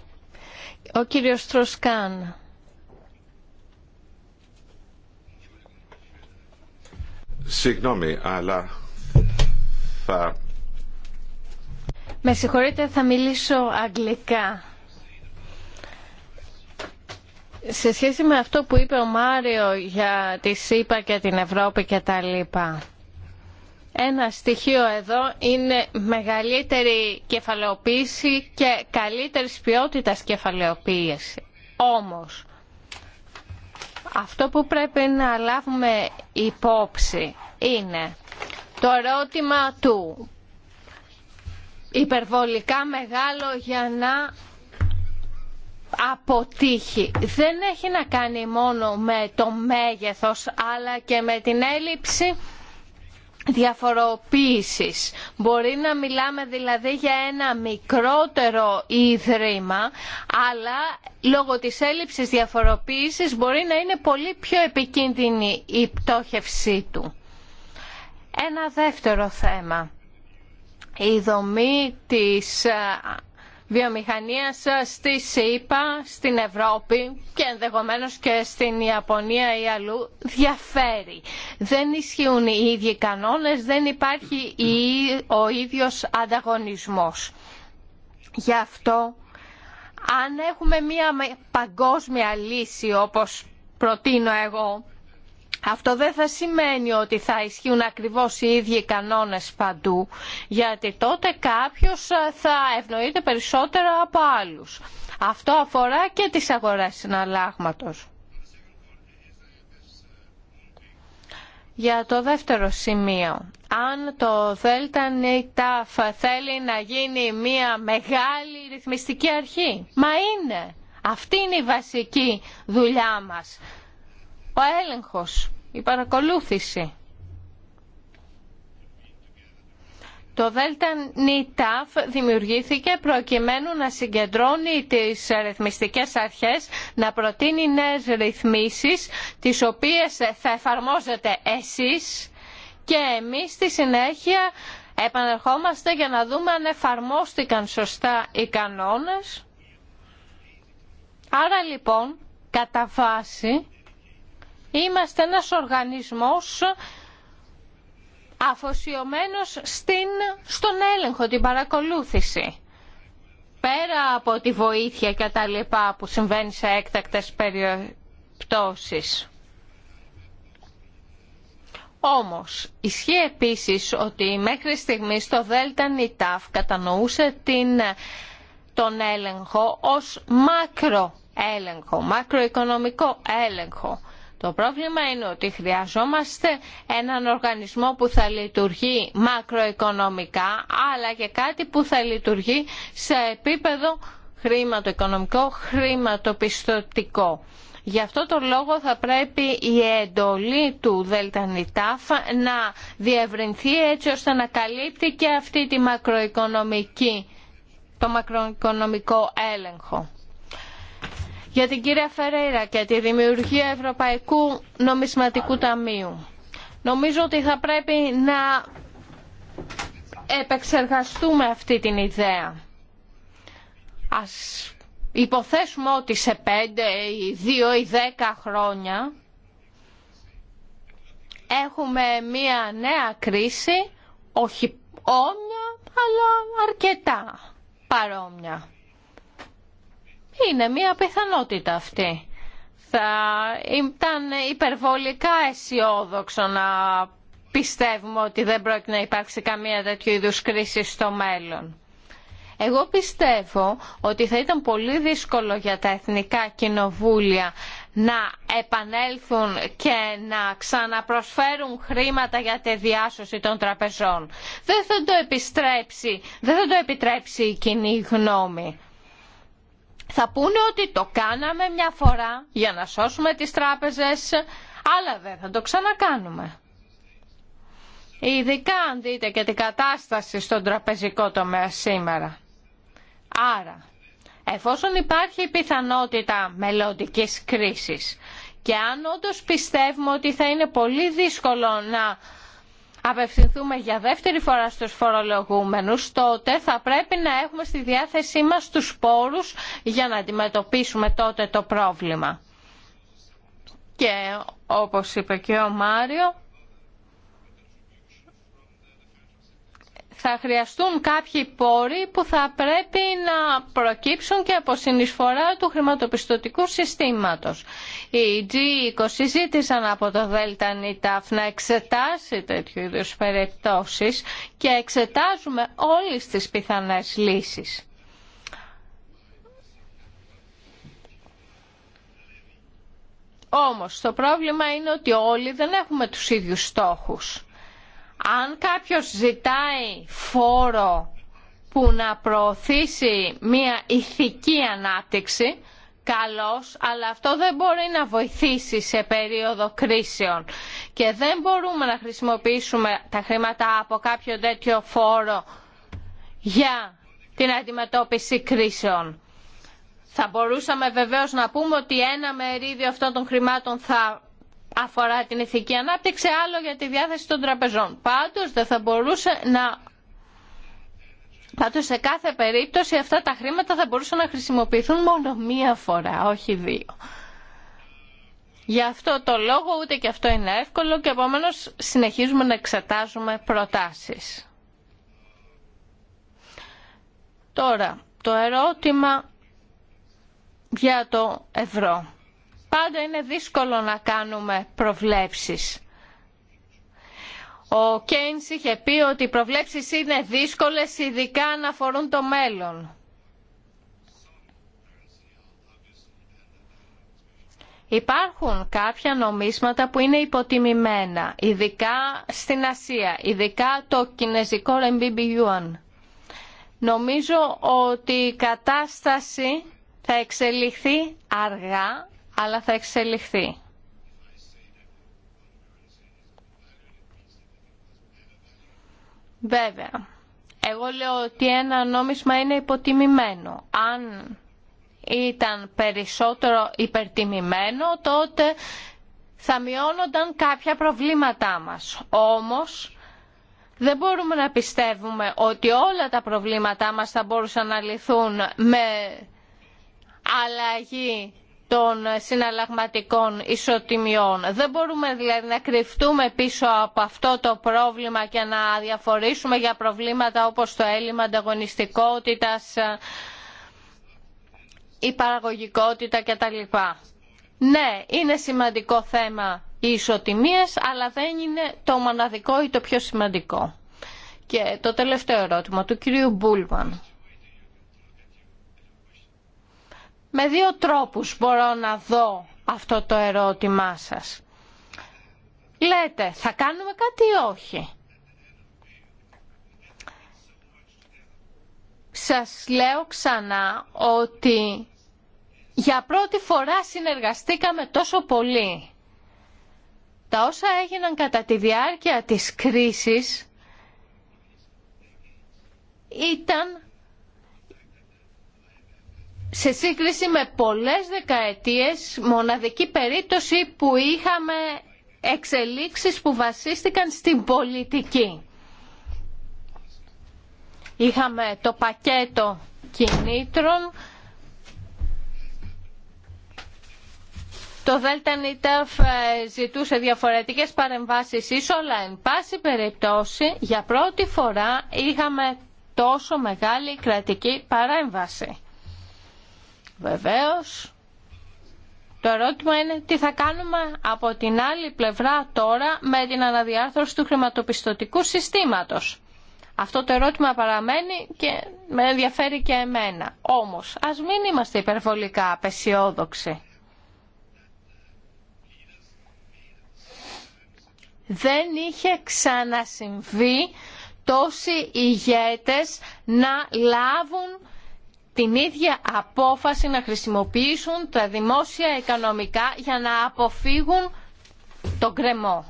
ο κύριος Τροσκάν. Συγγνώμη, αλλά θα... Με συγχωρείτε, θα μιλήσω αγγλικά. Σε σχέση με αυτό που είπε ο Μάριο για τη ΣΥΠΑ και την Ευρώπη και τα λοιπά. Ένα στοιχείο εδώ είναι μεγαλύτερη κεφαλαιοποίηση και καλύτερης ποιότητας κεφαλαιοποίηση. Όμως, αυτό που πρέπει να λάβουμε υπόψη είναι το ερώτημα του υπερβολικά μεγάλο για να αποτύχει. Δεν έχει να κάνει μόνο με το μέγεθος αλλά και με την έλλειψη διαφοροποίησης. Μπορεί να μιλάμε δηλαδή για ένα μικρότερο ίδρυμα, αλλά λόγω της έλλειψης διαφοροποίησης μπορεί να είναι πολύ πιο επικίνδυνη η πτώχευσή του. Ένα δεύτερο θέμα. Η δομή της βιομηχανίας στη ΣΥΠΑ, στην Ευρώπη και ενδεχομένως και στην Ιαπωνία ή αλλού διαφέρει. Δεν ισχύουν οι ίδιοι κανόνες, δεν υπάρχει ο ίδιος ανταγωνισμός. Γι' αυτό αν έχουμε μια παγκόσμια λύση όπως προτείνω εγώ αυτό δεν θα σημαίνει ότι θα ισχύουν ακριβώς οι ίδιοι κανόνες παντού, γιατί τότε κάποιος ε, θα ευνοείται περισσότερο από άλλους. Αυτό αφορά και τις αγορές συναλλάγματος. Για το δεύτερο σημείο, αν το ΔΕΛΤΑ ΝΙΤΑΦ θέλει να γίνει μια μεγάλη ρυθμιστική αρχή, μα είναι. Αυτή είναι η βασική δουλειά μας. Ο έλεγχος η παρακολούθηση. Το Δέλτα ΝΙΤΑΦ δημιουργήθηκε προκειμένου να συγκεντρώνει τις ρυθμιστικές αρχές, να προτείνει νέες ρυθμίσεις, τις οποίες θα εφαρμόζετε εσείς και εμείς στη συνέχεια επανερχόμαστε για να δούμε αν εφαρμόστηκαν σωστά οι κανόνες. Άρα λοιπόν, κατά βάση, Είμαστε ένας οργανισμός αφοσιωμένος στην, στον έλεγχο, την παρακολούθηση. Πέρα από τη βοήθεια και τα λοιπά που συμβαίνει σε έκτακτες περιπτώσεις. Όμως, ισχύει επίσης ότι μέχρι στιγμής το Δέλτα Νιτάφ κατανοούσε την, τον έλεγχο ως μάκρο έλεγχο, μακροοικονομικό έλεγχο. Το πρόβλημα είναι ότι χρειαζόμαστε έναν οργανισμό που θα λειτουργεί μακροοικονομικά, αλλά και κάτι που θα λειτουργεί σε επίπεδο χρηματοοικονομικό, χρηματοπιστωτικό. Γι' αυτό το λόγο θα πρέπει η εντολή του ΔΕΛΤΑΝΙΤΑΦ να διευρυνθεί έτσι ώστε να καλύπτει και αυτή τη μακροοικονομική, το μακροοικονομικό έλεγχο για την κυρία Φερέιρα και τη δημιουργία Ευρωπαϊκού Νομισματικού Ταμείου. Νομίζω ότι θα πρέπει να επεξεργαστούμε αυτή την ιδέα. Ας υποθέσουμε ότι σε πέντε ή δύο ή δέκα χρόνια έχουμε μία νέα κρίση, όχι όμοια, αλλά αρκετά παρόμοια. Είναι μια πιθανότητα αυτή. Θα ήταν υπερβολικά αισιόδοξο να πιστεύουμε ότι δεν πρόκειται να υπάρξει καμία τέτοιου είδους κρίση στο μέλλον. Εγώ πιστεύω ότι θα ήταν πολύ δύσκολο για τα εθνικά κοινοβούλια να επανέλθουν και να ξαναπροσφέρουν χρήματα για τη διάσωση των τραπεζών. Δεν θα το, επιστρέψει, δεν θα το επιτρέψει η κοινή γνώμη θα πούνε ότι το κάναμε μια φορά για να σώσουμε τις τράπεζες, αλλά δεν θα το ξανακάνουμε. Ειδικά αν δείτε και την κατάσταση στον τραπεζικό τομέα σήμερα. Άρα, εφόσον υπάρχει η πιθανότητα μελλοντική κρίσης και αν όντω πιστεύουμε ότι θα είναι πολύ δύσκολο να απευθυνθούμε για δεύτερη φορά στους φορολογούμενους, τότε θα πρέπει να έχουμε στη διάθεσή μας τους πόρους για να αντιμετωπίσουμε τότε το πρόβλημα. Και όπως είπε και ο Μάριο, θα χρειαστούν κάποιοι πόροι που θα πρέπει να προκύψουν και από συνεισφορά του χρηματοπιστωτικού συστήματος. Οι G20 ζήτησαν από το Δέλτα Νιτάφ να εξετάσει τέτοιου είδους περιπτώσεις και εξετάζουμε όλες τις πιθανές λύσεις. Όμως το πρόβλημα είναι ότι όλοι δεν έχουμε τους ίδιους στόχους. Αν κάποιος ζητάει φόρο που να προωθήσει μια ηθική ανάπτυξη, καλός, αλλά αυτό δεν μπορεί να βοηθήσει σε περίοδο κρίσεων. Και δεν μπορούμε να χρησιμοποιήσουμε τα χρήματα από κάποιο τέτοιο φόρο για την αντιμετώπιση κρίσεων. Θα μπορούσαμε βεβαίως να πούμε ότι ένα μερίδιο αυτών των χρημάτων θα αφορά την ηθική ανάπτυξη, άλλο για τη διάθεση των τραπεζών. Πάντως δεν θα μπορούσε να... Πάντως σε κάθε περίπτωση αυτά τα χρήματα θα μπορούσαν να χρησιμοποιηθούν μόνο μία φορά, όχι δύο. Γι' αυτό το λόγο ούτε και αυτό είναι εύκολο και επομένως συνεχίζουμε να εξετάζουμε προτάσεις. Τώρα, το ερώτημα για το ευρώ πάντα είναι δύσκολο να κάνουμε προβλέψεις. Ο Κέινς είχε πει ότι οι προβλέψεις είναι δύσκολες, ειδικά να αφορούν το μέλλον. Υπάρχουν κάποια νομίσματα που είναι υποτιμημένα, ειδικά στην Ασία, ειδικά το κινέζικο RMB Νομίζω ότι η κατάσταση θα εξελιχθεί αργά αλλά θα εξελιχθεί. Βέβαια, εγώ λέω ότι ένα νόμισμα είναι υποτιμημένο. Αν ήταν περισσότερο υπερτιμημένο, τότε θα μειώνονταν κάποια προβλήματά μας. Όμως, δεν μπορούμε να πιστεύουμε ότι όλα τα προβλήματά μας θα μπορούσαν να λυθούν με αλλαγή των συναλλαγματικών ισοτιμιών. Δεν μπορούμε δηλαδή να κρυφτούμε πίσω από αυτό το πρόβλημα και να διαφορήσουμε για προβλήματα όπως το έλλειμμα ανταγωνιστικότητας, η παραγωγικότητα κτλ. Ναι, είναι σημαντικό θέμα οι ισοτιμίες, αλλά δεν είναι το μοναδικό ή το πιο σημαντικό. Και το τελευταίο ερώτημα του κυρίου Μπούλμαν. Με δύο τρόπους μπορώ να δω αυτό το ερώτημά σας. Λέτε, θα κάνουμε κάτι ή όχι. Σας λέω ξανά ότι για πρώτη φορά συνεργαστήκαμε τόσο πολύ. Τα όσα έγιναν κατά τη διάρκεια της κρίσης ήταν σε σύγκριση με πολλές δεκαετίες μοναδική περίπτωση που είχαμε εξελίξεις που βασίστηκαν στην πολιτική. Είχαμε το πακέτο κινήτρων, το ΔΝΤ ε, ζητούσε διαφορετικές παρεμβάσεις ίσως, αλλά εν πάση περιπτώσει για πρώτη φορά είχαμε τόσο μεγάλη κρατική παρέμβαση. Βεβαίως, το ερώτημα είναι τι θα κάνουμε από την άλλη πλευρά τώρα με την αναδιάρθρωση του χρηματοπιστωτικού συστήματος. Αυτό το ερώτημα παραμένει και με ενδιαφέρει και εμένα. Όμως, ας μην είμαστε υπερβολικά απεσιόδοξοι. Δεν είχε ξανασυμβεί τόσοι ηγέτες να λάβουν την ίδια απόφαση να χρησιμοποιήσουν τα δημόσια οικονομικά για να αποφύγουν τον κρεμό.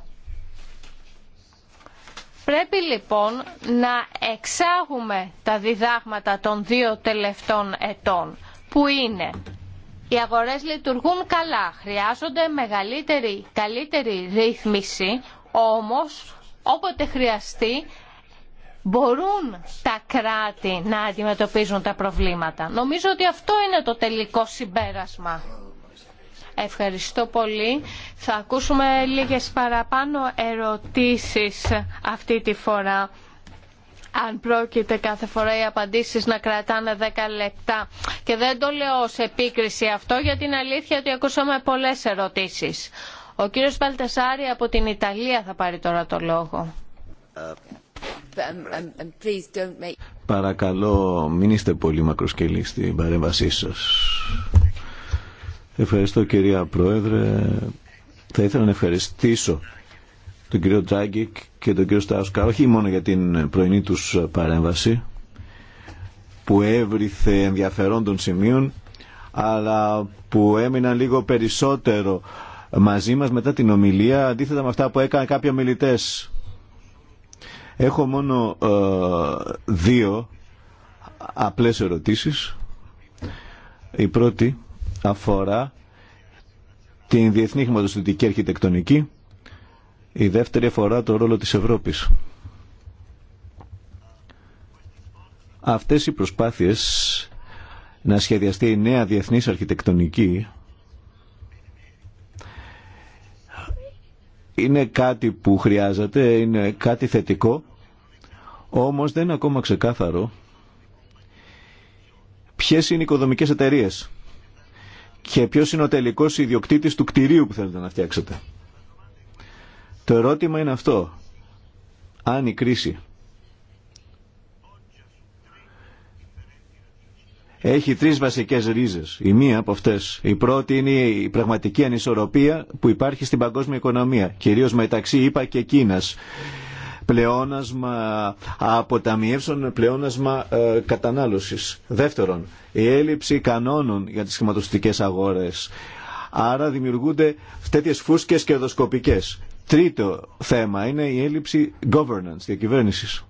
Πρέπει λοιπόν να εξάγουμε τα διδάγματα των δύο τελευταίων ετών, που είναι οι αγορές λειτουργούν καλά, χρειάζονται μεγαλύτερη, καλύτερη ρύθμιση, όμως όποτε χρειαστεί μπορούν τα κράτη να αντιμετωπίζουν τα προβλήματα. Νομίζω ότι αυτό είναι το τελικό συμπέρασμα. Ευχαριστώ πολύ. Θα ακούσουμε λίγες παραπάνω ερωτήσεις αυτή τη φορά. Αν πρόκειται κάθε φορά οι απαντήσεις να κρατάνε δέκα λεπτά. Και δεν το λέω ως επίκριση αυτό για την αλήθεια ότι ακούσαμε πολλές ερωτήσεις. Ο κύριος Παλτασάρη από την Ιταλία θα πάρει τώρα το λόγο. Ε, Um, um, um, Παρακαλώ, μην είστε πολύ μακροσκελή στην παρέμβασή σας. Ευχαριστώ κυρία Πρόεδρε. Θα ήθελα να ευχαριστήσω τον κύριο Τζάγκικ και τον κύριο Στάσκα, όχι μόνο για την πρωινή τους παρέμβαση, που έβριθε ενδιαφερόν των σημείων, αλλά που έμειναν λίγο περισσότερο μαζί μας μετά την ομιλία, αντίθετα με αυτά που έκαναν κάποιοι ομιλητές Έχω μόνο ε, δύο απλές ερωτήσεις. Η πρώτη αφορά την διεθνή χρηματοστητική αρχιτεκτονική. Η δεύτερη αφορά το ρόλο της Ευρώπης. Αυτές οι προσπάθειες να σχεδιαστεί η νέα διεθνής αρχιτεκτονική είναι κάτι που χρειάζεται, είναι κάτι θετικό όμως δεν είναι ακόμα ξεκάθαρο ποιες είναι οι οικοδομικές εταιρείε και ποιος είναι ο τελικός ιδιοκτήτης του κτηρίου που θέλετε να φτιάξετε. Το ερώτημα είναι αυτό. Αν η κρίση έχει τρεις βασικές ρίζες. Η μία από αυτές. Η πρώτη είναι η πραγματική ανισορροπία που υπάρχει στην παγκόσμια οικονομία, κυρίως μεταξύ ΙΠΑ και Κίνας πλεόνασμα αποταμιεύσεων, πλεόνασμα ε, κατανάλωσης. Δεύτερον, η έλλειψη κανόνων για τις χρηματοστικές αγορές. Άρα δημιουργούνται τέτοιες φούσκες οδοσκοπικές. Τρίτο θέμα είναι η έλλειψη governance, διακυβέρνησης.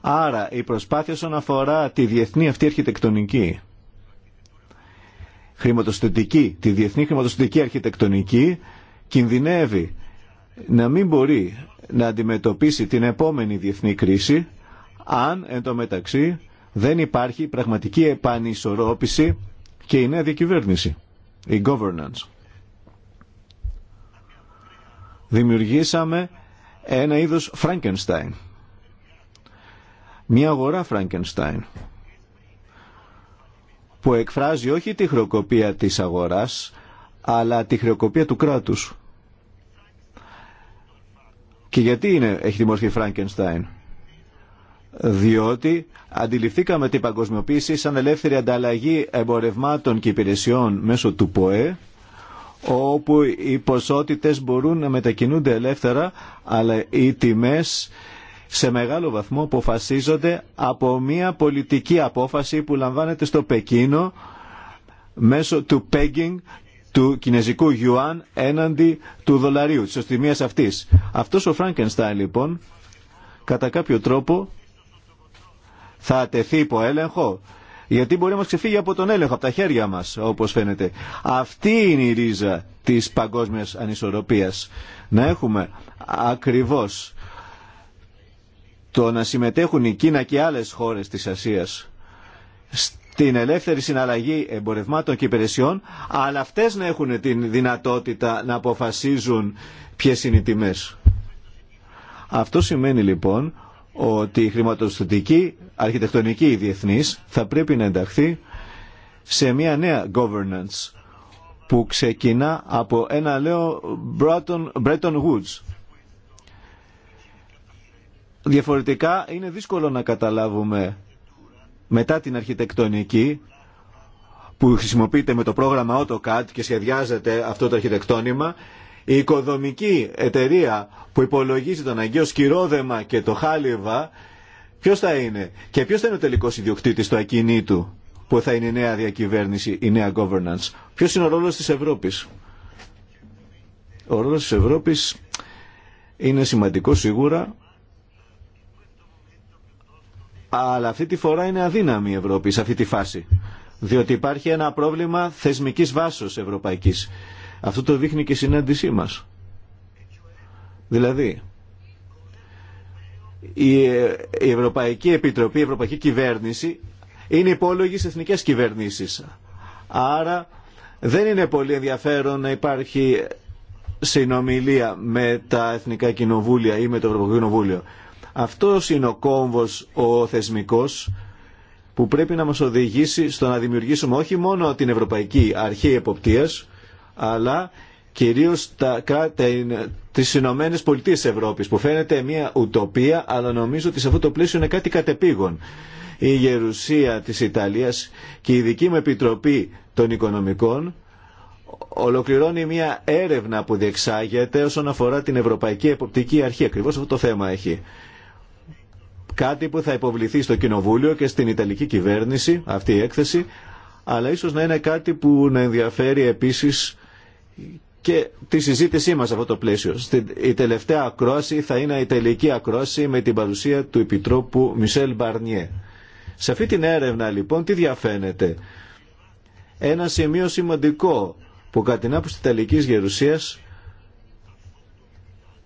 Άρα η προσπάθεια όσον αφορά τη διεθνή αυτή αρχιτεκτονική, χρηματοστατική, τη διεθνή χρηματοστατική αρχιτεκτονική, κινδυνεύει να μην μπορεί να αντιμετωπίσει την επόμενη διεθνή κρίση αν εν τω μεταξύ δεν υπάρχει πραγματική επανισορρόπηση και η νέα διακυβέρνηση, η governance. Δημιουργήσαμε ένα είδος Frankenstein. Μια αγορά Frankenstein που εκφράζει όχι τη χρεοκοπία της αγοράς αλλά τη χρεοκοπία του κράτους. Και γιατί είναι, έχει τη μορφή Φραγκενστάιν. Διότι αντιληφθήκαμε την παγκοσμιοποίηση σαν ελεύθερη ανταλλαγή εμπορευμάτων και υπηρεσιών μέσω του ΠΟΕ, όπου οι ποσότητες μπορούν να μετακινούνται ελεύθερα, αλλά οι τιμές σε μεγάλο βαθμό αποφασίζονται από μια πολιτική απόφαση που λαμβάνεται στο Πεκίνο μέσω του pegging του κινέζικου γιουάν έναντι του δολαρίου, της οστιμίας αυτής. Αυτός ο Φράγκενστάιν λοιπόν, κατά κάποιο τρόπο, θα τεθεί υπό έλεγχο, γιατί μπορεί να μας ξεφύγει από τον έλεγχο, από τα χέρια μας, όπως φαίνεται. Αυτή είναι η ρίζα της παγκόσμιας ανισορροπίας. Να έχουμε ακριβώς το να συμμετέχουν η Κίνα και άλλες χώρες της Ασίας την ελεύθερη συναλλαγή εμπορευμάτων και υπηρεσιών, αλλά αυτές να έχουν την δυνατότητα να αποφασίζουν ποιες είναι οι τιμές. Αυτό σημαίνει λοιπόν ότι η χρηματοδοτική αρχιτεκτονική διεθνής θα πρέπει να ενταχθεί σε μια νέα governance που ξεκινά από ένα λέω Bretton, Bretton Woods. Διαφορετικά είναι δύσκολο να καταλάβουμε μετά την αρχιτεκτονική που χρησιμοποιείται με το πρόγραμμα AutoCAD και σχεδιάζεται αυτό το αρχιτεκτόνιμα, η οικοδομική εταιρεία που υπολογίζει τον Αγίο Σκυρόδεμα και το Χάλιβα, ποιο θα είναι και ποιο θα είναι ο τελικό ιδιοκτήτη του ακινήτου που θα είναι η νέα διακυβέρνηση, η νέα governance. Ποιο είναι ο ρόλο τη Ευρώπη. Ο ρόλο τη Ευρώπη είναι σημαντικό σίγουρα αλλά αυτή τη φορά είναι αδύναμη η Ευρώπη σε αυτή τη φάση. Διότι υπάρχει ένα πρόβλημα θεσμικής βάσης ευρωπαϊκής. Αυτό το δείχνει και η συνάντησή μα. Δηλαδή, η Ευρωπαϊκή Επιτροπή, η Ευρωπαϊκή Κυβέρνηση είναι υπόλογη σε εθνικέ κυβερνήσεις. Άρα δεν είναι πολύ ενδιαφέρον να υπάρχει συνομιλία με τα Εθνικά Κοινοβούλια ή με το Ευρωπαϊκό Κοινοβούλιο. Αυτός είναι ο κόμβος ο θεσμικός που πρέπει να μας οδηγήσει στο να δημιουργήσουμε όχι μόνο την Ευρωπαϊκή Αρχή Εποπτείας, αλλά κυρίως τα, τις Ηνωμένε Πολιτείε Ευρώπης, που φαίνεται μια ουτοπία, αλλά νομίζω ότι σε αυτό το πλαίσιο είναι κάτι κατεπήγον. Η γερουσία της Ιταλίας και η δική μου επιτροπή των οικονομικών ολοκληρώνει μια έρευνα που διεξάγεται όσον αφορά την Ευρωπαϊκή Εποπτική Αρχή. Ακριβώς αυτό το θέμα έχει κάτι που θα υποβληθεί στο Κοινοβούλιο και στην Ιταλική κυβέρνηση αυτή η έκθεση, αλλά ίσως να είναι κάτι που να ενδιαφέρει επίσης και τη συζήτησή μας σε αυτό το πλαίσιο. Η τελευταία ακρόαση θα είναι η τελική ακρόαση με την παρουσία του Επιτρόπου Μισελ Μπαρνιέ. Σε αυτή την έρευνα λοιπόν τι διαφαίνεται. Ένα σημείο σημαντικό που κατά την άποψη της Ιταλικής Γερουσίας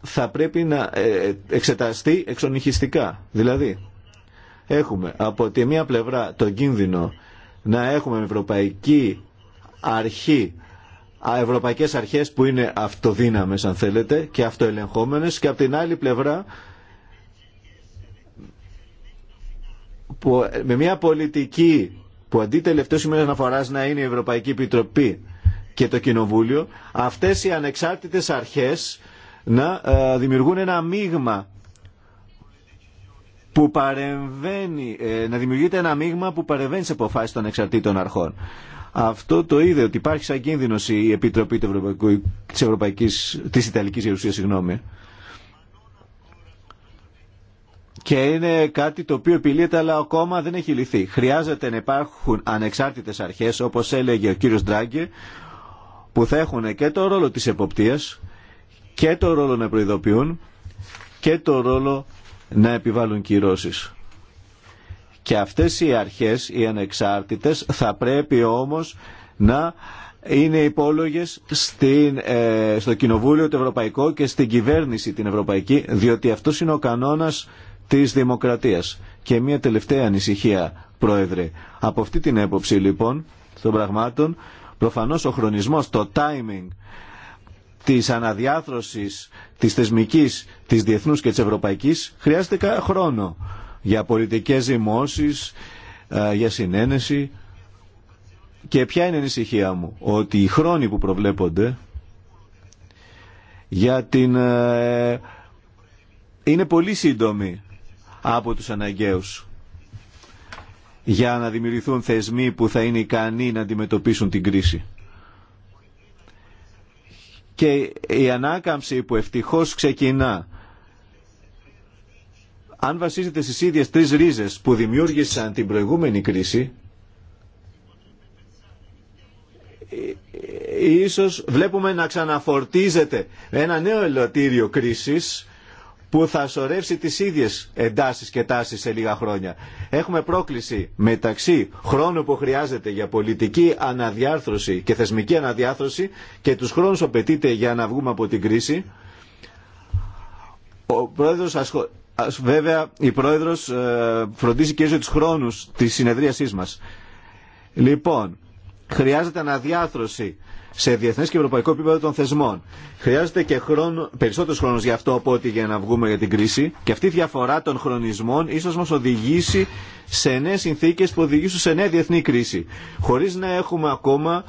θα πρέπει να ε, εξεταστεί εξονυχιστικά. Δηλαδή, έχουμε από τη μία πλευρά τον κίνδυνο να έχουμε ευρωπαϊκή αρχή, ευρωπαϊκές αρχές που είναι αυτοδύναμες αν θέλετε και αυτοελεγχόμενες και από την άλλη πλευρά με μια πολιτική που αντί τελευταίο σημείο αναφορά να είναι η Ευρωπαϊκή Επιτροπή και το Κοινοβούλιο, αυτές οι ανεξάρτητες αρχές να ε, δημιουργούν ένα μείγμα που παρεμβαίνει, ε, να δημιουργείται ένα μείγμα που παρεμβαίνει σε αποφάσει των εξαρτήτων αρχών. Αυτό το είδε ότι υπάρχει σαν κίνδυνο η Επιτροπή του Ευρωπαϊκού, της, Ευρωπαϊκής, της Ιταλικής Γερουσίας, συγγνώμη. Και είναι κάτι το οποίο επιλύεται αλλά ακόμα δεν έχει λυθεί. Χρειάζεται να υπάρχουν ανεξάρτητες αρχές όπως έλεγε ο κύριος Ντράγκε που θα έχουν και το ρόλο της εποπτείας και το ρόλο να προειδοποιούν και το ρόλο να επιβάλλουν κυρώσεις. Και αυτές οι αρχές, οι ανεξάρτητες, θα πρέπει όμως να είναι υπόλογες στην, ε, στο Κοινοβούλιο το Ευρωπαϊκό και στην κυβέρνηση την Ευρωπαϊκή, διότι αυτό είναι ο κανόνας της δημοκρατίας. Και μια τελευταία ανησυχία, Πρόεδρε. Από αυτή την έποψη, λοιπόν, των πραγμάτων, προφανώς ο χρονισμός, το timing της αναδιάθρωσης της θεσμικής, της διεθνούς και της ευρωπαϊκής χρειάζεται χρόνο για πολιτικές ζημώσεις, ε, για συνένεση και ποια είναι η ανησυχία μου ότι οι χρόνοι που προβλέπονται για την ε, είναι πολύ σύντομοι από τους αναγκαίους για να δημιουργηθούν θεσμοί που θα είναι ικανοί να αντιμετωπίσουν την κρίση και η ανάκαμψη που ευτυχώς ξεκινά αν βασίζεται στις ίδιες τρεις ρίζες που δημιούργησαν την προηγούμενη κρίση ε, ε, ε, ίσως βλέπουμε να ξαναφορτίζεται ένα νέο ελωτήριο κρίσης που θα σωρεύσει τις ίδιες εντάσεις και τάσεις σε λίγα χρόνια. Έχουμε πρόκληση μεταξύ χρόνου που χρειάζεται για πολιτική αναδιάρθρωση και θεσμική αναδιάρθρωση και τους χρόνους που απαιτείται για να βγούμε από την κρίση. Ο πρόεδρος ασχο... Βέβαια, η πρόεδρος ε, φροντίζει και για τους χρόνους της συνεδρίασής μας. Λοιπόν, Χρειάζεται αναδιάθρωση σε διεθνές και ευρωπαϊκό επίπεδο των θεσμών. Χρειάζεται και χρόνο, περισσότερο χρόνο για αυτό από ό,τι για να βγούμε για την κρίση. Και αυτή η διαφορά των χρονισμών ίσως μας οδηγήσει σε νέες συνθήκες που οδηγήσουν σε νέα διεθνή κρίση. Χωρίς να έχουμε ακόμα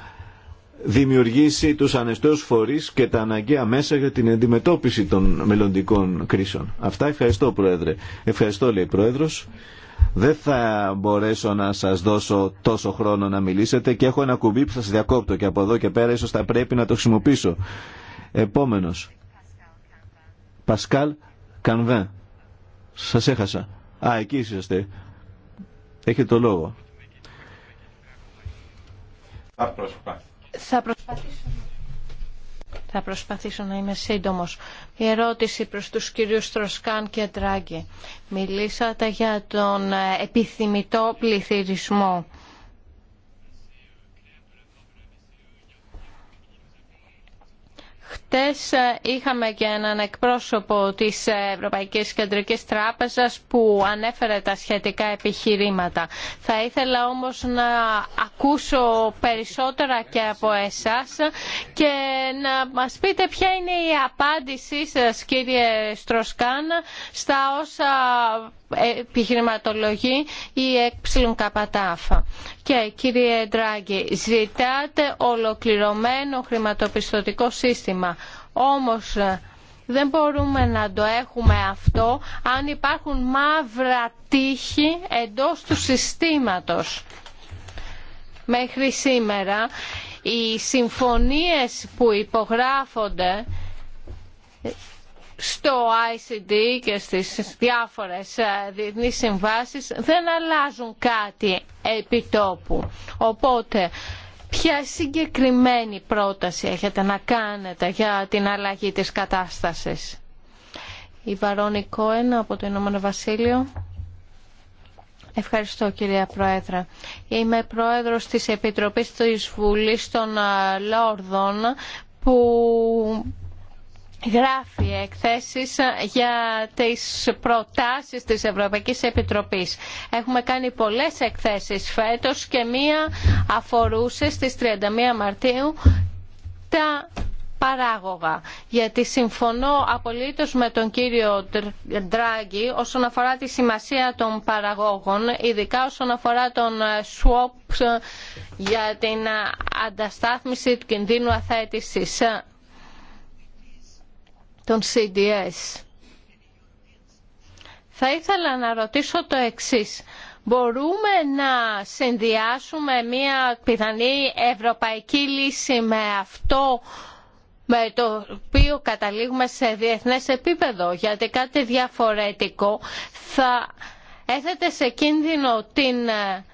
δημιουργήσει τους ανεστέους φορείς και τα αναγκαία μέσα για την αντιμετώπιση των μελλοντικών κρίσεων. Αυτά ευχαριστώ Πρόεδρε. Ευχαριστώ λέει Πρόεδρος. Δεν θα μπορέσω να σας δώσω τόσο χρόνο να μιλήσετε και έχω ένα κουμπί που σα διακόπτω και από εδώ και πέρα ίσως θα πρέπει να το χρησιμοποιήσω. Επόμενος. Πασκάλ Κανβέν. Σας έχασα. Α, εκεί είσαστε. Έχετε το λόγο. Θα προσπαθήσω. Θα προσπαθήσω να είμαι σύντομος. Η ερώτηση προς τους κυρίους Τροσκάν και Τράγκη. Μιλήσατε για τον επιθυμητό πληθυρισμό. Χτες ε, είχαμε και έναν εκπρόσωπο της Ευρωπαϊκής Κεντρικής Τράπεζας που ανέφερε τα σχετικά επιχειρήματα. Θα ήθελα όμως να ακούσω περισσότερα και από εσάς και να μας πείτε ποια είναι η απάντησή σας κύριε Στροσκάν στα όσα επιχειρηματολογεί η καπατάφα. Και κύριε Ντράγκη, ζητάτε ολοκληρωμένο χρηματοπιστωτικό σύστημα. Όμως ε, δεν μπορούμε να το έχουμε αυτό αν υπάρχουν μαύρα τείχη εντός του συστήματος. Μέχρι σήμερα οι συμφωνίες που υπογράφονται στο ICD και στις διάφορες ε, διεθνείς συμβάσεις δεν αλλάζουν κάτι επί τόπου. Οπότε, ποια συγκεκριμένη πρόταση έχετε να κάνετε για την αλλαγή της κατάστασης. Η Βαρόνη Κόεν από το Ηνωμένο Βασίλειο. Ευχαριστώ κυρία Πρόεδρε. Είμαι πρόεδρος της Επιτροπής της Βουλής των ε, Λόρδων που γράφει εκθέσεις για τις προτάσεις της Ευρωπαϊκής Επιτροπής. Έχουμε κάνει πολλές εκθέσεις φέτος και μία αφορούσε στις 31 Μαρτίου τα παράγωγα. Γιατί συμφωνώ απολύτως με τον κύριο Ντράγκη όσον αφορά τη σημασία των παραγόγων, ειδικά όσον αφορά τον swap για την ανταστάθμιση του κινδύνου αθέτησης των CDS. Θα ήθελα να ρωτήσω το εξής. Μπορούμε να συνδυάσουμε μια πιθανή ευρωπαϊκή λύση με αυτό με το οποίο καταλήγουμε σε διεθνές επίπεδο, γιατί κάτι διαφορετικό θα έθετε σε κίνδυνο την ε,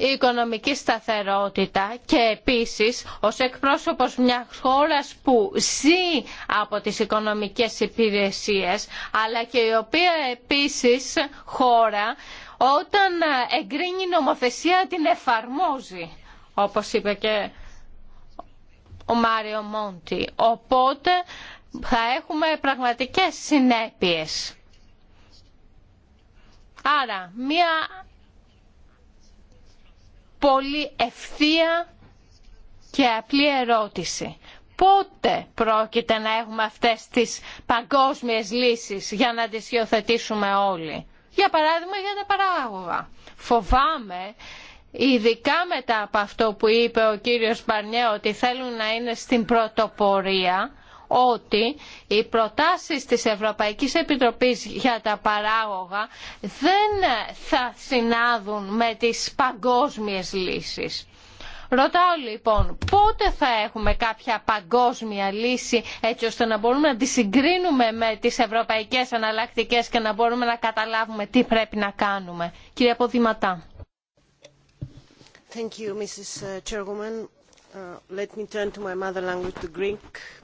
η οικονομική σταθερότητα και επίσης ως εκπρόσωπος μιας χώρας που ζει από τις οικονομικές υπηρεσίες αλλά και η οποία επίσης χώρα όταν εγκρίνει νομοθεσία την εφαρμόζει όπως είπε και ο Μάριο Μόντι. Οπότε θα έχουμε πραγματικές συνέπειες. Άρα, μία πολύ ευθεία και απλή ερώτηση. Πότε πρόκειται να έχουμε αυτές τις παγκόσμιες λύσεις για να τις υιοθετήσουμε όλοι. Για παράδειγμα για τα παράγωγα. Φοβάμαι ειδικά μετά από αυτό που είπε ο κύριος Μπαρνιέ ότι θέλουν να είναι στην πρωτοπορία ότι οι προτάσεις της Ευρωπαϊκής Επιτροπής για τα παράγωγα δεν θα συνάδουν με τις παγκόσμιες λύσεις. Ρωτάω λοιπόν πότε θα έχουμε κάποια παγκόσμια λύση έτσι ώστε να μπορούμε να τη συγκρίνουμε με τις ευρωπαϊκές αναλλακτικές και να μπορούμε να καταλάβουμε τι πρέπει να κάνουμε. Κύριε Ποδηματά. Thank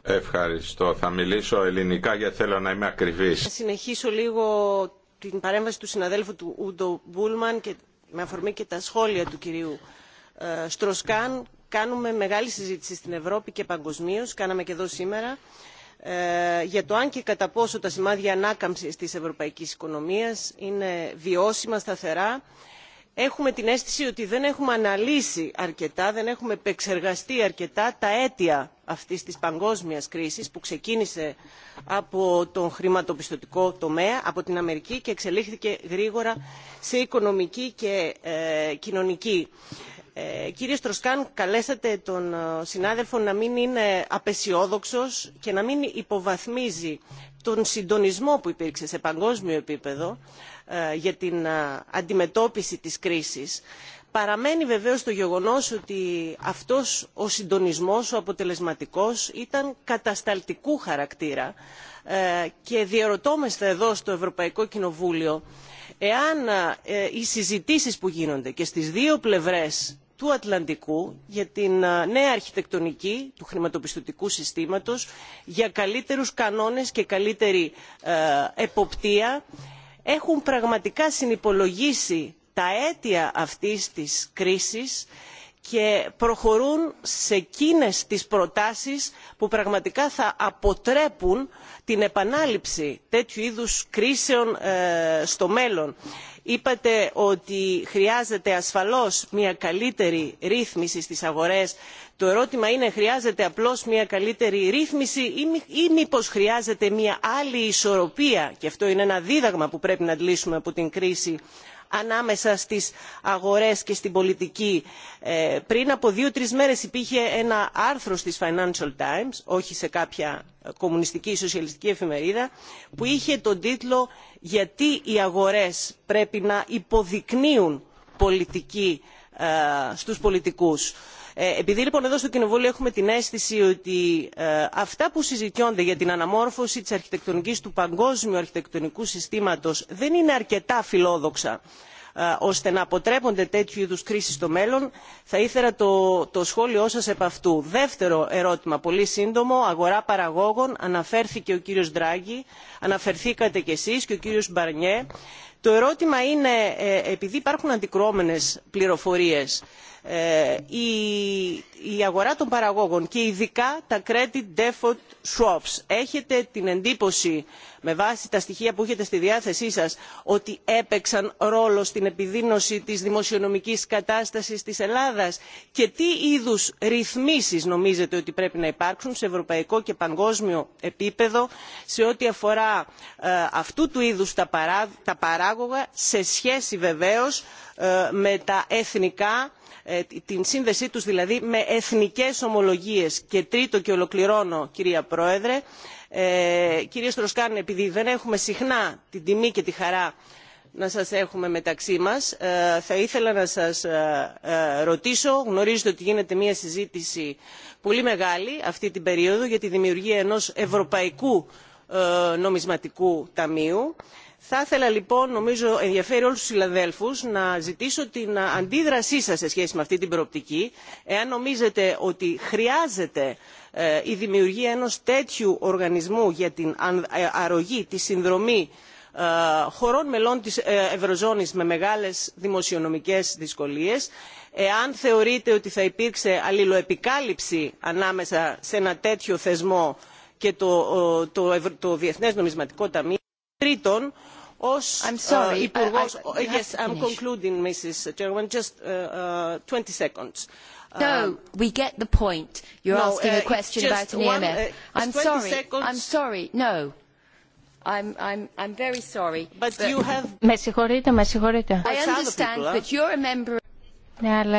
Ευχαριστώ. Θα μιλήσω ελληνικά γιατί θέλω να είμαι ακριβής. Θα συνεχίσω λίγο την παρέμβαση του συναδέλφου του Ούντο Μπούλμαν και με αφορμή και τα σχόλια του κυρίου ε, Στροσκάν. Κάνουμε μεγάλη συζήτηση στην Ευρώπη και παγκοσμίω, κάναμε και εδώ σήμερα, ε, για το αν και κατά πόσο τα σημάδια ανάκαμψης της ευρωπαϊκής οικονομίας είναι βιώσιμα, σταθερά έχουμε την αίσθηση ότι δεν έχουμε αναλύσει αρκετά δεν έχουμε επεξεργαστεί αρκετά τα αίτια αυτής της παγκόσμιας κρίσης που ξεκίνησε από τον χρηματοπιστωτικό τομέα από την αμερική και εξελίχθηκε γρήγορα σε οικονομική και ε, κοινωνική. Ε, κύριε στροσκάν καλέσατε τον ε, συνάδελφο να μην είναι απεσιόδοξος και να μην υποβαθμίζει τον συντονισμό που υπήρξε σε παγκόσμιο επίπεδο ε, για την ε, αντιμετώπιση της κρίσης παραμένει βεβαίως το γεγονός ότι αυτός ο συντονισμός ο αποτελεσματικός ήταν κατασταλτικού χαρακτήρα ε, και διαρωτόμαστε εδώ στο ευρωπαϊκό κοινοβούλιο εάν οι συζητήσεις που γίνονται και στις δύο πλευρές του ατλαντικού για την νέα αρχιτεκτονική του χρηματοπιστωτικού συστήματος για καλύτερους κανόνες και καλύτερη εποπτεία έχουν πραγματικά συνυπολογίσει τα αίτια αυτής της κρίσης και προχωρούν σε εκείνες τις προτάσεις που πραγματικά θα αποτρέπουν την επανάληψη τέτοιου είδους κρίσεων ε, στο μέλλον είπατε ότι χρειάζεται ασφαλώς μια καλύτερη ρύθμιση στις αγορές το ερώτημα είναι χρειάζεται απλώς μια καλύτερη ρύθμιση ή μήπως χρειάζεται μια άλλη ισορροπία και αυτό είναι ένα δίδαγμα που πρέπει να αντλήσουμε από την κρίση ανάμεσα στις αγορές και στην πολιτική. Ε, πριν από δύο τρεις μέρες υπήρχε ένα άρθρο στις financial times όχι σε κάποια κομμουνιστική ή σοσιαλιστική εφημερίδα που είχε τον τίτλο γιατί οι αγορές πρέπει να υποδεικνύουν πολιτική ε, στους πολιτικούς. Ε, επειδή λοιπόν εδώ στο κοινοβούλιο έχουμε την αίσθηση ότι ε, αυτά που συζητιώνται για την αναμόρφωση της αρχιτεκτονικής του παγκόσμιου αρχιτεκτονικού συστήματος δεν είναι αρκετά φιλόδοξα ε, ώστε να αποτρέπονται τέτοιου είδους κρίσεις στο μέλλον θα ήθελα το, σχόλιο σας επ' αυτού. δεύτερο ερώτημα πολύ σύντομο αγορά παραγόγων αναφέρθηκε ο κύριος ντράγκη αναφερθήκατε κι εσείς και ο κύριος μπαρνιέ. το ερώτημα είναι επειδή υπάρχουν αντικρουόμενες πληροφορίες ε, η αγορά των παραγόγων και ειδικά τα credit default swaps. Έχετε την εντύπωση με βάση τα στοιχεία που έχετε στη διάθεσή σας ότι έπαιξαν ρόλο στην επιδείνωση της δημοσιονομικής κατάστασης της Ελλάδας και τι είδους ρυθμίσεις νομίζετε ότι πρέπει να υπάρξουν σε ευρωπαϊκό και παγκόσμιο επίπεδο σε ό,τι αφορά ε, αυτού του είδους τα παράγωγα σε σχέση βεβαίως ε, με τα εθνικά ε, την σύνδεσή τους δηλαδή με εθνικές ομολογίες. και τρίτο και ολοκληρώνω κυρία πρόεδρε ε, κύριε στροσκάν επειδή δεν έχουμε συχνά την τιμή και τη χαρά να σας έχουμε μεταξύ μας ε, θα ήθελα να σας ρωτήσω γνωρίζετε ότι γίνεται μια συζήτηση πολύ μεγάλη αυτή την περίοδο για τη δημιουργία ενός ευρωπαϊκού νομισματικού ταμείου θα ήθελα λοιπόν νομίζω ενδιαφέρει όλους τους συναδέλφου να ζητήσω την αντίδρασή σας σε σχέση με αυτή την προοπτική εάν νομίζετε ότι χρειάζεται ε, η δημιουργία ενός τέτοιου οργανισμού για την ε, αρρωγή τη συνδρομή ε, χωρών μελών της ευρωζώνης με μεγάλες δημοσιονομικές δυσκολίες εάν θεωρείτε ότι θα υπήρξε αλληλοεπικάλυψη ανάμεσα σε ένα τέτοιο θεσμό και το, το, νομισματικό ταμείο τρίτον ως sorry. Yes, I'm concluding, Mrs. Chairman, just 20 seconds. No, we get the point. You're asking a question about an EMF. I'm sorry. I'm sorry. No. I'm, I'm, very sorry. But, you have... Me συγχωρείτε, με συγχωρείτε. I understand, but you're a member ναι, αλλά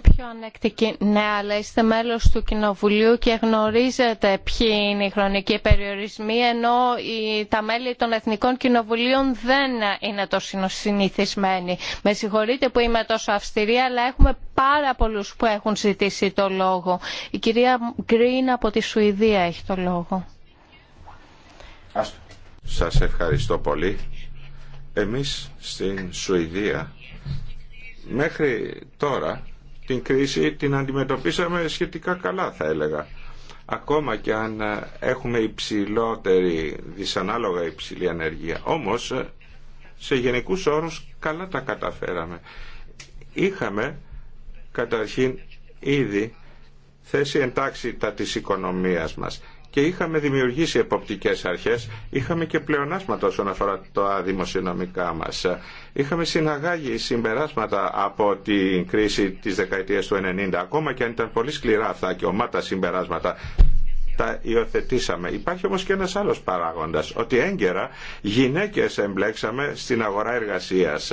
πιο ανεκτικοί. Ναι, είστε μέλος του Κοινοβουλίου και γνωρίζετε ποιοι είναι οι χρονικοί περιορισμοί, ενώ τα μέλη των Εθνικών Κοινοβουλίων δεν είναι τόσο συνηθισμένοι. Με συγχωρείτε που είμαι τόσο αυστηρή, αλλά έχουμε πάρα πολλούς που έχουν ζητήσει το λόγο. Η κυρία Γκριν από τη Σουηδία έχει το λόγο. Σας ευχαριστώ πολύ. Εμείς στην Σουηδία μέχρι τώρα την κρίση την αντιμετωπίσαμε σχετικά καλά θα έλεγα. Ακόμα και αν ε, έχουμε υψηλότερη, δυσανάλογα υψηλή ανεργία. Όμως ε, σε γενικούς όρους καλά τα καταφέραμε. Είχαμε καταρχήν ήδη θέση εντάξει τα της οικονομίας μας και είχαμε δημιουργήσει εποπτικές αρχές, είχαμε και πλεονάσματα όσον αφορά τα δημοσιονομικά μας. Είχαμε συναγάγει συμπεράσματα από την κρίση της δεκαετίας του 90, ακόμα και αν ήταν πολύ σκληρά αυτά και ομάτα συμπεράσματα τα υιοθετήσαμε. Υπάρχει όμως και ένας άλλος παράγοντας, ότι έγκαιρα γυναίκες εμπλέξαμε στην αγορά εργασίας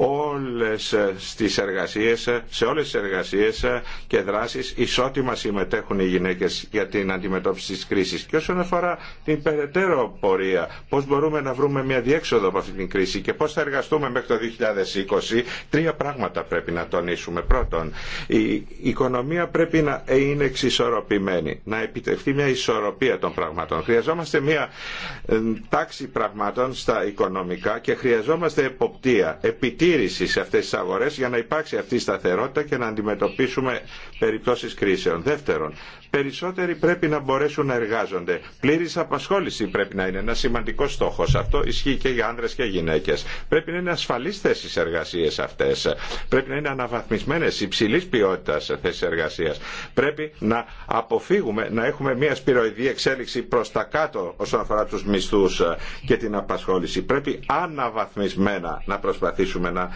όλες τις εργασίες, σε όλες τις εργασίες και δράσεις ισότιμα συμμετέχουν οι γυναίκες για την αντιμετώπιση της κρίσης. Και όσον αφορά την περαιτέρω πορεία, πώς μπορούμε να βρούμε μια διέξοδο από αυτή την κρίση και πώς θα εργαστούμε μέχρι το 2020, τρία πράγματα πρέπει να τονίσουμε. Πρώτον, η οικονομία πρέπει να είναι εξισορροπημένη, να επιτευχθεί μια ισορροπία των πραγμάτων. Χρειαζόμαστε μια ε, τάξη πραγμάτων στα οικονομικά και χρειαζόμαστε εποπτεία, σε αυτές τις αγορές για να υπάρξει αυτή η σταθερότητα και να αντιμετωπίσουμε περιπτώσεις κρίσεων. Δεύτερον, περισσότεροι πρέπει να μπορέσουν να εργάζονται. Πλήρης απασχόληση πρέπει να είναι ένα σημαντικό στόχος. Αυτό ισχύει και για άνδρες και γυναίκες. Πρέπει να είναι ασφαλείς θέσεις εργασίες αυτές. Πρέπει να είναι αναβαθμισμένες υψηλής ποιότητας θέσεις εργασίας. Πρέπει να αποφύγουμε να έχουμε μια σπυροειδή εξέλιξη προς τα κάτω όσον αφορά τους μισθούς και την απασχόληση. Πρέπει αναβαθμισμένα να προσπαθήσουμε να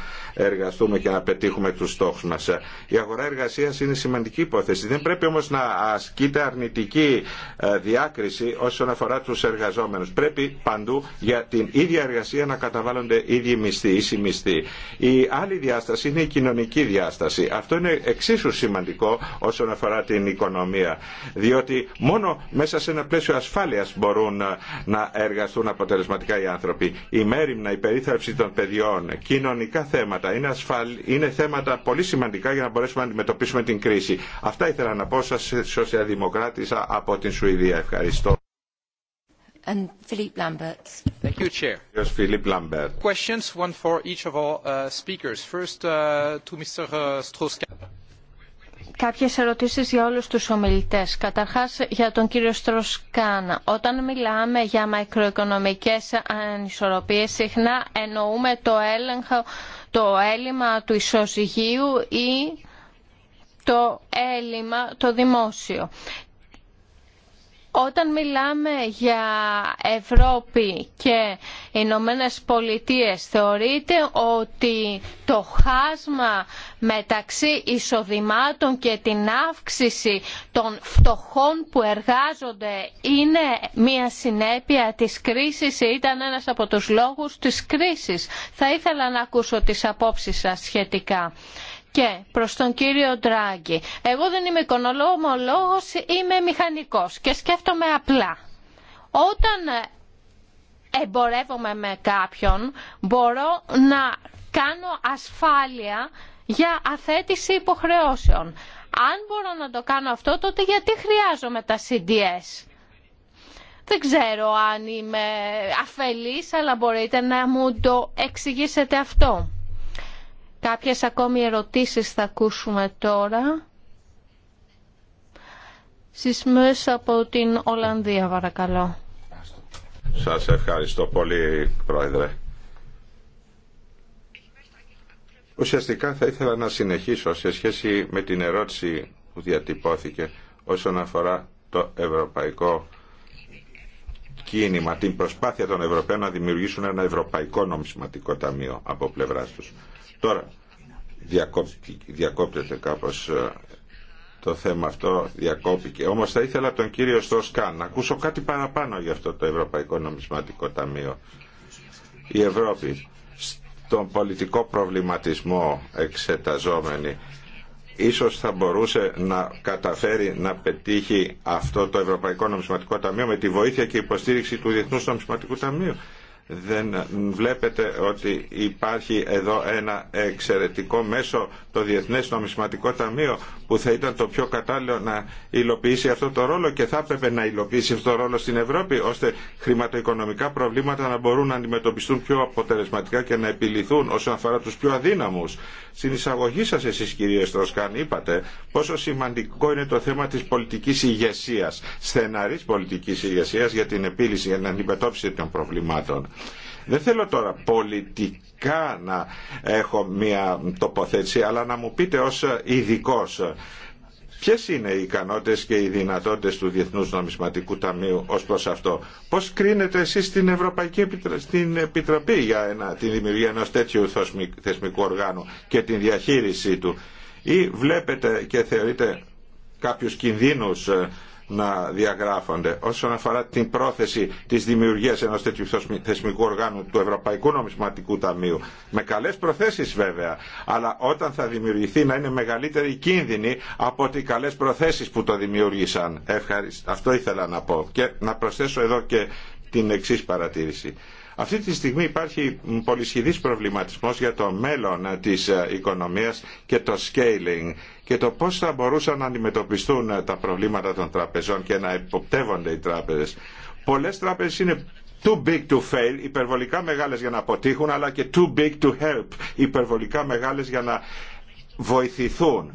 εργαστούμε και να πετύχουμε τους στόχους μας. Η αγορά εργασίας είναι σημαντική υπόθεση. Δεν πρέπει όμως να ασκείται αρνητική ε, διάκριση όσον αφορά τους εργαζόμενους. Πρέπει παντού για την ίδια εργασία να καταβάλλονται ίδιοι μισθοί, ίσοι μισθοί. Η άλλη διάσταση είναι η κοινωνική διάσταση. Αυτό είναι εξίσου σημαντικό όσον αφορά την οικονομία. Διότι μόνο μέσα σε ένα πλαίσιο ασφάλειας μπορούν ε, να εργαστούν αποτελεσματικά οι άνθρωποι. Η μέρημνα, η περίθαλψη των παιδιών, κοινωνικά σημαντικά θέματα. Είναι, ασφαλ... είναι θέματα πολύ σημαντικά για να μπορέσουμε να αντιμετωπίσουμε την κρίση. Αυτά ήθελα να πω σας σοσιαδημοκράτησα από την Σουηδία. Ευχαριστώ. And Philippe Lambert. Thank you, Chair. Yes, Philippe Lambert. Questions, one for each of our uh, speakers. First, uh, to Mr. Uh, Strauss κάποιες ερωτήσεις για όλους τους ομιλητές. Καταρχάς για τον κύριο Στροσκάνα. Όταν μιλάμε για μακροοικονομικές ανισορροπίες, συχνά εννοούμε το, έλεγχο, το έλλειμμα του ισοζυγίου ή το έλλειμμα το δημόσιο. Όταν μιλάμε για Ευρώπη και Ηνωμένε Πολιτείε, θεωρείτε ότι το χάσμα μεταξύ εισοδημάτων και την αύξηση των φτωχών που εργάζονται είναι μια συνέπεια της κρίσης ή ήταν ένας από τους λόγους της κρίσης. Θα ήθελα να ακούσω τις απόψεις σας σχετικά. Και προς τον κύριο Ντράγκη, εγώ δεν είμαι οικονομολόγος, είμαι μηχανικός και σκέφτομαι απλά. Όταν εμπορεύομαι με κάποιον, μπορώ να κάνω ασφάλεια για αθέτηση υποχρεώσεων. Αν μπορώ να το κάνω αυτό, τότε γιατί χρειάζομαι τα CDS. Δεν ξέρω αν είμαι αφελής, αλλά μπορείτε να μου το εξηγήσετε αυτό. Κάποιες ακόμη ερωτήσεις θα ακούσουμε τώρα. Συσμές από την Ολλανδία, παρακαλώ. Σας ευχαριστώ πολύ, Πρόεδρε. Ουσιαστικά θα ήθελα να συνεχίσω σε σχέση με την ερώτηση που διατυπώθηκε όσον αφορά το ευρωπαϊκό κίνημα, την προσπάθεια των Ευρωπαίων να δημιουργήσουν ένα ευρωπαϊκό νομισματικό ταμείο από πλευράς τους. Τώρα, διακόπτεται κάπως ε, το θέμα αυτό, διακόπηκε. Όμως θα ήθελα τον κύριο Στοσκάν να ακούσω κάτι παραπάνω για αυτό το Ευρωπαϊκό Νομισματικό Ταμείο. Η Ευρώπη στον πολιτικό προβληματισμό εξεταζόμενη ίσως θα μπορούσε να καταφέρει να πετύχει αυτό το Ευρωπαϊκό Νομισματικό Ταμείο με τη βοήθεια και υποστήριξη του Διεθνούς Νομισματικού Ταμείου δεν βλέπετε ότι υπάρχει εδώ ένα εξαιρετικό μέσο το Διεθνές Νομισματικό Ταμείο που θα ήταν το πιο κατάλληλο να υλοποιήσει αυτό το ρόλο και θα έπρεπε να υλοποιήσει αυτό το ρόλο στην Ευρώπη ώστε χρηματοοικονομικά προβλήματα να μπορούν να αντιμετωπιστούν πιο αποτελεσματικά και να επιληθούν όσον αφορά τους πιο αδύναμους. Στην εισαγωγή σας εσείς κυρίες Τροσκάν είπατε πόσο σημαντικό είναι το θέμα της πολιτικής ηγεσίας, στεναρής πολιτικής ηγεσίας για την επίλυση, για την αντιμετώπιση των προβλημάτων. Δεν θέλω τώρα πολιτικά να έχω μία τοποθέτηση, αλλά να μου πείτε ως ειδικό. Ποιε είναι οι ικανότητες και οι δυνατότητες του Διεθνούς Νομισματικού Ταμείου ως προς αυτό. Πώς κρίνετε εσείς την Ευρωπαϊκή Επιτρα... στην Επιτροπή για ένα... τη δημιουργία ενό τέτοιου θεσμικού οργάνου και την διαχείρισή του. Ή βλέπετε και θεωρείτε κάποιου κινδύνους ε, να διαγράφονται. Όσον αφορά την πρόθεση τη δημιουργία ενό τέτοιου θεσμικού οργάνου του Ευρωπαϊκού Νομισματικού Ταμείου, με καλέ προθέσει βέβαια, αλλά όταν θα δημιουργηθεί να είναι μεγαλύτερη κίνδυνη από ότι οι καλέ προθέσει που το δημιούργησαν. Ευχαριστώ. Αυτό ήθελα να πω. Και να προσθέσω εδώ και την εξή παρατήρηση. Αυτή τη στιγμή υπάρχει πολυσχηδής προβληματισμός για το μέλλον της ε, οικονομίας και το scaling και το πώς θα μπορούσαν να αντιμετωπιστούν ε, τα προβλήματα των τραπεζών και να υποπτεύονται οι τράπεζες. Πολλές τράπεζες είναι too big to fail, υπερβολικά μεγάλες για να αποτύχουν, αλλά και too big to help, υπερβολικά μεγάλες για να βοηθηθούν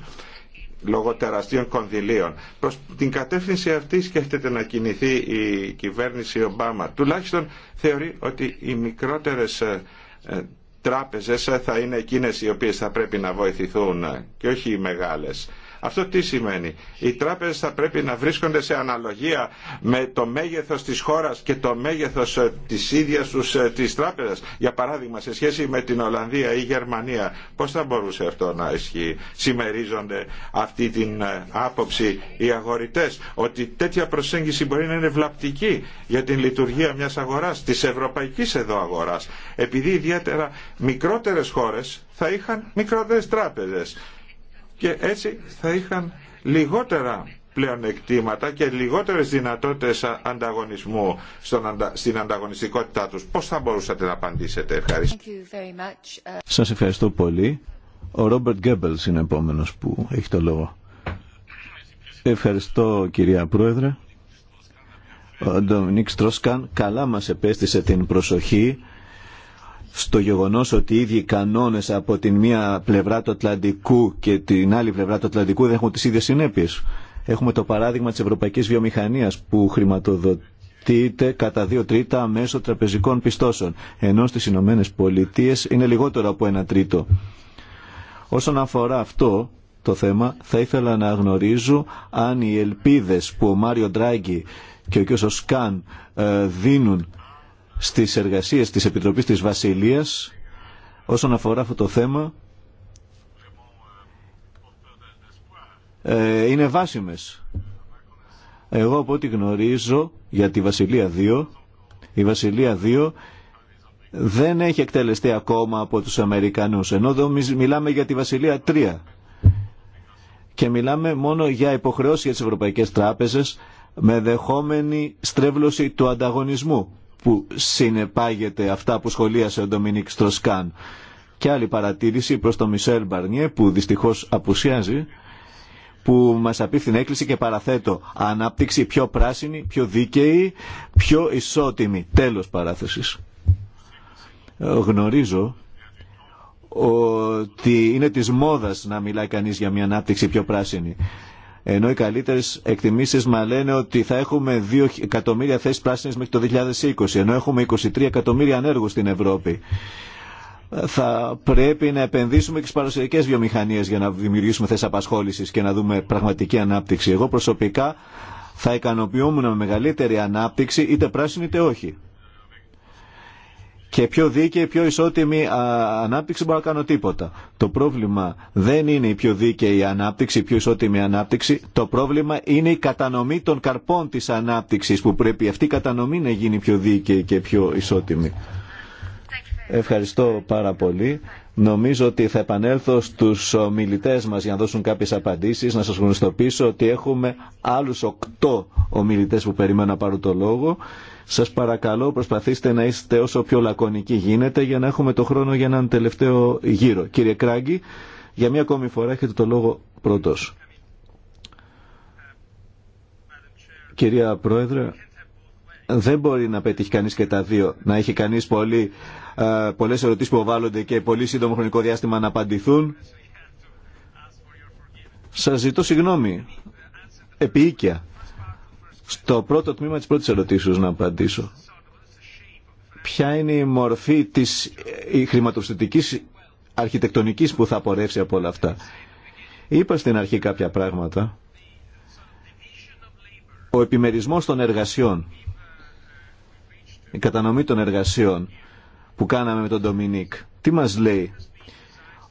λόγω τεραστίων κονδυλίων. Προς την κατεύθυνση αυτή σκέφτεται να κινηθεί η κυβέρνηση Ομπάμα. Τουλάχιστον θεωρεί ότι οι μικρότερες ε, ε, τράπεζες θα είναι εκείνες οι οποίες θα πρέπει να βοηθηθούν ε, και όχι οι μεγάλες. Αυτό τι σημαίνει. Οι τράπεζε θα πρέπει να βρίσκονται σε αναλογία με το μέγεθο τη χώρα και το μέγεθο ε, τη ίδια ε, τη τράπεζα. Για παράδειγμα, σε σχέση με την Ολλανδία ή Γερμανία, πώ θα μπορούσε αυτό να ισχύει. Συμμερίζονται αυτή την ε, άποψη οι αγορητέ ότι τέτοια προσέγγιση μπορεί να είναι βλαπτική για την λειτουργία μια αγορά, τη ευρωπαϊκή εδώ αγορά. Επειδή ιδιαίτερα μικρότερε χώρε θα είχαν μικρότερε τράπεζε και έτσι θα είχαν λιγότερα πλεονεκτήματα και λιγότερες δυνατότητες ανταγωνισμού στον, στην ανταγωνιστικότητά τους. Πώς θα μπορούσατε να απαντήσετε. Ευχαριστώ. Uh, Σας ευχαριστώ πολύ. Ο Ρόμπερτ Γκέμπελς είναι επόμενος που έχει το λόγο. Ευχαριστώ κυρία Πρόεδρε. Ο Ντομινίκ Στρόσκαν καλά μας επέστησε την προσοχή στο γεγονός ότι οι ίδιοι κανόνες από την μία πλευρά του Ατλαντικού και την άλλη πλευρά του Ατλαντικού δεν έχουν τις ίδιες συνέπειες. Έχουμε το παράδειγμα της ευρωπαϊκής βιομηχανίας που χρηματοδοτείται κατά δύο τρίτα μέσω τραπεζικών πιστώσεων, ενώ στις Ηνωμένε Πολιτείε είναι λιγότερο από ένα τρίτο. Όσον αφορά αυτό το θέμα, θα ήθελα να γνωρίζω αν οι ελπίδες που ο Μάριο Ντράγκη και ο κ. Σκάν ε, δίνουν στις εργασίες της Επιτροπής της Βασιλείας όσον αφορά αυτό το θέμα ε, είναι βάσιμες. Εγώ από ό,τι γνωρίζω για τη Βασιλεία 2, η Βασιλεία 2 δεν έχει εκτελεστεί ακόμα από τους Αμερικανούς, ενώ εδώ μιλάμε για τη Βασιλεία 3 και μιλάμε μόνο για υποχρεώσεις για τις Ευρωπαϊκές Τράπεζες με δεχόμενη στρέβλωση του ανταγωνισμού που συνεπάγεται αυτά που σχολίασε ο Ντομινίκ Στροσκάν. Και άλλη παρατήρηση προς τον Μισελ Μπαρνιέ που δυστυχώς απουσιάζει που μας την έκκληση και παραθέτω ανάπτυξη πιο πράσινη, πιο δίκαιη, πιο ισότιμη. Τέλος παράθεσης. Ε, γνωρίζω ότι είναι της μόδας να μιλάει κανείς για μια ανάπτυξη πιο πράσινη. Ενώ οι καλύτερε εκτιμήσει μα λένε ότι θα έχουμε 2 εκατομμύρια θέσει πράσινε μέχρι το 2020, ενώ έχουμε 23 εκατομμύρια ανέργου στην Ευρώπη. Θα πρέπει να επενδύσουμε και στι παραδοσιακέ βιομηχανίε για να δημιουργήσουμε θέσει απασχόληση και να δούμε πραγματική ανάπτυξη. Εγώ προσωπικά θα ικανοποιούμουν με μεγαλύτερη ανάπτυξη, είτε πράσινη είτε όχι και πιο δίκαιη, πιο ισότιμη ανάπτυξη μπορώ να κάνω τίποτα. Το πρόβλημα δεν είναι η πιο δίκαιη ανάπτυξη, η πιο ισότιμη ανάπτυξη. Το πρόβλημα είναι η κατανομή των καρπών της ανάπτυξη που πρέπει αυτή η κατανομή να γίνει πιο δίκαιη και πιο ισότιμη. Ευχαριστώ πάρα πολύ. Νομίζω ότι θα επανέλθω στους ομιλητές μας για να δώσουν κάποιες απαντήσεις. Να σας γνωστοποιήσω ότι έχουμε άλλους οκτώ ομιλητές που περιμένουν να πάρουν το λόγο. Σας παρακαλώ προσπαθήστε να είστε όσο πιο λακωνικοί γίνεται για να έχουμε το χρόνο για έναν τελευταίο γύρο. Κύριε Κράγκη, για μία ακόμη φορά έχετε το λόγο πρώτος. Κυρία Πρόεδρε, δεν μπορεί να πετύχει κανείς και τα δύο. Να έχει κανείς πολύ, πολλές ερωτήσεις που βάλλονται και πολύ σύντομο χρονικό διάστημα να απαντηθούν. Σας ζητώ συγγνώμη. Επίοικια. Στο πρώτο τμήμα της πρώτης ερωτήσεως να απαντήσω. Ποια είναι η μορφή της χρηματοπιστωτικής αρχιτεκτονικής που θα απορρεύσει από όλα αυτά. Είπα στην αρχή κάποια πράγματα. Ο επιμερισμός των εργασιών, η κατανομή των εργασιών που κάναμε με τον Ντομινίκ, τι μας λέει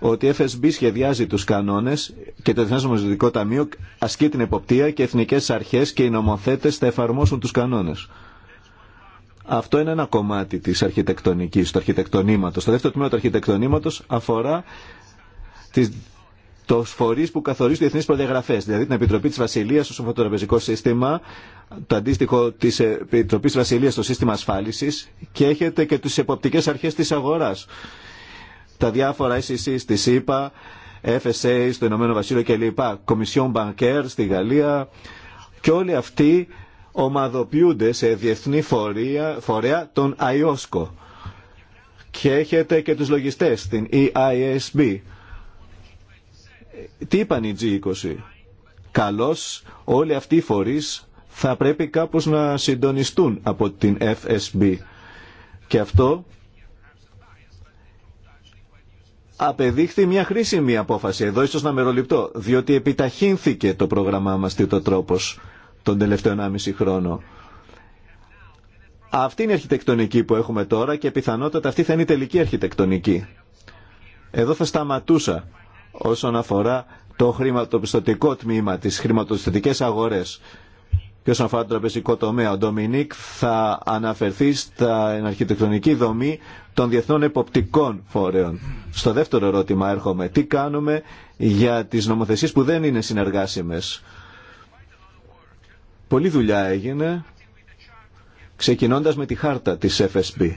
ότι η FSB σχεδιάζει τους κανόνες και το Εθνές Νομισματικό Ταμείο ασκεί την εποπτεία και οι εθνικές αρχές και οι νομοθέτες θα εφαρμόσουν τους κανόνες. Αυτό είναι ένα κομμάτι της αρχιτεκτονικής, του αρχιτεκτονήματος. Το δεύτερο τμήμα του αρχιτεκτονήματος αφορά τις, του φορεί που καθορίζουν διεθνεί προδιαγραφέ. Δηλαδή την Επιτροπή τη Βασιλεία στο αφορά σύστημα, το αντίστοιχο τη Επιτροπή Βασιλεία στο σύστημα ασφάλιση και έχετε και τι εποπτικέ αρχέ τη αγορά τα διάφορα SEC στη ΣΥΠΑ, FSA στο Ηνωμένο Βασίλειο κλπ. Commission Bancaire στη Γαλλία και όλοι αυτοί ομαδοποιούνται σε διεθνή φορεία, φορέα των IOSCO. Και έχετε και τους λογιστές, την EISB. Τι είπαν οι G20. Καλώς όλοι αυτοί οι φορείς θα πρέπει κάπως να συντονιστούν από την FSB. Και αυτό απεδείχθη μια χρήσιμη απόφαση. Εδώ ίσως να μεροληπτώ, διότι επιταχύνθηκε το πρόγραμμά μας τρίτο τρόπος τον τελευταίο 1,5 χρόνο. Αυτή είναι η αρχιτεκτονική που έχουμε τώρα και πιθανότατα αυτή θα είναι η τελική αρχιτεκτονική. Εδώ θα σταματούσα όσον αφορά το χρηματοπιστωτικό τμήμα, τις χρηματοπιστωτικές αγορές και όσον αφορά το τραπεζικό τομέα. Ο Ντομινίκ θα αναφερθεί στην αρχιτεκτονική δομή των διεθνών εποπτικών φορέων. Στο δεύτερο ερώτημα έρχομαι. Τι κάνουμε για τις νομοθεσίες που δεν είναι συνεργάσιμες. Πολύ δουλειά έγινε ξεκινώντας με τη χάρτα της FSB.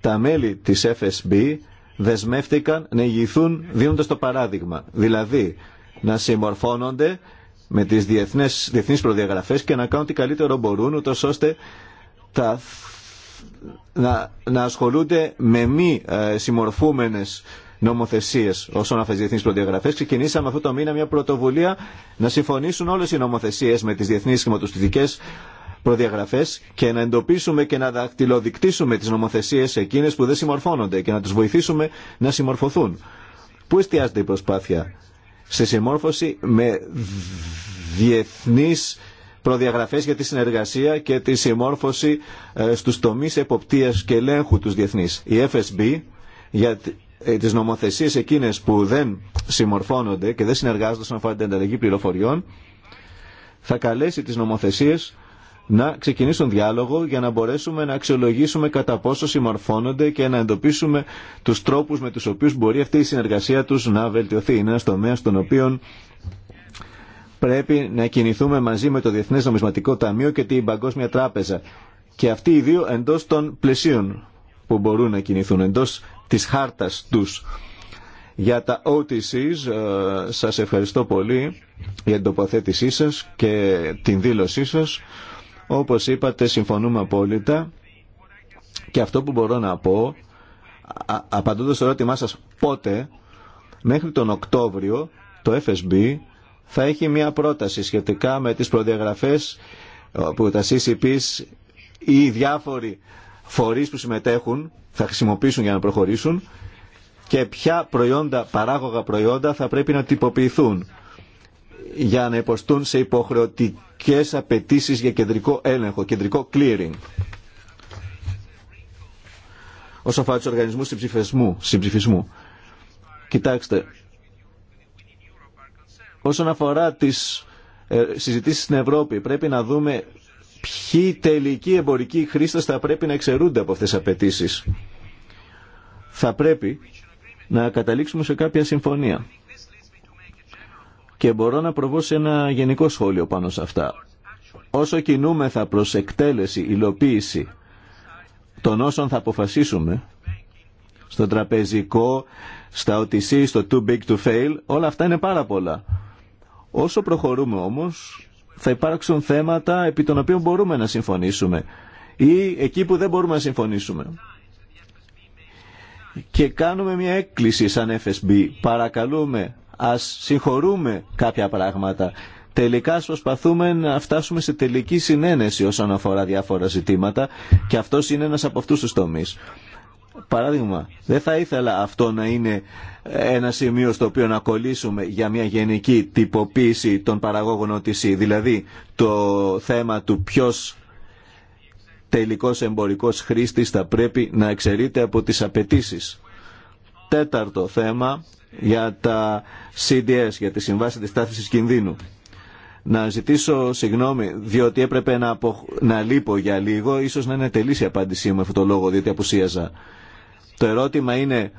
Τα μέλη της FSB δεσμεύτηκαν να ηγηθούν δίνοντας το παράδειγμα. Δηλαδή να συμμορφώνονται με τις διεθνές, διεθνείς προδιαγραφές και να κάνουν τι καλύτερο μπορούν ούτως ώστε τα να, να ασχολούνται με μη ε, συμμορφούμενες νομοθεσίε όσον αφορά τι διεθνεί προδιαγραφέ. Ξεκινήσαμε αυτό το μήνα μια πρωτοβουλία να συμφωνήσουν όλε οι νομοθεσίε με τι διεθνεί χρηματοστητικέ προδιαγραφέ και να εντοπίσουμε και να δακτυλοδεικτήσουμε τι νομοθεσίε εκείνε που δεν συμμορφώνονται και να του βοηθήσουμε να συμμορφωθούν. Πού εστιάζεται η προσπάθεια, σε συμμόρφωση με διεθνείς προδιαγραφές για τη συνεργασία και τη συμμόρφωση ε, στους τομείς εποπτείας και ελέγχου τους διεθνείς. Η FSB για ε, τις νομοθεσίες εκείνες που δεν συμμορφώνονται και δεν συνεργάζονται στον αφορά την ανταλλαγή πληροφοριών θα καλέσει τις νομοθεσίες να ξεκινήσουν διάλογο για να μπορέσουμε να αξιολογήσουμε κατά πόσο συμμορφώνονται και να εντοπίσουμε τους τρόπους με τους οποίους μπορεί αυτή η συνεργασία τους να βελτιωθεί. Είναι ένας τομέας στον οποίο πρέπει να κινηθούμε μαζί με το Διεθνές Νομισματικό Ταμείο και την Παγκόσμια Τράπεζα. Και αυτοί οι δύο εντός των πλαισίων που μπορούν να κινηθούν, εντός της χάρτας τους. Για τα OTCs ε, σας ευχαριστώ πολύ για την τοποθέτησή σας και την δήλωσή σας. Όπως είπατε συμφωνούμε απόλυτα και αυτό που μπορώ να πω απαντώντας στο ερώτημά σας πότε μέχρι τον Οκτώβριο το FSB θα έχει μια πρόταση σχετικά με τις προδιαγραφές ε, που τα CCPs ή οι διάφοροι φορείς που συμμετέχουν θα χρησιμοποιήσουν για να προχωρήσουν και ποια προϊόντα, παράγωγα προϊόντα θα πρέπει να τυποποιηθούν για να υποστούν σε υποχρεωτικές απαιτήσει για κεντρικό έλεγχο, κεντρικό clearing. Όσο αφορά του οργανισμού συμψηφισμού, συμψηφισμού. Κοιτάξτε, Όσον αφορά τις ε, συζητήσεις στην Ευρώπη, πρέπει να δούμε ποιοι τελικοί εμπορικοί χρήστες θα πρέπει να εξαιρούνται από αυτές τις απαιτήσει, Θα πρέπει να καταλήξουμε σε κάποια συμφωνία. Και μπορώ να προβώ σε ένα γενικό σχόλιο πάνω σε αυτά. Όσο κινούμεθα προς εκτέλεση, υλοποίηση των όσων θα αποφασίσουμε στο τραπεζικό, στα OTC, στο too big to fail, όλα αυτά είναι πάρα πολλά Όσο προχωρούμε όμως, θα υπάρξουν θέματα επί των οποίων μπορούμε να συμφωνήσουμε ή εκεί που δεν μπορούμε να συμφωνήσουμε. Και κάνουμε μια έκκληση σαν FSB. Παρακαλούμε, ας συγχωρούμε κάποια πράγματα. Τελικά προσπαθούμε να φτάσουμε σε τελική συνένεση όσον αφορά διάφορα ζητήματα και αυτός είναι ένας από αυτούς τους τομείς. Παράδειγμα, δεν θα ήθελα αυτό να είναι ένα σημείο στο οποίο να κολλήσουμε για μια γενική τυποποίηση των παραγόγων OTC. Δηλαδή το θέμα του ποιο τελικός εμπορικός χρήστης θα πρέπει να εξαιρείται από τις απαιτήσει. Τέταρτο θέμα για τα CDS, για τη συμβάση της τάθησης κινδύνου. Να ζητήσω συγγνώμη, διότι έπρεπε να, να λείπω για λίγο, ίσως να είναι τελής η απάντησή μου αυτό το λόγο, διότι απουσίαζα. Το ερώτημα είναι,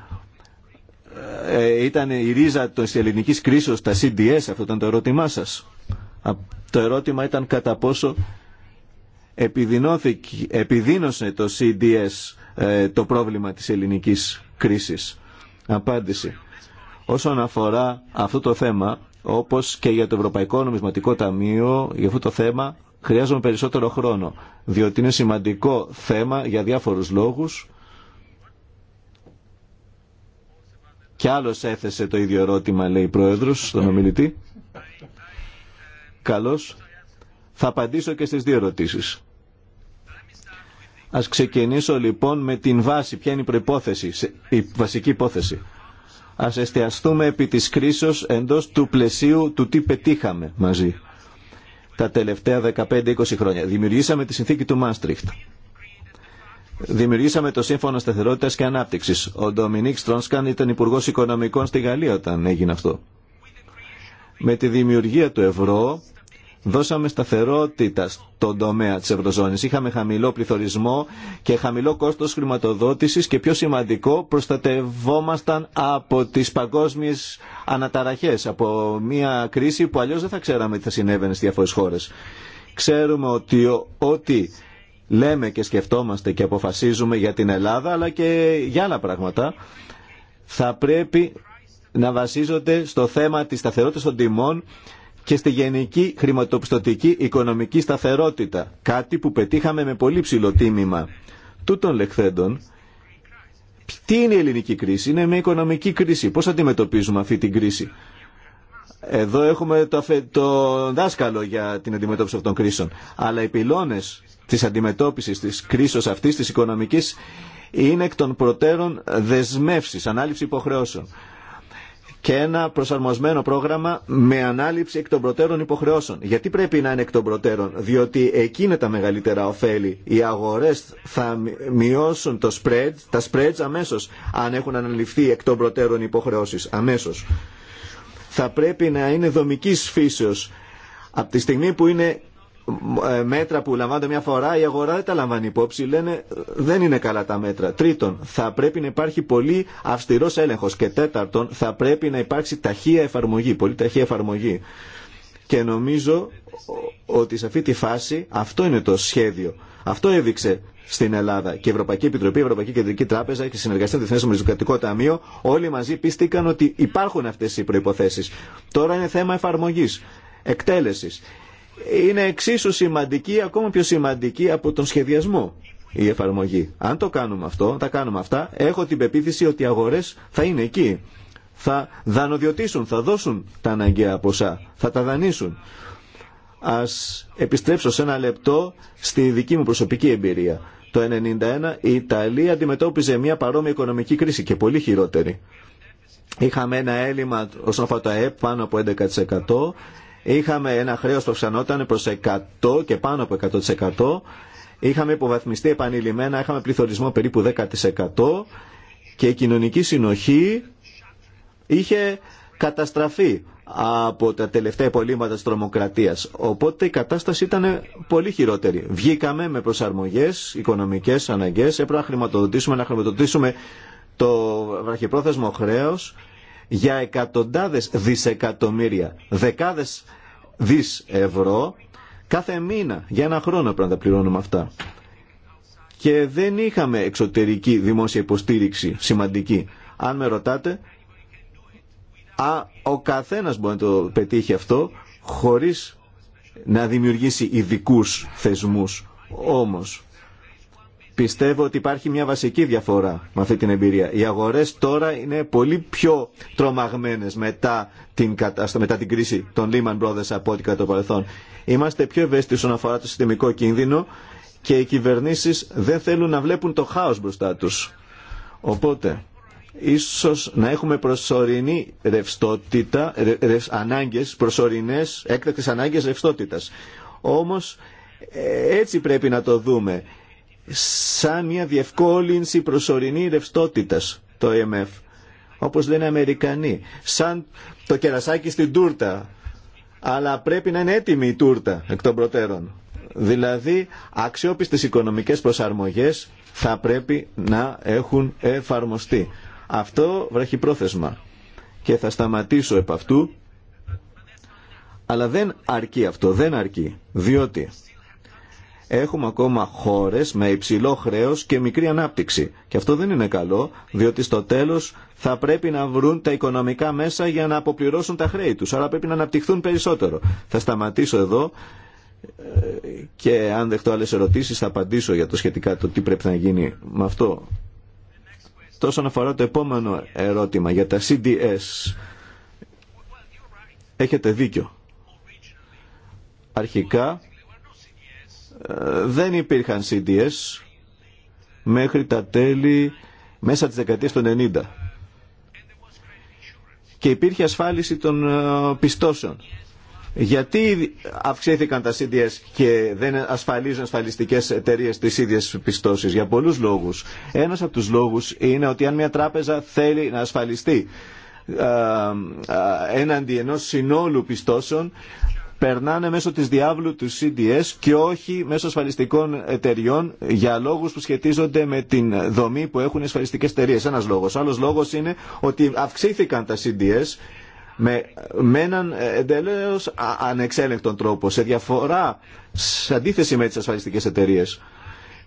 ε, ήταν η ρίζα της ελληνικής κρίσης τα CDS, αυτό ήταν το ερώτημά σας. Το ερώτημα ήταν κατά πόσο επιδίνωσε το CDS ε, το πρόβλημα της ελληνικής κρίσης. Απάντηση. Όσον αφορά αυτό το θέμα, όπως και για το Ευρωπαϊκό Νομισματικό Ταμείο, για αυτό το θέμα χρειάζομαι περισσότερο χρόνο, διότι είναι σημαντικό θέμα για διάφορους λόγους Και άλλο έθεσε το ίδιο ερώτημα, λέει η Πρόεδρος, στον ομιλητή. Καλώ. Θα απαντήσω και στις δύο ερωτήσει. Ας ξεκινήσω λοιπόν με την βάση. Ποια είναι η προϋπόθεση, η βασική υπόθεση. Ας εστιαστούμε επί της κρίσης εντός του πλαισίου του τι πετύχαμε μαζί τα τελευταία 15-20 χρόνια. Δημιουργήσαμε τη συνθήκη του Μάστριχτ. Δημιουργήσαμε το Σύμφωνο Σταθερότητα και Ανάπτυξη. Ο Ντομινίκ Στρόνσκαν ήταν Υπουργό Οικονομικών στη Γαλλία όταν έγινε αυτό. Με τη δημιουργία του ευρώ δώσαμε σταθερότητα στον τομέα της Ευρωζώνης. Είχαμε χαμηλό πληθωρισμό και χαμηλό κόστος χρηματοδότησης και πιο σημαντικό προστατευόμασταν από τις παγκόσμιες αναταραχές, από μια κρίση που αλλιώς δεν θα ξέραμε τι θα συνέβαινε στις διάφορες χώρες. Ξέρουμε ότι ό,τι λέμε και σκεφτόμαστε και αποφασίζουμε για την Ελλάδα αλλά και για άλλα πράγματα θα πρέπει να βασίζονται στο θέμα της σταθερότητας των τιμών και στη γενική χρηματοπιστωτική οικονομική σταθερότητα. Κάτι που πετύχαμε με πολύ ψηλό τίμημα. Τούτων λεχθέντων, τι είναι η ελληνική κρίση, είναι μια οικονομική κρίση. Πώς αντιμετωπίζουμε αυτή την κρίση. Εδώ έχουμε το, δάσκαλο για την αντιμετώπιση αυτών των κρίσεων. Αλλά οι πυλώνες της αντιμετώπισης της κρίσης αυτής της οικονομικής είναι εκ των προτέρων δεσμεύσεις, ανάληψη υποχρεώσεων και ένα προσαρμοσμένο πρόγραμμα με ανάληψη εκ των προτέρων υποχρεώσεων. Γιατί πρέπει να είναι εκ των προτέρων, διότι εκεί είναι τα μεγαλύτερα ωφέλη. Οι αγορές θα μειώσουν το spread, τα spreads αμέσως, αν έχουν αναλυφθεί εκ των προτέρων υποχρεώσεις, αμέσως. Θα πρέπει να είναι δομικής φύσεως. Από τη στιγμή που είναι ε, μέτρα που λαμβάνονται μια φορά η αγορά δεν τα λαμβάνει υπόψη. Λένε δεν είναι καλά τα μέτρα. Τρίτον, θα πρέπει να υπάρχει πολύ αυστηρό έλεγχο. Και τέταρτον, θα πρέπει να υπάρξει ταχεία εφαρμογή, πολύ ταχεία εφαρμογή. Και νομίζω ότι σε αυτή τη φάση αυτό είναι το σχέδιο. Αυτό έδειξε στην Ελλάδα και η Ευρωπαϊκή Επιτροπή, η Ευρωπαϊκή Κεντρική Τράπεζα και η συνεργασία με το Διεθνέ Ταμείο όλοι μαζί πίστηκαν ότι υπάρχουν αυτέ οι προποθέσει. Τώρα είναι θέμα εφαρμογή, εκτέλεση είναι εξίσου σημαντική, ακόμα πιο σημαντική από τον σχεδιασμό η εφαρμογή. Αν το κάνουμε αυτό, τα κάνουμε αυτά, έχω την πεποίθηση ότι οι αγορές θα είναι εκεί. Θα δανοδιοτήσουν, θα δώσουν τα αναγκαία ποσά, θα τα δανείσουν. Ας επιστρέψω σε ένα λεπτό στη δική μου προσωπική εμπειρία. Το 1991 η Ιταλία αντιμετώπιζε μια παρόμοια οικονομική κρίση και πολύ χειρότερη. Είχαμε ένα έλλειμμα όσον αφορά το ΑΕΠ πάνω από 11% Είχαμε ένα χρέος που αυξανόταν προς 100 και πάνω από 100%. Είχαμε υποβαθμιστεί επανειλημμένα, είχαμε πληθωρισμό περίπου 10% και η κοινωνική συνοχή είχε καταστραφεί από τα τελευταία υπολείμματα της τρομοκρατίας. Οπότε η κατάσταση ήταν πολύ χειρότερη. Βγήκαμε με προσαρμογές, οικονομικές αναγκές, έπρεπε να χρηματοδοτήσουμε, να χρηματοδοτήσουμε το βραχυπρόθεσμο χρέος για εκατοντάδες δισεκατομμύρια, δεκάδες δις ευρώ κάθε μήνα, για ένα χρόνο πρέπει να τα πληρώνουμε αυτά. Και δεν είχαμε εξωτερική δημόσια υποστήριξη σημαντική. Αν με ρωτάτε, α, ο καθένας μπορεί να το πετύχει αυτό χωρίς να δημιουργήσει ειδικού θεσμούς. Όμως, Πιστεύω ότι υπάρχει μια βασική διαφορά με αυτή την εμπειρία. Οι αγορέ τώρα είναι πολύ πιο τρομαγμένε μετά την, μετά την κρίση των Lehman Brothers από ό,τι κατά το παρελθόν. Είμαστε πιο ευαίσθητοι όσον αφορά το συστημικό κίνδυνο και οι κυβερνήσει δεν θέλουν να βλέπουν το χάο μπροστά του. Οπότε, ίσω να έχουμε προσωρινή ρευστότητα, ρε, ρευ... ανάγκε προσωρινές, έκτακτες ε, έτσι πρέπει να το δούμε σαν μια διευκόλυνση προσωρινή ρευστότητα. το IMF e όπως λένε οι Αμερικανοί σαν το κερασάκι στην τούρτα αλλά πρέπει να είναι έτοιμη η τούρτα εκ των προτέρων δηλαδή αξιόπιστες οικονομικές προσαρμογές θα πρέπει να έχουν εφαρμοστεί αυτό πρόθεσμα και θα σταματήσω επ' αυτού αλλά δεν αρκεί αυτό, δεν αρκεί διότι Έχουμε ακόμα χώρες με υψηλό χρέος και μικρή ανάπτυξη. Και αυτό δεν είναι καλό, διότι στο τέλος θα πρέπει να βρουν τα οικονομικά μέσα για να αποπληρώσουν τα χρέη τους. Άρα πρέπει να αναπτυχθούν περισσότερο. Θα σταματήσω εδώ ε, και αν δεχτώ άλλες ερωτήσεις θα απαντήσω για το σχετικά το τι πρέπει να γίνει με αυτό. Τόσο αφορά το επόμενο ερώτημα για τα CDS. Έχετε δίκιο. Αρχικά δεν υπήρχαν CDS μέχρι τα τέλη, μέσα της δεκαετίας των 90. Και υπήρχε ασφάλιση των ε, πιστώσεων. Γιατί αυξήθηκαν τα CDS και δεν ασφαλίζουν ασφαλιστικές εταιρείες τις ίδιες πιστώσεις. Για πολλούς λόγους. Ένας από τους λόγους είναι ότι αν μια τράπεζα θέλει να ασφαλιστεί ε, ε, έναντι ενός συνόλου πιστώσεων περνάνε μέσω της διάβλου του CDS και όχι μέσω ασφαλιστικών εταιριών για λόγους που σχετίζονται με την δομή που έχουν οι ασφαλιστικές εταιρείες. Ένας λόγος. Άλλος λόγος είναι ότι αυξήθηκαν τα CDS με, με έναν εντελώ ανεξέλεγκτον τρόπο, σε διαφορά, σε αντίθεση με τις ασφαλιστικές εταιρείες.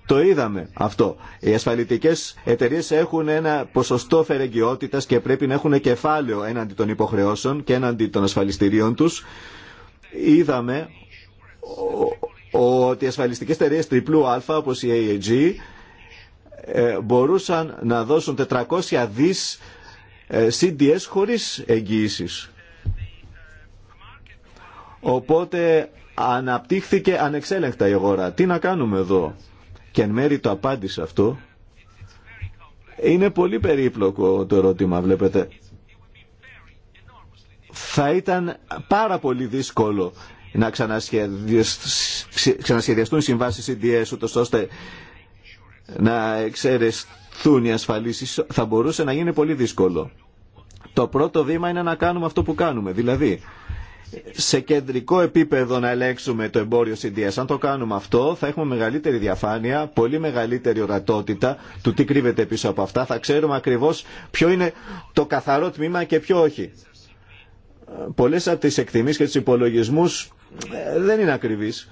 Το είδαμε αυτό. Οι ασφαλιστικές εταιρείε έχουν ένα ποσοστό φερεγγιότητας και πρέπει να έχουν κεφάλαιο έναντι των υποχρεώσεων και έναντι των ασφαλιστηρίων του είδαμε ότι οι ασφαλιστικές εταιρείε τριπλού α όπως η AAG ε, μπορούσαν να δώσουν 400 δις ε, CDS χωρίς εγγύησεις. Οπότε αναπτύχθηκε ανεξέλεγκτα η αγορά. Τι να κάνουμε εδώ. Και εν μέρη το απάντησε αυτό. Είναι πολύ περίπλοκο το ερώτημα, βλέπετε θα ήταν πάρα πολύ δύσκολο να ξανασχεδιαστούν οι συμβάσεις CDS ούτως ώστε να εξαιρεθούν οι ασφαλίσεις θα μπορούσε να γίνει πολύ δύσκολο. Το πρώτο βήμα είναι να κάνουμε αυτό που κάνουμε. Δηλαδή, σε κεντρικό επίπεδο να ελέγξουμε το εμπόριο CDS. Αν το κάνουμε αυτό, θα έχουμε μεγαλύτερη διαφάνεια, πολύ μεγαλύτερη ορατότητα του τι κρύβεται πίσω από αυτά. Θα ξέρουμε ακριβώς ποιο είναι το καθαρό τμήμα και ποιο όχι. Πολλέ από τις εκτιμήσει και του υπολογισμούς ε, δεν είναι ακριβείς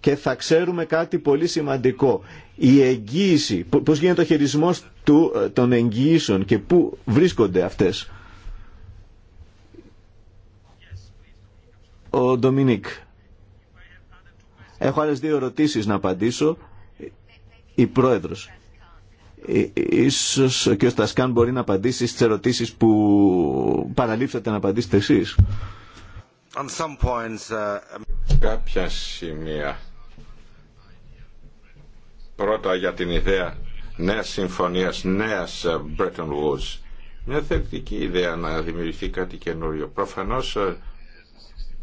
και θα ξέρουμε κάτι πολύ σημαντικό. Η εγγύηση, πώς γίνεται ο χειρισμός του, ε, των εγγυήσεων και πού βρίσκονται αυτές. Ο Ντομινίκ. Έχω άλλες δύο ερωτήσεις να απαντήσω. Η Πρόεδρος. Ε, ίσως ο κ. Στασκάν μπορεί να απαντήσει στις ερωτήσεις που παραλείψατε να απαντήσετε εσείς. Uh, κάποια σημεία. Πρώτα για την ιδέα νέας συμφωνίας, νέας ε, Bretton Woods. Μια θετική ιδέα να δημιουργηθεί κάτι καινούριο. Προφανώς ε,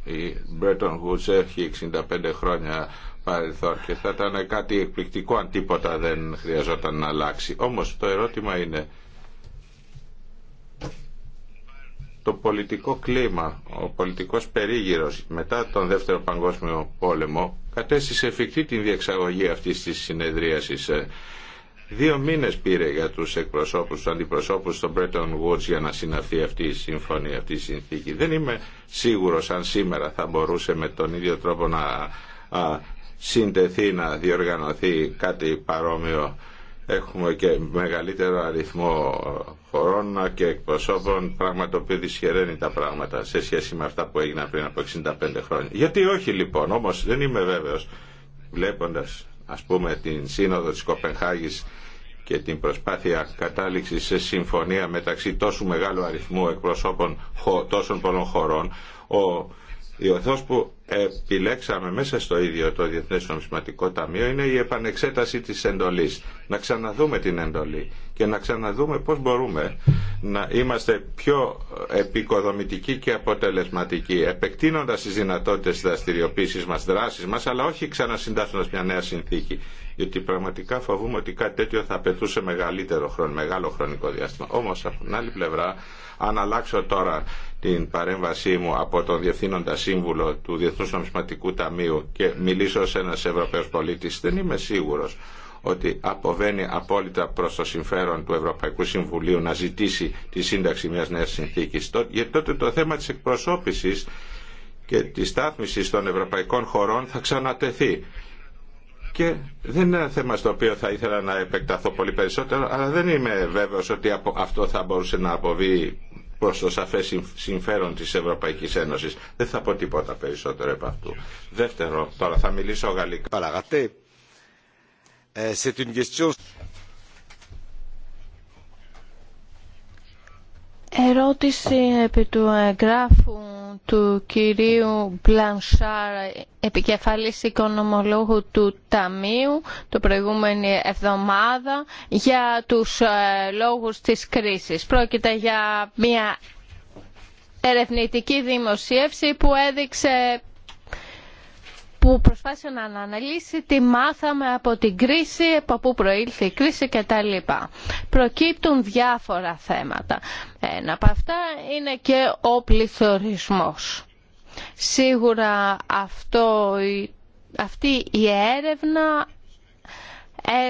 η Bretton Woods έχει 65 χρόνια παρελθόν και θα ήταν κάτι εκπληκτικό αν τίποτα δεν χρειαζόταν να αλλάξει. Όμως το ερώτημα είναι το πολιτικό κλίμα, ο πολιτικός περίγυρος μετά τον Δεύτερο Παγκόσμιο Πόλεμο κατέστησε εφικτή την διεξαγωγή αυτής της συνεδρίασης. Ε, δύο μήνες πήρε για τους εκπροσώπους, τους αντιπροσώπους των Bretton Woods για να συναυθεί αυτή η συμφωνία, αυτή η συνθήκη. Δεν είμαι σίγουρος αν σήμερα θα μπορούσε με τον ίδιο τρόπο να συντεθεί να διοργανωθεί κάτι παρόμοιο. Έχουμε και μεγαλύτερο αριθμό χωρών και εκπροσώπων, πράγμα το οποίο δυσχεραίνει τα πράγματα σε σχέση με αυτά που έγιναν πριν από 65 χρόνια. Γιατί όχι λοιπόν, όμως δεν είμαι βέβαιος, βλέποντας ας πούμε την σύνοδο της Κοπενχάγης και την προσπάθεια κατάληξη σε συμφωνία μεταξύ τόσου μεγάλου αριθμού εκπροσώπων τόσων πολλών χωρών, ο, ιωθός που επιλέξαμε μέσα στο ίδιο το Διεθνές Νομισματικό Ταμείο είναι η επανεξέταση της εντολής. Να ξαναδούμε την εντολή και να ξαναδούμε πώς μπορούμε να είμαστε πιο επικοδομητικοί και αποτελεσματικοί, επεκτείνοντας τις δυνατότητες της δραστηριοποίησης μας, δράσης μας, αλλά όχι ξανασυντάσσοντας μια νέα συνθήκη. Γιατί πραγματικά φοβούμαι ότι κάτι τέτοιο θα απαιτούσε μεγαλύτερο χρόνο, μεγάλο χρονικό διάστημα. Όμως από την άλλη πλευρά, αν αλλάξω τώρα την παρέμβασή μου από τον Διευθύνοντα Σύμβουλο του Διεθνούς Νομισματικού Ταμείου και μιλήσω σε ένας Ευρωπαίος πολίτης, δεν είμαι σίγουρος ότι αποβαίνει απόλυτα προς το συμφέρον του Ευρωπαϊκού Συμβουλίου να ζητήσει τη σύνταξη μιας νέας συνθήκης. Γιατί τότε το θέμα της εκπροσώπησης και της στάθμισης των ευρωπαϊκών χωρών θα ξανατεθεί. Και δεν είναι ένα θέμα στο οποίο θα ήθελα να επεκταθώ πολύ περισσότερο, αλλά δεν είμαι βέβαιος ότι αυτό θα μπορούσε να αποβεί προς το σαφές συμφέρον της Ευρωπαϊκής Ένωσης. Δεν θα πω τίποτα περισσότερο από αυτού. Δεύτερο, τώρα θα μιλήσω γαλλικά. Παραγατέ, ε, Ερώτηση επί του εγγράφου του κυρίου Μπλανσάρ, επικεφαλής οικονομολόγου του Ταμείου, το προηγούμενη εβδομάδα, για τους ε, λόγους της κρίσης. Πρόκειται για μια ερευνητική δημοσίευση που έδειξε που προσπάθησε να αναλύσει τι μάθαμε από την κρίση, από πού προήλθε η κρίση κτλ. Προκύπτουν διάφορα θέματα. Ένα από αυτά είναι και ο πληθωρισμός. Σίγουρα αυτό, αυτή η έρευνα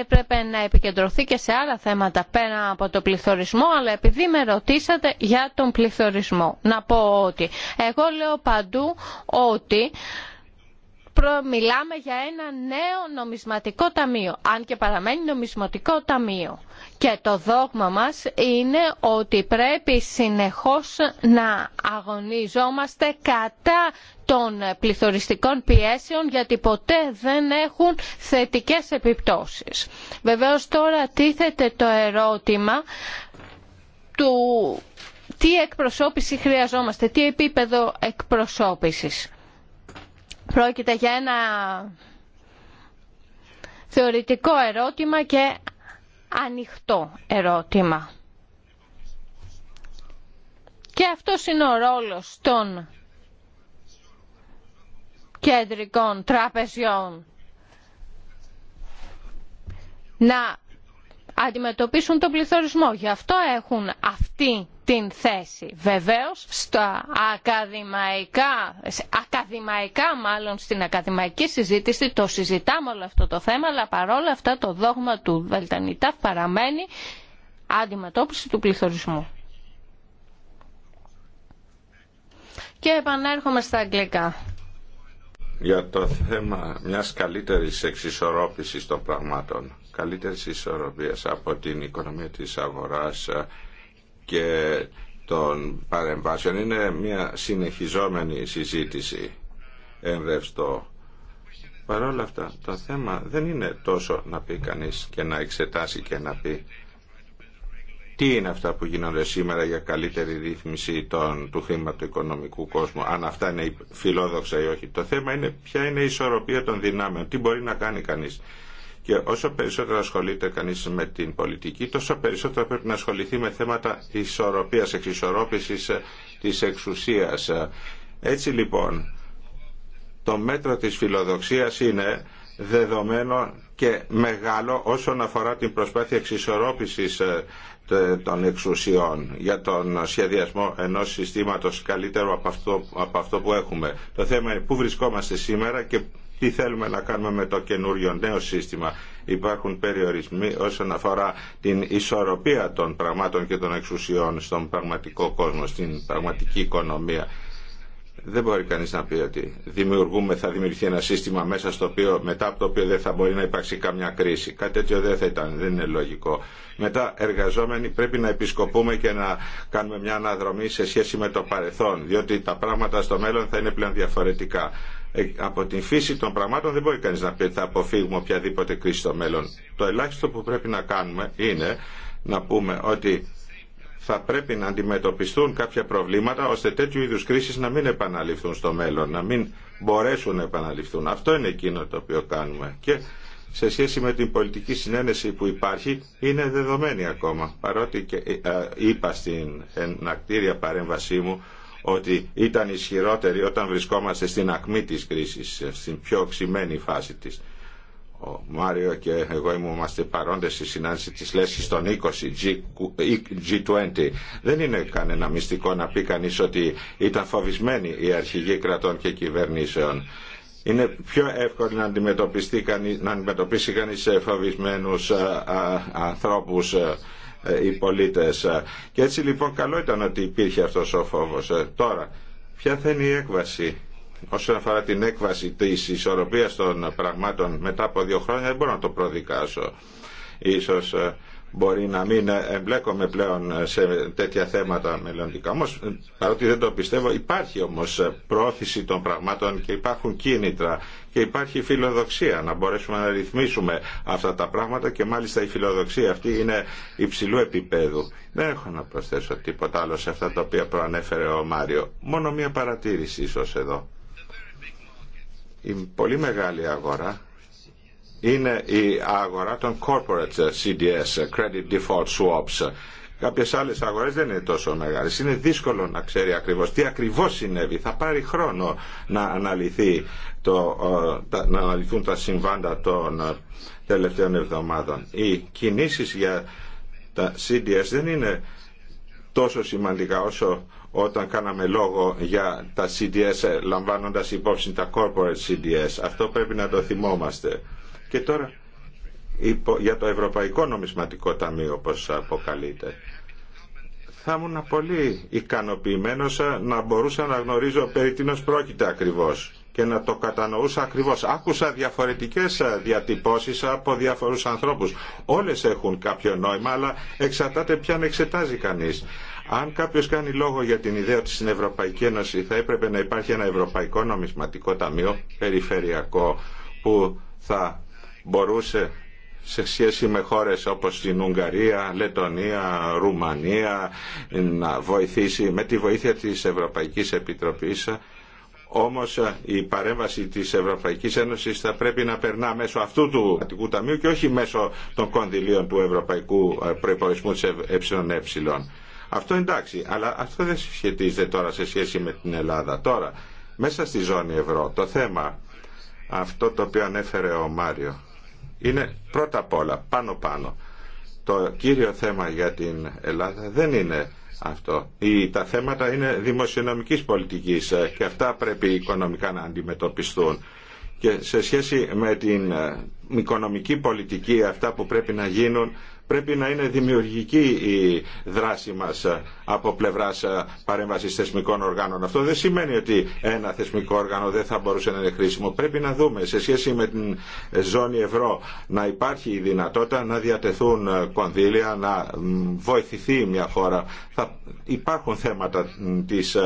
έπρεπε να επικεντρωθεί και σε άλλα θέματα πέρα από το πληθωρισμό αλλά επειδή με ρωτήσατε για τον πληθωρισμό να πω ότι εγώ λέω παντού ότι μιλάμε για ένα νέο νομισματικό ταμείο, αν και παραμένει νομισματικό ταμείο. Και το δόγμα μας είναι ότι πρέπει συνεχώς να αγωνιζόμαστε κατά των πληθωριστικών πιέσεων γιατί ποτέ δεν έχουν θετικές επιπτώσεις. Βεβαίως τώρα τίθεται το ερώτημα του τι εκπροσώπηση χρειαζόμαστε, τι επίπεδο εκπροσώπησης Πρόκειται για ένα θεωρητικό ερώτημα και ανοιχτό ερώτημα. Και αυτό είναι ο ρόλος των κεντρικών τραπεζιών. Να αντιμετωπίσουν τον πληθωρισμό. Γι' αυτό έχουν αυτή την θέση. Βεβαίως, στα ακαδημαϊκά, ακαδημαϊκά μάλλον στην ακαδημαϊκή συζήτηση, το συζητάμε όλο αυτό το θέμα, αλλά παρόλα αυτά το δόγμα του Δελτανιτά παραμένει αντιμετώπιση του πληθωρισμού. Και επανέρχομαι στα αγγλικά. Για το θέμα μιας καλύτερης εξισορρόπησης των πραγμάτων καλύτερης ισορροπίας από την οικονομία της αγοράς και των παρεμβάσεων. Είναι μια συνεχιζόμενη συζήτηση εμβρευστό. Παρ' όλα αυτά, το θέμα δεν είναι τόσο να πει κανείς και να εξετάσει και να πει τι είναι αυτά που γίνονται σήμερα για καλύτερη ρύθμιση των, του οικονομικου κόσμου, αν αυτά είναι φιλόδοξα ή όχι. Το θέμα είναι ποια είναι η ισορροπία των δυνάμεων, τι μπορεί να κάνει κανείς. Και όσο περισσότερο ασχολείται κανείς με την πολιτική, τόσο περισσότερο πρέπει να ασχοληθεί με θέματα ισορροπία, εξισορρόπησης ε, της εξουσίας. Έτσι λοιπόν, το μέτρο της φιλοδοξίας είναι δεδομένο και μεγάλο όσον αφορά την προσπάθεια εξισορρόπησης ε, των εξουσιών για τον σχεδιασμό ενός συστήματος καλύτερο από αυτό, από αυτό που έχουμε. Το θέμα είναι πού βρισκόμαστε σήμερα και τι θέλουμε να κάνουμε με το καινούριο νέο σύστημα. Υπάρχουν περιορισμοί όσον αφορά την ισορροπία των πραγμάτων και των εξουσιών στον πραγματικό κόσμο, στην πραγματική οικονομία. Δεν μπορεί κανεί να πει ότι δημιουργούμε, θα δημιουργηθεί ένα σύστημα μέσα στο οποίο, μετά από το οποίο δεν θα μπορεί να υπάρξει καμιά κρίση. Κάτι τέτοιο δεν θα ήταν, δεν είναι λογικό. Μετά, εργαζόμενοι πρέπει να επισκοπούμε και να κάνουμε μια αναδρομή σε σχέση με το παρεθόν, διότι τα πράγματα στο μέλλον θα είναι πλέον διαφορετικά. Ε, από την φύση των πραγμάτων δεν μπορεί κανείς να πει ότι θα αποφύγουμε οποιαδήποτε κρίση στο μέλλον. Το ελάχιστο που πρέπει να κάνουμε είναι να πούμε ότι θα πρέπει να αντιμετωπιστούν κάποια προβλήματα ώστε τέτοιου είδους κρίσεις να μην επαναληφθούν στο μέλλον, να μην μπορέσουν να επαναληφθούν. Αυτό είναι εκείνο το οποίο κάνουμε. Και σε σχέση με την πολιτική συνένεση που υπάρχει είναι δεδομένη ακόμα. Παρότι και, ε, ε, είπα στην ενακτήρια παρέμβασή μου ότι ήταν ισχυρότερη όταν βρισκόμαστε στην ακμή της κρίσης, στην πιο οξυμένη φάση της. Ο Μάριο και εγώ είμαστε παρόντες στη συνάντηση της λέσης των 20, G20. Δεν είναι κανένα μυστικό να πει κανείς ότι ήταν φοβισμένοι οι αρχηγοί κρατών και κυβερνήσεων. Είναι πιο εύκολο να, αντιμετωπιστεί, να αντιμετωπίσει κανείς ε, φοβισμένους ε, ανθρώπους ε, ε, οι πολίτες. Και έτσι λοιπόν καλό ήταν ότι υπήρχε αυτός ο φόβος. Ε, τώρα, ποια θα είναι η έκβαση όσον αφορά την έκβαση της ισορροπίας των πραγμάτων μετά από δύο χρόνια δεν μπορώ να το προδικάσω. Ίσως ε, μπορεί να μην εμπλέκομαι πλέον σε τέτοια θέματα μελλοντικά. Όμως, παρότι δεν το πιστεύω, υπάρχει όμως πρόθεση των πραγμάτων και υπάρχουν κίνητρα και υπάρχει φιλοδοξία να μπορέσουμε να ρυθμίσουμε αυτά τα πράγματα και μάλιστα η φιλοδοξία αυτή είναι υψηλού επίπεδου. Δεν έχω να προσθέσω τίποτα άλλο σε αυτά τα οποία προανέφερε ο Μάριο. Μόνο μία παρατήρηση ίσως εδώ. Η πολύ μεγάλη αγορά είναι η αγορά των corporate CDS, credit default swaps. Κάποιε άλλε αγορέ δεν είναι τόσο μεγάλε. Είναι δύσκολο να ξέρει ακριβώς τι ακριβώ συνέβη. Θα πάρει χρόνο να, αναλυθεί το, να αναλυθούν τα συμβάντα των ε, τελευταίων εβδομάδων. Οι κινήσει για τα CDS δεν είναι τόσο σημαντικά όσο όταν κάναμε λόγο για τα CDS ε, λαμβάνοντας υπόψη τα corporate CDS. Αυτό πρέπει να το θυμόμαστε. Και τώρα για το Ευρωπαϊκό Νομισματικό Ταμείο, όπως αποκαλείται. Θα ήμουν πολύ ικανοποιημένος ε, να μπορούσα να γνωρίζω περί τίνος πρόκειται ακριβώς και να το κατανοούσα ακριβώς. Άκουσα διαφορετικές ε, διατυπώσεις από διαφορούς ανθρώπους. Όλες έχουν κάποιο νόημα, αλλά εξαρτάται ποιαν εξετάζει κανείς. Αν κάποιος κάνει λόγο για την ιδέα ότι στην Ευρωπαϊκή Ένωση θα έπρεπε να υπάρχει ένα Ευρωπαϊκό Νομισματικό Ταμείο Περιφερειακό που θα μπορούσε σε σχέση με χώρες όπως την Ουγγαρία, Λετωνία, Ρουμανία να βοηθήσει με τη βοήθεια της Ευρωπαϊκής Επιτροπής όμως η παρέμβαση της Ευρωπαϊκής Ένωσης θα πρέπει να περνά μέσω αυτού του Αττικού Ταμείου και όχι μέσω των κονδυλίων του Ευρωπαϊκού ε, Προϋπορισμού της ΕΕ. Αυτό εντάξει, αλλά αυτό δεν σχετίζεται τώρα σε σχέση με την Ελλάδα. Τώρα, μέσα στη ζώνη ευρώ, το θέμα αυτό το οποίο ανέφερε ο Μάριο, είναι πρώτα απ' όλα πάνω-πάνω. Το κύριο θέμα για την Ελλάδα δεν είναι αυτό. Τα θέματα είναι δημοσιονομικής πολιτικής ε, και αυτά πρέπει οικονομικά να αντιμετωπιστούν. Και σε σχέση με την ε, οικονομική πολιτική αυτά που πρέπει να γίνουν Πρέπει να είναι δημιουργική η δράση μας ε, από πλευράς ε, παρέμβασης θεσμικών οργάνων. Αυτό δεν σημαίνει ότι ένα θεσμικό όργανο δεν θα μπορούσε να είναι χρήσιμο. Πρέπει να δούμε σε σχέση με την ε, ζώνη ευρώ να υπάρχει η δυνατότητα να διατεθούν κονδύλια, να βοηθηθεί μια χώρα. Θα υπάρχουν θέματα της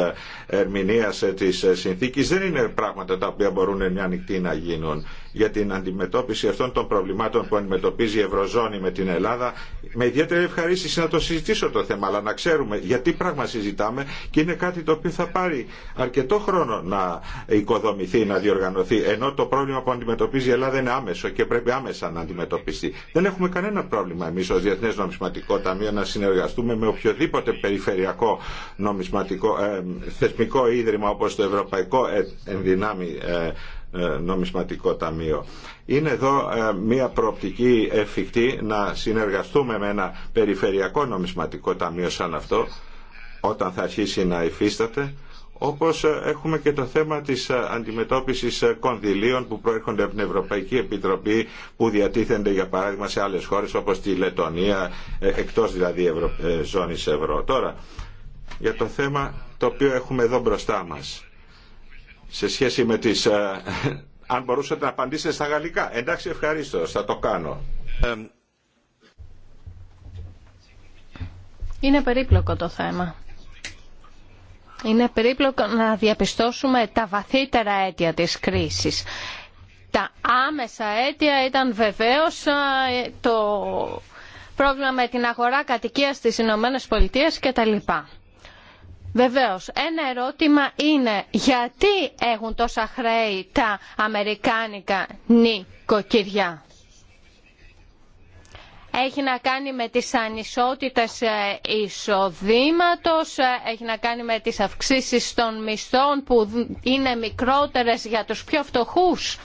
ερμηνείας της συνθήκης. Δεν είναι πράγματα τα οποία μπορούν μια νυχτή να γίνουν για την αντιμετώπιση αυτών των προβλημάτων που αντιμετωπίζει η Ευρωζώνη με την Ελλάδα. Με ιδιαίτερη ευχαρίστηση να το συζητήσω το θέμα, αλλά να ξέρουμε γιατί πράγμα συζητάμε και είναι κάτι το οποίο θα πάρει αρκετό χρόνο να οικοδομηθεί, να διοργανωθεί, ενώ το πρόβλημα που αντιμετωπίζει η Ελλάδα είναι άμεσο και πρέπει άμεσα να αντιμετωπιστεί. Δεν έχουμε κανένα πρόβλημα εμεί ω Διεθνέ Νομισματικό Ταμείο να συνεργαστούμε με οποιοδήποτε περιφερειακό νομισματικό, ε, θεσμικό ίδρυμα όπω το Ευρωπαϊκό ε, Ενδυνάμει ε, ε, νομισματικό ταμείο. Είναι εδώ ε, μια προοπτική εφικτή να συνεργαστούμε με ένα περιφερειακό νομισματικό ταμείο σαν αυτό όταν θα αρχίσει να υφίσταται όπως ε, έχουμε και το θέμα της αντιμετώπισης κονδυλίων που προέρχονται από την Ευρωπαϊκή Επιτροπή που διατίθενται για παράδειγμα σε άλλες χώρες όπως τη Λετωνία εκτός δηλαδή Ευρω... ζώνης ευρώ. Τώρα για το θέμα το οποίο έχουμε εδώ μπροστά μας σε σχέση με τις... Ε, αν μπορούσατε να απαντήσετε στα γαλλικά. Εντάξει, ευχαρίστω, θα το κάνω. Είναι περίπλοκο το θέμα. Είναι περίπλοκο να διαπιστώσουμε τα βαθύτερα αίτια της κρίσης. Τα άμεσα αίτια ήταν βεβαίως ε, το πρόβλημα με την αγορά κατοικίας στις Ηνωμένες Πολιτείες και τα Βεβαίως, ένα ερώτημα είναι γιατί έχουν τόσα χρέη τα αμερικάνικα νοικοκυριά. Έχει να κάνει με τις ανισότητες ε, εισοδήματος, ε, έχει να κάνει με τις αυξήσεις των μισθών που είναι μικρότερες για τους πιο φτωχούς.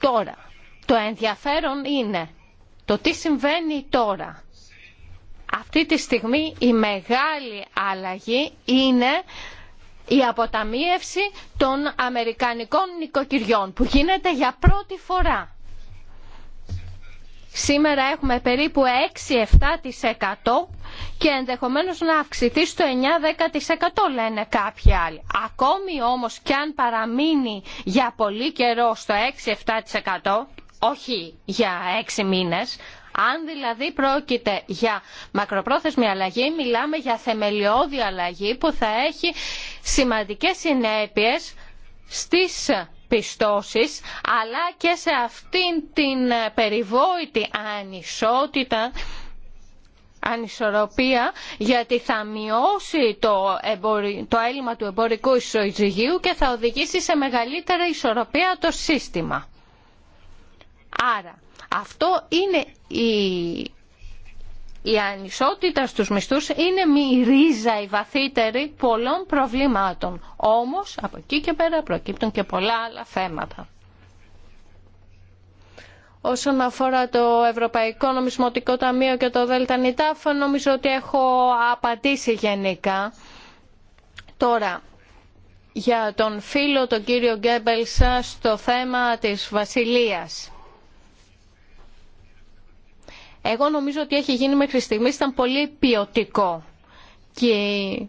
Τώρα, το ενδιαφέρον είναι το τι συμβαίνει τώρα. Αυτή τη στιγμή η μεγάλη αλλαγή είναι η αποταμίευση των Αμερικανικών νοικοκυριών που γίνεται για πρώτη φορά. Σήμερα έχουμε περίπου 6-7% και ενδεχομένως να αυξηθεί στο 9-10% λένε κάποιοι άλλοι. Ακόμη όμως και αν παραμείνει για πολύ καιρό στο 6-7%, όχι για 6 μήνες, αν δηλαδή πρόκειται για μακροπρόθεσμη αλλαγή, μιλάμε για θεμελιώδη αλλαγή που θα έχει σημαντικές συνέπειες στις πιστώσεις, αλλά και σε αυτήν την περιβόητη ανισότητα ανισορροπία γιατί θα μειώσει το, το έλλειμμα του εμπορικού ισοζυγίου και θα οδηγήσει σε μεγαλύτερη ισορροπία το σύστημα. Άρα αυτό είναι η... Η ανισότητα στους μισθούς είναι η ρίζα η βαθύτερη πολλών προβλημάτων. Όμως από εκεί και πέρα προκύπτουν και πολλά άλλα θέματα. Όσον αφορά το Ευρωπαϊκό Νομισματικό Ταμείο και το ΔΕΛΤΑ νομίζω ότι έχω απαντήσει γενικά. Τώρα, για τον φίλο τον κύριο Γκέμπελς στο θέμα της Βασιλείας. Εγώ νομίζω ότι έχει γίνει μέχρι στιγμή ήταν πολύ ποιοτικό. Και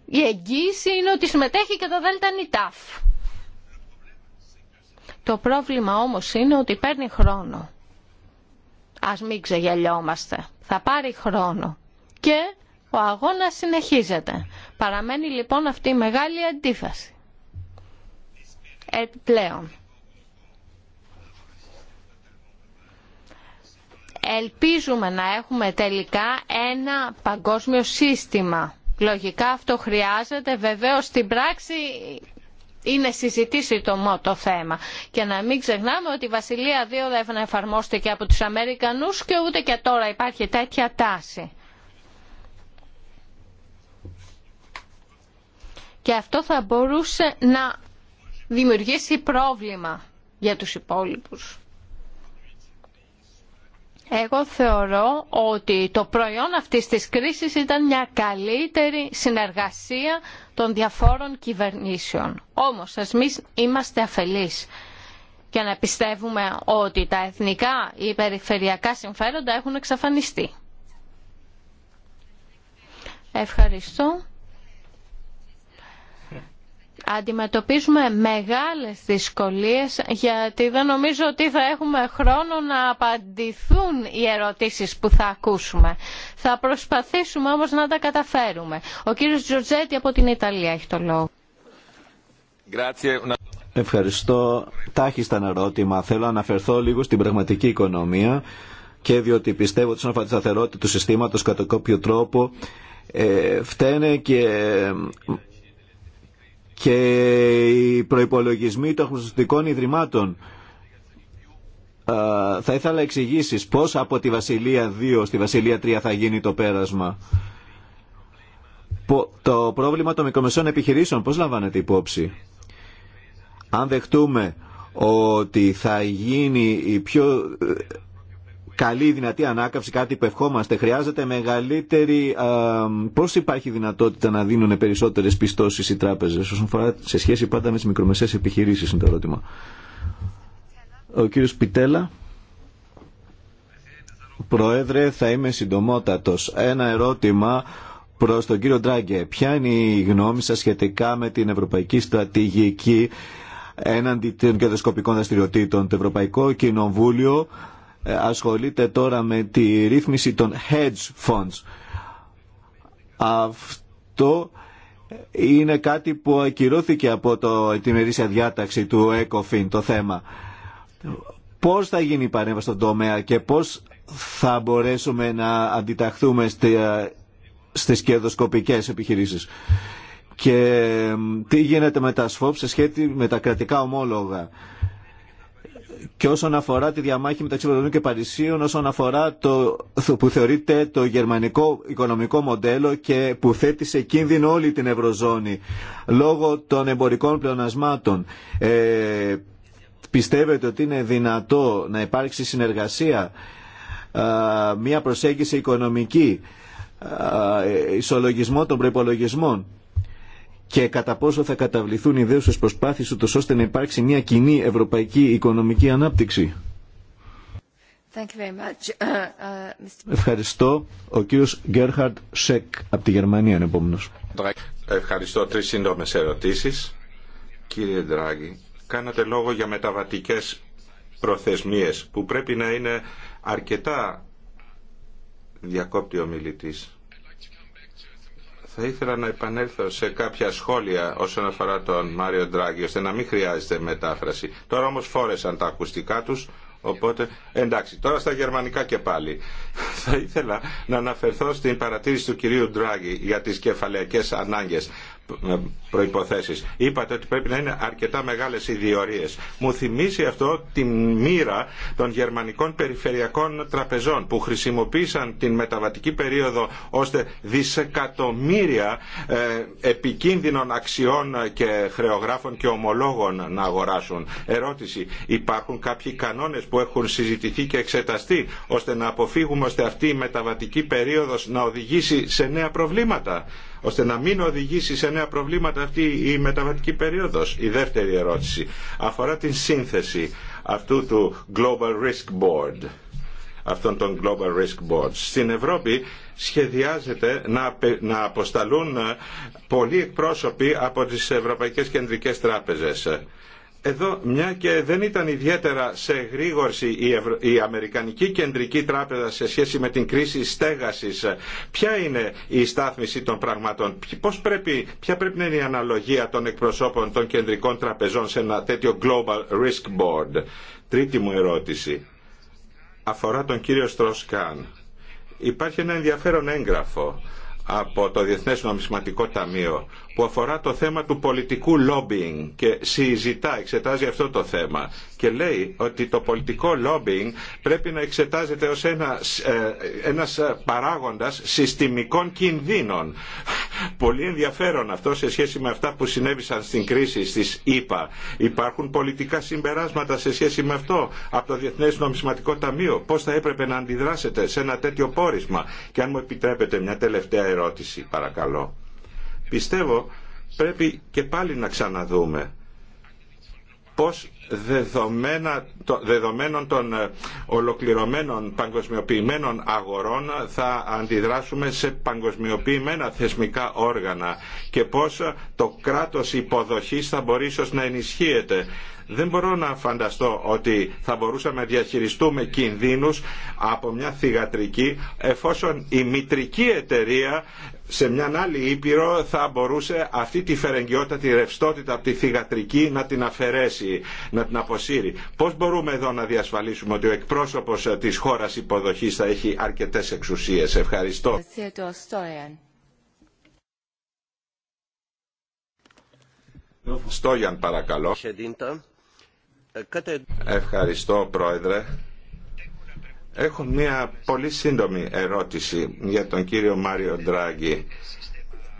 η εγγύηση είναι ότι συμμετέχει και το Νιτάφ. Το πρόβλημα όμως είναι ότι παίρνει χρόνο. Ας μην ξεγελιόμαστε. Θα πάρει χρόνο. Και ο αγώνας συνεχίζεται. Παραμένει λοιπόν αυτή η μεγάλη αντίφαση. Επιπλέον ελπίζουμε να έχουμε τελικά ένα παγκόσμιο σύστημα. Λογικά αυτό χρειάζεται, βεβαίως στην πράξη είναι συζητήσιμο το θέμα. Και να μην ξεχνάμε ότι η Βασιλεία 2 δεν εφαρμόστηκε από τους Αμερικανούς και ούτε και τώρα υπάρχει τέτοια τάση. Και αυτό θα μπορούσε να δημιουργήσει πρόβλημα για τους υπόλοιπους. Εγώ θεωρώ ότι το προϊόν αυτής της κρίσης ήταν μια καλύτερη συνεργασία των διαφόρων κυβερνήσεων. Όμως, μην είμαστε αφελείς και να πιστεύουμε ότι τα εθνικά ή περιφερειακά συμφέροντα έχουν εξαφανιστεί. Ευχαριστώ αντιμετωπίζουμε μεγάλες δυσκολίες γιατί δεν νομίζω ότι θα έχουμε χρόνο να απαντηθούν οι ερωτήσεις που θα ακούσουμε. Θα προσπαθήσουμε όμως να τα καταφέρουμε. Ο κύριος Τζορτζέτη από την Ιταλία έχει το λόγο. Ευχαριστώ. Τάχιστα ένα ερώτημα. Θέλω να αναφερθώ λίγο στην πραγματική οικονομία και διότι πιστεύω ότι σαν σταθερότητα του συστήματος κατά κάποιο τρόπο ε, φταίνε και και οι προϋπολογισμοί των χρησιμοποιητικών ιδρυμάτων. Θα ήθελα εξηγήσεις πώς από τη Βασιλεία 2 στη Βασιλεία 3 θα γίνει το πέρασμα. Το πρόβλημα των μικρομεσών επιχειρήσεων πώς λαμβάνεται υπόψη. Αν δεχτούμε ότι θα γίνει η πιο καλή δυνατή ανάκαμψη, κάτι που ευχόμαστε, χρειάζεται μεγαλύτερη. Πώ υπάρχει δυνατότητα να δίνουν περισσότερε πιστώσει οι τράπεζε, όσον αφορά σε σχέση πάντα με τι μικρομεσαίε επιχειρήσει, είναι το ερώτημα. Ο κύριο Πιτέλα. Πρόεδρε, θα είμαι συντομότατος. Ένα ερώτημα προς τον κύριο Ντράγκε. Ποια είναι η γνώμη σας σχετικά με την ευρωπαϊκή στρατηγική έναντι των κερδοσκοπικών δραστηριοτήτων. Το Ευρωπαϊκό Κοινοβούλιο ε, ασχολείται τώρα με τη ρύθμιση των hedge funds. Αυτό είναι κάτι που ακυρώθηκε από το, τη διάταξη του ECOFIN το θέμα. Πώς θα γίνει η παρέμβαση στον τομέα και πώς θα μπορέσουμε να αντιταχθούμε ε, στις κερδοσκοπικές επιχειρήσεις. Και τι γίνεται με τα ΣΦΟΠ σε σχέση με τα κρατικά ομόλογα και όσον αφορά τη διαμάχη μεταξύ Βερολίνου και Παρισίων, όσον αφορά το που θεωρείται το γερμανικό οικονομικό μοντέλο και που θέτει σε κίνδυνο όλη την Ευρωζώνη λόγω των εμπορικών πλεονασμάτων. Ε, πιστεύετε ότι είναι δυνατό να υπάρξει συνεργασία, μια προσέγγιση οικονομική, ε, ισολογισμό των προπολογισμών και κατά πόσο θα καταβληθούν δέουσες προσπάθειες ούτως ώστε να υπάρξει μια κοινή ευρωπαϊκή οικονομική ανάπτυξη. Thank you very much. Uh, uh, Mr. Ευχαριστώ. Ο κύριος Γκέρχαρντ Σεκ από τη Γερμανία είναι επόμενος. Ευχαριστώ. Τρεις σύντομες ερωτήσεις. Κύριε Ντράγκη, κάνατε λόγο για μεταβατικές προθεσμίες που πρέπει να είναι αρκετά διακόπτει ο μιλητής. Θα ήθελα να επανέλθω σε κάποια σχόλια όσον αφορά τον Μάριο Ντράγκη, ώστε να μην χρειάζεται μετάφραση. Τώρα όμως φόρεσαν τα ακουστικά τους, Οπότε, εντάξει, τώρα στα γερμανικά και πάλι. Θα ήθελα να αναφερθώ στην παρατήρηση του κυρίου Ντράγκη για τις κεφαλαιακές ανάγκες. Ε, προϋποθέσεις. Είπατε ότι πρέπει να είναι αρκετά μεγάλες οι Μου θυμίσει αυτό τη μοίρα των γερμανικών περιφερειακών τραπεζών που χρησιμοποίησαν την μεταβατική περίοδο ώστε δισεκατομμύρια ε, επικίνδυνων αξιών και χρεογράφων και ομολόγων να αγοράσουν. Ερώτηση, υπάρχουν κάποιοι κανόνες που έχουν συζητηθεί και εξεταστεί ώστε να αποφύγουμε ώστε αυτή η μεταβατική περίοδος να οδηγήσει σε νέα προβλήματα ώστε να μην οδηγήσει σε νέα προβλήματα αυτή η μεταβατική περίοδος. Η δεύτερη ερώτηση αφορά την σύνθεση αυτού του Global Risk Board Global Risk Στην Ευρώπη σχεδιάζεται να αποσταλούν ε, πολλοί εκπρόσωποι από τις Ευρωπαϊκές Κεντρικές Τράπεζες εδώ μια και δεν ήταν ιδιαίτερα σε γρήγορση η, Ευρω... η Αμερικανική Κεντρική Τράπεζα σε σχέση με την κρίση στέγασης, ποια είναι η στάθμιση των πραγμάτων, πώς πρέπει, ποια πρέπει να είναι η αναλογία των εκπροσώπων των κεντρικών τραπεζών σε ένα τέτοιο Global Risk Board. Τρίτη μου ερώτηση αφορά τον κύριο Στροσκάν. Υπάρχει ένα ενδιαφέρον έγγραφο από το Διεθνές Νομισματικό Ταμείο που αφορά το θέμα του πολιτικού lobbying και συζητά, εξετάζει αυτό το θέμα και λέει ότι το πολιτικό lobbying πρέπει να εξετάζεται ως ένα ε, ένας παράγοντας συστημικών κινδύνων. Πολύ ενδιαφέρον αυτό σε σχέση με αυτά που συνέβησαν στην κρίση στις ΗΠΑ. Υπάρχουν πολιτικά συμπεράσματα σε σχέση με αυτό από το Διεθνές Νομισματικό Ταμείο. Πώς θα έπρεπε να αντιδράσετε σε ένα τέτοιο πόρισμα. Και αν μου επιτρέπετε μια τελευταία ερώτηση παρακαλώ πιστεύω πρέπει και πάλι να ξαναδούμε πώς δεδομένα, δεδομένων των ε, ολοκληρωμένων παγκοσμιοποιημένων αγορών θα αντιδράσουμε σε παγκοσμιοποιημένα θεσμικά όργανα και πώς ε, το κράτος υποδοχής θα μπορεί ίσως να ενισχύεται. Δεν μπορώ να φανταστώ ότι θα μπορούσαμε να διαχειριστούμε κινδύνους από μια θηγατρική εφόσον η μητρική εταιρεία σε μια άλλη ήπειρο θα μπορούσε αυτή τη φερεγγιότητα, τη ρευστότητα από τη θηγατρική να την αφαιρέσει να την αποσύρει. Πώς μπορούμε εδώ να διασφαλίσουμε ότι ο εκπρόσωπος ε, της χώρας υποδοχής θα έχει αρκετές εξουσίες. Ευχαριστώ. Στόγιαν παρακαλώ. Ευχαριστώ πρόεδρε. Έχω μια πολύ σύντομη ερώτηση για τον κύριο Μάριο Ντράγκη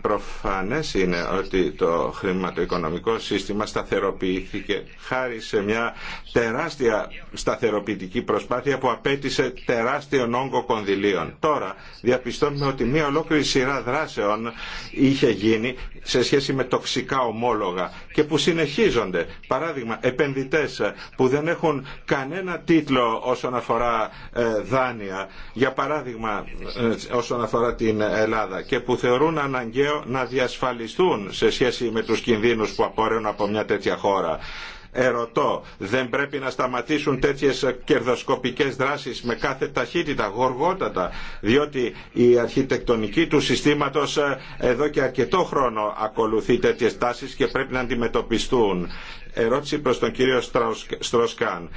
Προφανές είναι ότι το χρηματοοικονομικό σύστημα σταθεροποιήθηκε χάρη σε μια τεράστια σταθεροποιητική προσπάθεια που απέτησε τεράστιον όγκο κονδυλίων. Τώρα διαπιστώνουμε ότι μια ολόκληρη σειρά δράσεων είχε γίνει σε σχέση με τοξικά ομόλογα και που συνεχίζονται. Παράδειγμα, επενδυτές που δεν έχουν κανένα τίτλο όσον αφορά ε, δάνεια, για παράδειγμα ε, όσον αφορά την Ελλάδα και που θεωρούν αναγκαίο να διασφαλιστούν σε σχέση με τους κινδύνους που απορρέουν από μια τέτοια χώρα. Ερωτώ, δεν πρέπει να σταματήσουν τέτοιες κερδοσκοπικές δράσεις με κάθε ταχύτητα, γοργότατα, διότι η αρχιτεκτονική του συστήματος ε, εδώ και αρκετό χρόνο ακολουθεί τέτοιες τάσεις και πρέπει να αντιμετωπιστούν. Ερώτηση προς τον κύριο Στροσκάν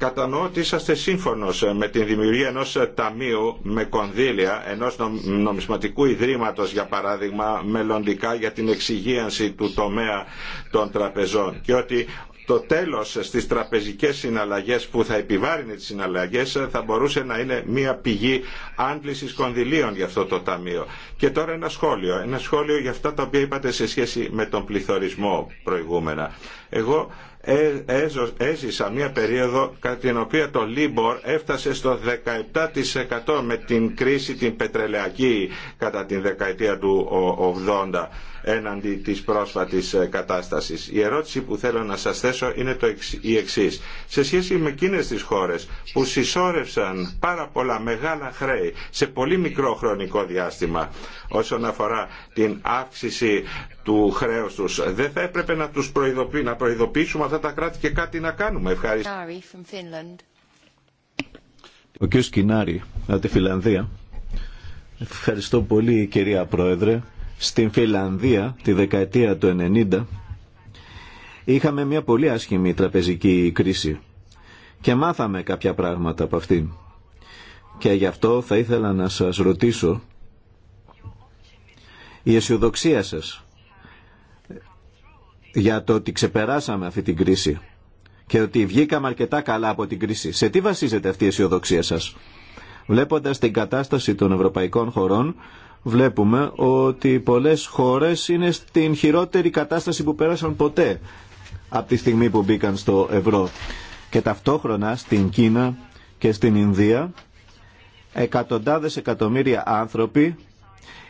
Κατανοώ ότι είσαστε σύμφωνος με την δημιουργία ενός ταμείου με κονδύλια, ενός νομισματικού ιδρύματος για παράδειγμα μελλοντικά για την εξυγίανση του τομέα των τραπεζών και ότι το τέλος στις τραπεζικές συναλλαγές που θα επιβάρυνε τις συναλλαγές θα μπορούσε να είναι μια πηγή άντλησης κονδυλίων για αυτό το ταμείο. Και τώρα ένα σχόλιο, ένα σχόλιο για αυτά τα οποία είπατε σε σχέση με τον πληθωρισμό προηγούμενα. Εγώ ε, έζησα μια περίοδο κατά την οποία το Λίμπορ έφτασε στο 17% με την κρίση την πετρελαιακή κατά την δεκαετία του 80 έναντι της πρόσφατης ε, κατάστασης. Η ερώτηση που θέλω να σας θέσω είναι το η εξής. Σε σχέση με εκείνες τις χώρες που συσσόρευσαν πάρα πολλά μεγάλα χρέη σε πολύ μικρό χρονικό διάστημα όσον αφορά την αύξηση του χρέους τους, δεν θα έπρεπε να, τους προειδοποιήσουμε, να προειδοποιήσουμε αυτά τα κράτη και κάτι να κάνουμε. Ευχαριστώ. Ο κ. Σκινάρη από τη Φιλανδία. Ευχαριστώ πολύ κυρία Πρόεδρε. Στην Φιλανδία τη δεκαετία του 90 είχαμε μια πολύ άσχημη τραπεζική κρίση και μάθαμε κάποια πράγματα από αυτήν. Και γι' αυτό θα ήθελα να σας ρωτήσω η αισιοδοξία σας για το ότι ξεπεράσαμε αυτή την κρίση και ότι βγήκαμε αρκετά καλά από την κρίση. Σε τι βασίζεται αυτή η αισιοδοξία σας. Βλέποντας την κατάσταση των ευρωπαϊκών χωρών βλέπουμε ότι πολλές χώρες είναι στην χειρότερη κατάσταση που πέρασαν ποτέ από τη στιγμή που μπήκαν στο ευρώ. Και ταυτόχρονα στην Κίνα και στην Ινδία εκατοντάδες εκατομμύρια άνθρωποι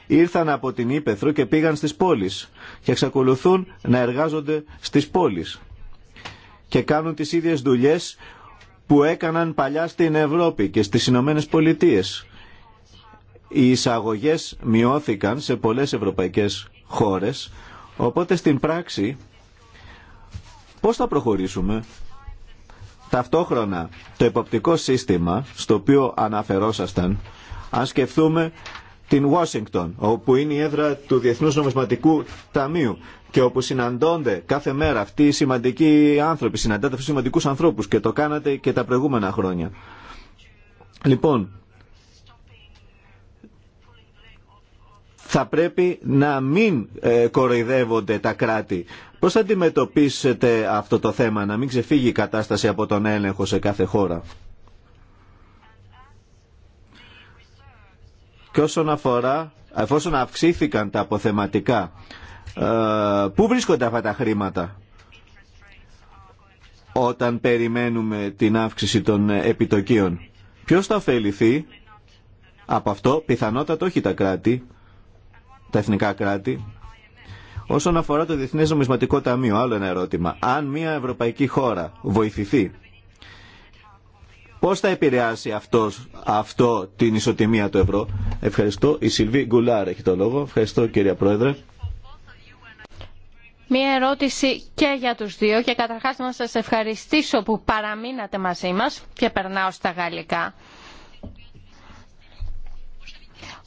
ήρθαν από την Ήπεθρο και πήγαν στις πόλεις και εξακολουθούν να εργάζονται στις πόλεις και κάνουν τις ίδιες δουλειές που έκαναν παλιά στην Ευρώπη και στις Ηνωμένε Πολιτείες οι εισαγωγές μειώθηκαν σε πολλές ευρωπαϊκές χώρες, οπότε στην πράξη πώς θα προχωρήσουμε. Ταυτόχρονα το εποπτικό σύστημα στο οποίο αναφερόσασταν, αν σκεφτούμε την Ουάσιγκτον, όπου είναι η έδρα του Διεθνούς Νομισματικού Ταμείου και όπου συναντώνται κάθε μέρα αυτοί οι σημαντικοί άνθρωποι, συναντάτε αυτούς τους σημαντικούς ανθρώπους και το κάνατε και τα προηγούμενα χρόνια. Λοιπόν, θα πρέπει να μην ε, κοροϊδεύονται τα κράτη. Πώς θα αντιμετωπίσετε αυτό το θέμα, να μην ξεφύγει η κατάσταση από τον έλεγχο σε κάθε χώρα. Και όσον αφορά, εφόσον αυξήθηκαν τα αποθεματικά, ε, πού βρίσκονται αυτά τα χρήματα όταν περιμένουμε την αύξηση των ε, επιτοκίων. Ποιος θα ωφεληθεί από αυτό, πιθανότατα όχι τα κράτη, τα εθνικά κράτη. Όσον αφορά το Διεθνές Νομισματικό Ταμείο, άλλο ένα ερώτημα. Αν μια ευρωπαϊκή χώρα βοηθηθεί, πώς θα επηρεάσει αυτός, αυτό την ισοτιμία του ευρώ. Ευχαριστώ. Η Σιλβί Γκουλάρ έχει το λόγο. Ευχαριστώ κύριε Πρόεδρε. Μία ερώτηση και για τους δύο και καταρχάς να σας ευχαριστήσω που παραμείνατε μαζί μας και περνάω στα γαλλικά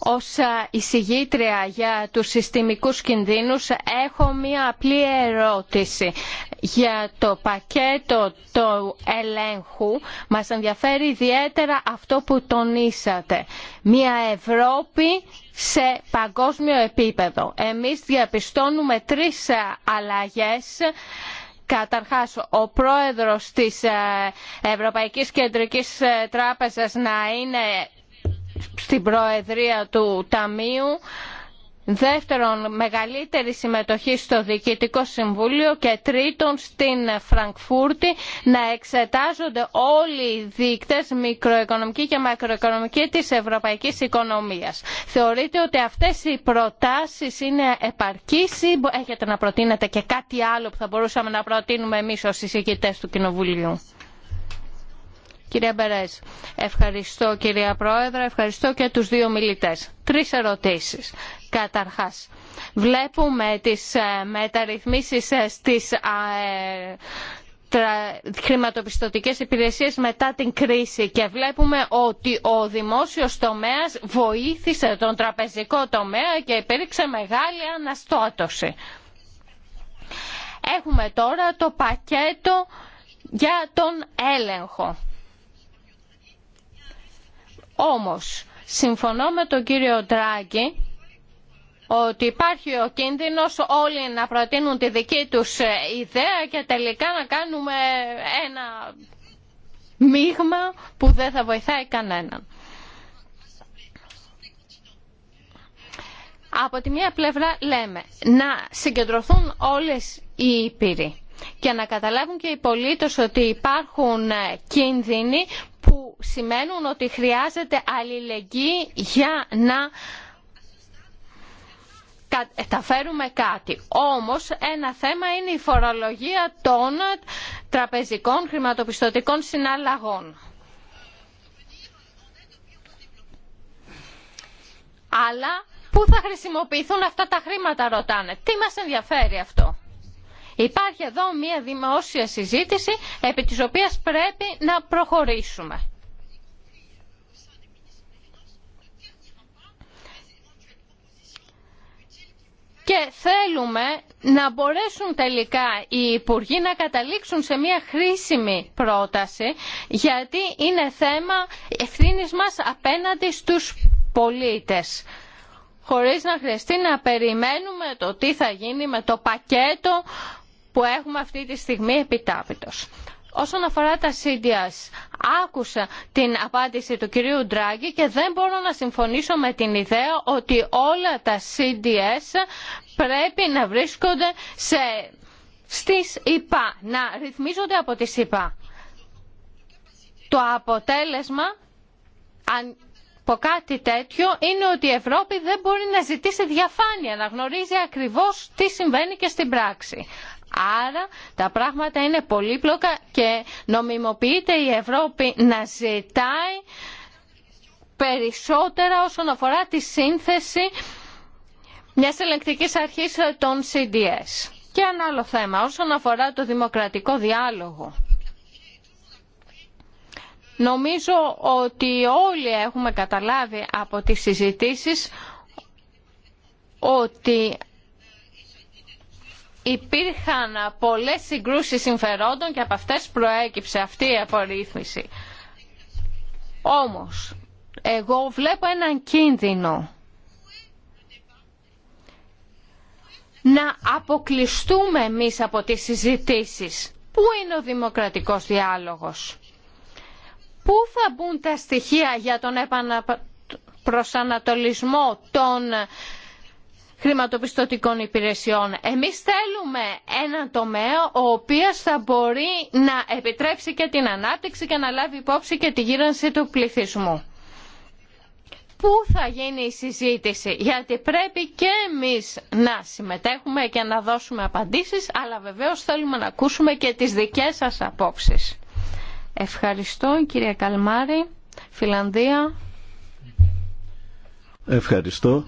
ως εισηγήτρια για τους συστημικούς κινδύνους έχω μία απλή ερώτηση. Για το πακέτο του ελέγχου μας ενδιαφέρει ιδιαίτερα αυτό που τονίσατε. Μία Ευρώπη σε παγκόσμιο επίπεδο. Εμείς διαπιστώνουμε τρεις αλλαγές καταρχάς ο πρόεδρος της ευρωπαϊκής κεντρικής τράπεζας να είναι στην Προεδρία του Ταμείου. Δεύτερον, μεγαλύτερη συμμετοχή στο Διοικητικό Συμβούλιο και τρίτον, στην Φραγκφούρτη να εξετάζονται όλοι οι δείκτες μικροοικονομική και μακροοικονομική της ευρωπαϊκής οικονομίας. Θεωρείτε ότι αυτές οι προτάσεις είναι επαρκείς ή έχετε να προτείνετε και κάτι άλλο που θα μπορούσαμε να προτείνουμε εμείς ως εισηγητές του Κοινοβουλίου. Κύριε Μπερές, ευχαριστώ κυρία Πρόεδρε, ευχαριστώ και τους δύο μιλητές. Τρεις ερωτήσεις. Καταρχάς, βλέπουμε τις ε, μεταρρυθμίσεις ε, στις ε, χρηματοπιστωτικές υπηρεσίες μετά την κρίση και βλέπουμε ότι ο δημόσιος τομέας βοήθησε τον τραπεζικό τομέα και υπήρξε μεγάλη αναστότωση. Έχουμε τώρα το πακέτο για τον έλεγχο όμως, συμφωνώ με τον κύριο Τράγκη ότι υπάρχει ο κίνδυνος όλοι να προτείνουν τη δική τους ε, ιδέα και τελικά να κάνουμε ένα μείγμα που δεν θα βοηθάει κανέναν. Από τη μία πλευρά λέμε να συγκεντρωθούν όλες οι ήπειροι και να καταλάβουν και οι πολίτες ότι υπάρχουν ε, κίνδυνοι που σημαίνουν ότι χρειάζεται αλληλεγγύη για να καταφέρουμε ε, κάτι. Όμως ένα θέμα είναι η φορολογία των τραπεζικών χρηματοπιστωτικών συναλλαγών. Αλλά πού θα χρησιμοποιηθούν αυτά τα χρήματα ρωτάνε. Τι μας ενδιαφέρει αυτό. Υπάρχει εδώ μια δημόσια συζήτηση επί της οποίας πρέπει να προχωρήσουμε. Και θέλουμε να μπορέσουν τελικά οι Υπουργοί να καταλήξουν σε μια χρήσιμη πρόταση γιατί είναι θέμα ευθύνης μας απέναντι στους πολίτες χωρίς να χρειαστεί να περιμένουμε το τι θα γίνει με το πακέτο που έχουμε αυτή τη στιγμή επιτάπητος. Όσον αφορά τα CDS, άκουσα την απάντηση του κυρίου Ντράγκη και δεν μπορώ να συμφωνήσω με την ιδέα ότι όλα τα CDS πρέπει να βρίσκονται σε... στις ΙΠΑ, να ρυθμίζονται από τις ΙΠΑ. Το αποτέλεσμα από κάτι τέτοιο είναι ότι η Ευρώπη δεν μπορεί να ζητήσει διαφάνεια, να γνωρίζει ακριβώς τι συμβαίνει και στην πράξη. Άρα τα πράγματα είναι πολύπλοκα και νομιμοποιείται η Ευρώπη να ζητάει περισσότερα όσον αφορά τη σύνθεση μιας ελεγκτικής αρχής των CDS. Και ένα άλλο θέμα όσον αφορά το δημοκρατικό διάλογο. Νομίζω ότι όλοι έχουμε καταλάβει από τις συζητήσεις ότι υπήρχαν πολλές συγκρούσεις συμφερόντων και από αυτές προέκυψε αυτή η απορρίθμιση. Όμως, εγώ βλέπω έναν κίνδυνο να αποκλειστούμε εμείς από τις συζητήσεις. Πού είναι ο δημοκρατικός διάλογος. Πού θα μπουν τα στοιχεία για τον επαναπροσανατολισμό των χρηματοπιστωτικών υπηρεσιών. Εμείς θέλουμε ένα τομέα ο οποίος θα μπορεί να επιτρέψει και την ανάπτυξη και να λάβει υπόψη και τη γύρανση του πληθυσμού. Πού θα γίνει η συζήτηση, γιατί πρέπει και εμείς να συμμετέχουμε και να δώσουμε απαντήσεις, αλλά βεβαίως θέλουμε να ακούσουμε και τις δικές σας απόψεις. Ευχαριστώ κύριε Καλμάρη, Φιλανδία. Ευχαριστώ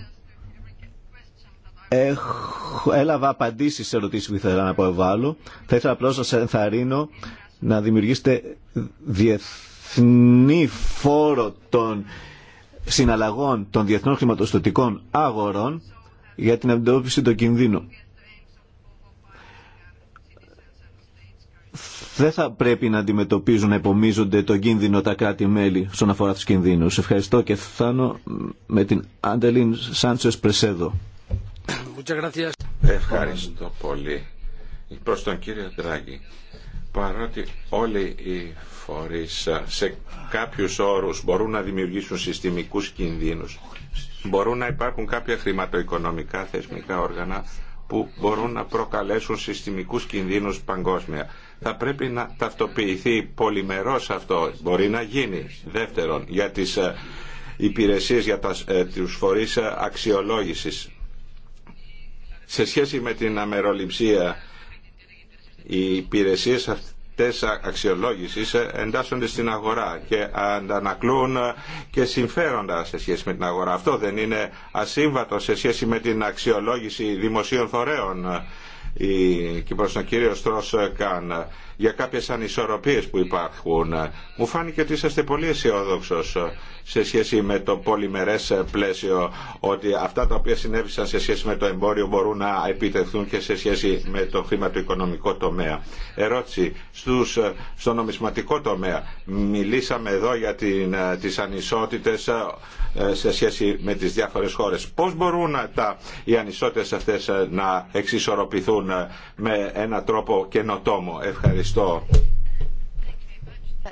έλαβα απαντήσεις σε ερωτήσεις που ήθελα να αποβάλω. Θα ήθελα απλώς να σε ενθαρρύνω να δημιουργήσετε διεθνή φόρο των συναλλαγών των διεθνών χρηματοστοτικών αγορών για την αντιμετώπιση των κινδύνων. Δεν θα πρέπει να αντιμετωπίζουν, να υπομίζονται τον κίνδυνο τα κράτη-μέλη στον αφορά τους κινδύνους. Ευχαριστώ και φτάνω με την Άντελίν Σάντσες Πρεσέδο. Ευχαριστώ πολύ. Προς τον κύριο Τράγκη, παρότι όλοι οι φορείς σε κάποιους όρους μπορούν να δημιουργήσουν συστημικούς κινδύνους, μπορούν να υπάρχουν κάποια χρηματοοικονομικά θεσμικά όργανα που μπορούν να προκαλέσουν συστημικούς κινδύνους παγκόσμια. Θα πρέπει να ταυτοποιηθεί πολυμερώς αυτό. Μπορεί να γίνει. Δεύτερον, για τις ε, υπηρεσίες για ε, τους ε, αξιολόγησης σε σχέση με την αμεροληψία οι υπηρεσίες αυτές αξιολόγηση αξιολόγησης εντάσσονται στην αγορά και αντανακλούν και συμφέροντα σε σχέση με την αγορά. Αυτό δεν είναι ασύμβατο σε σχέση με την αξιολόγηση δημοσίων φορέων. Η, και για κάποιες ανισορροπίες που υπάρχουν. Μου φάνηκε ότι είσαστε πολύ αισιόδοξο σε σχέση με το πολυμερές πλαίσιο ότι αυτά τα οποία συνέβησαν σε σχέση με το εμπόριο μπορούν να επιτευχθούν και σε σχέση με το χρηματοοικονομικό τομέα. Ερώτηση, στους, στο νομισματικό τομέα μιλήσαμε εδώ για την, τις ανισότητες ε, σε σχέση με τις διάφορες χώρες. Πώς μπορούν τα, οι ανισότητες αυτές ε, να εξισορροπηθούν ε, με ένα τρόπο καινοτόμο. Ευχαριστώ. Ευχαριστώ.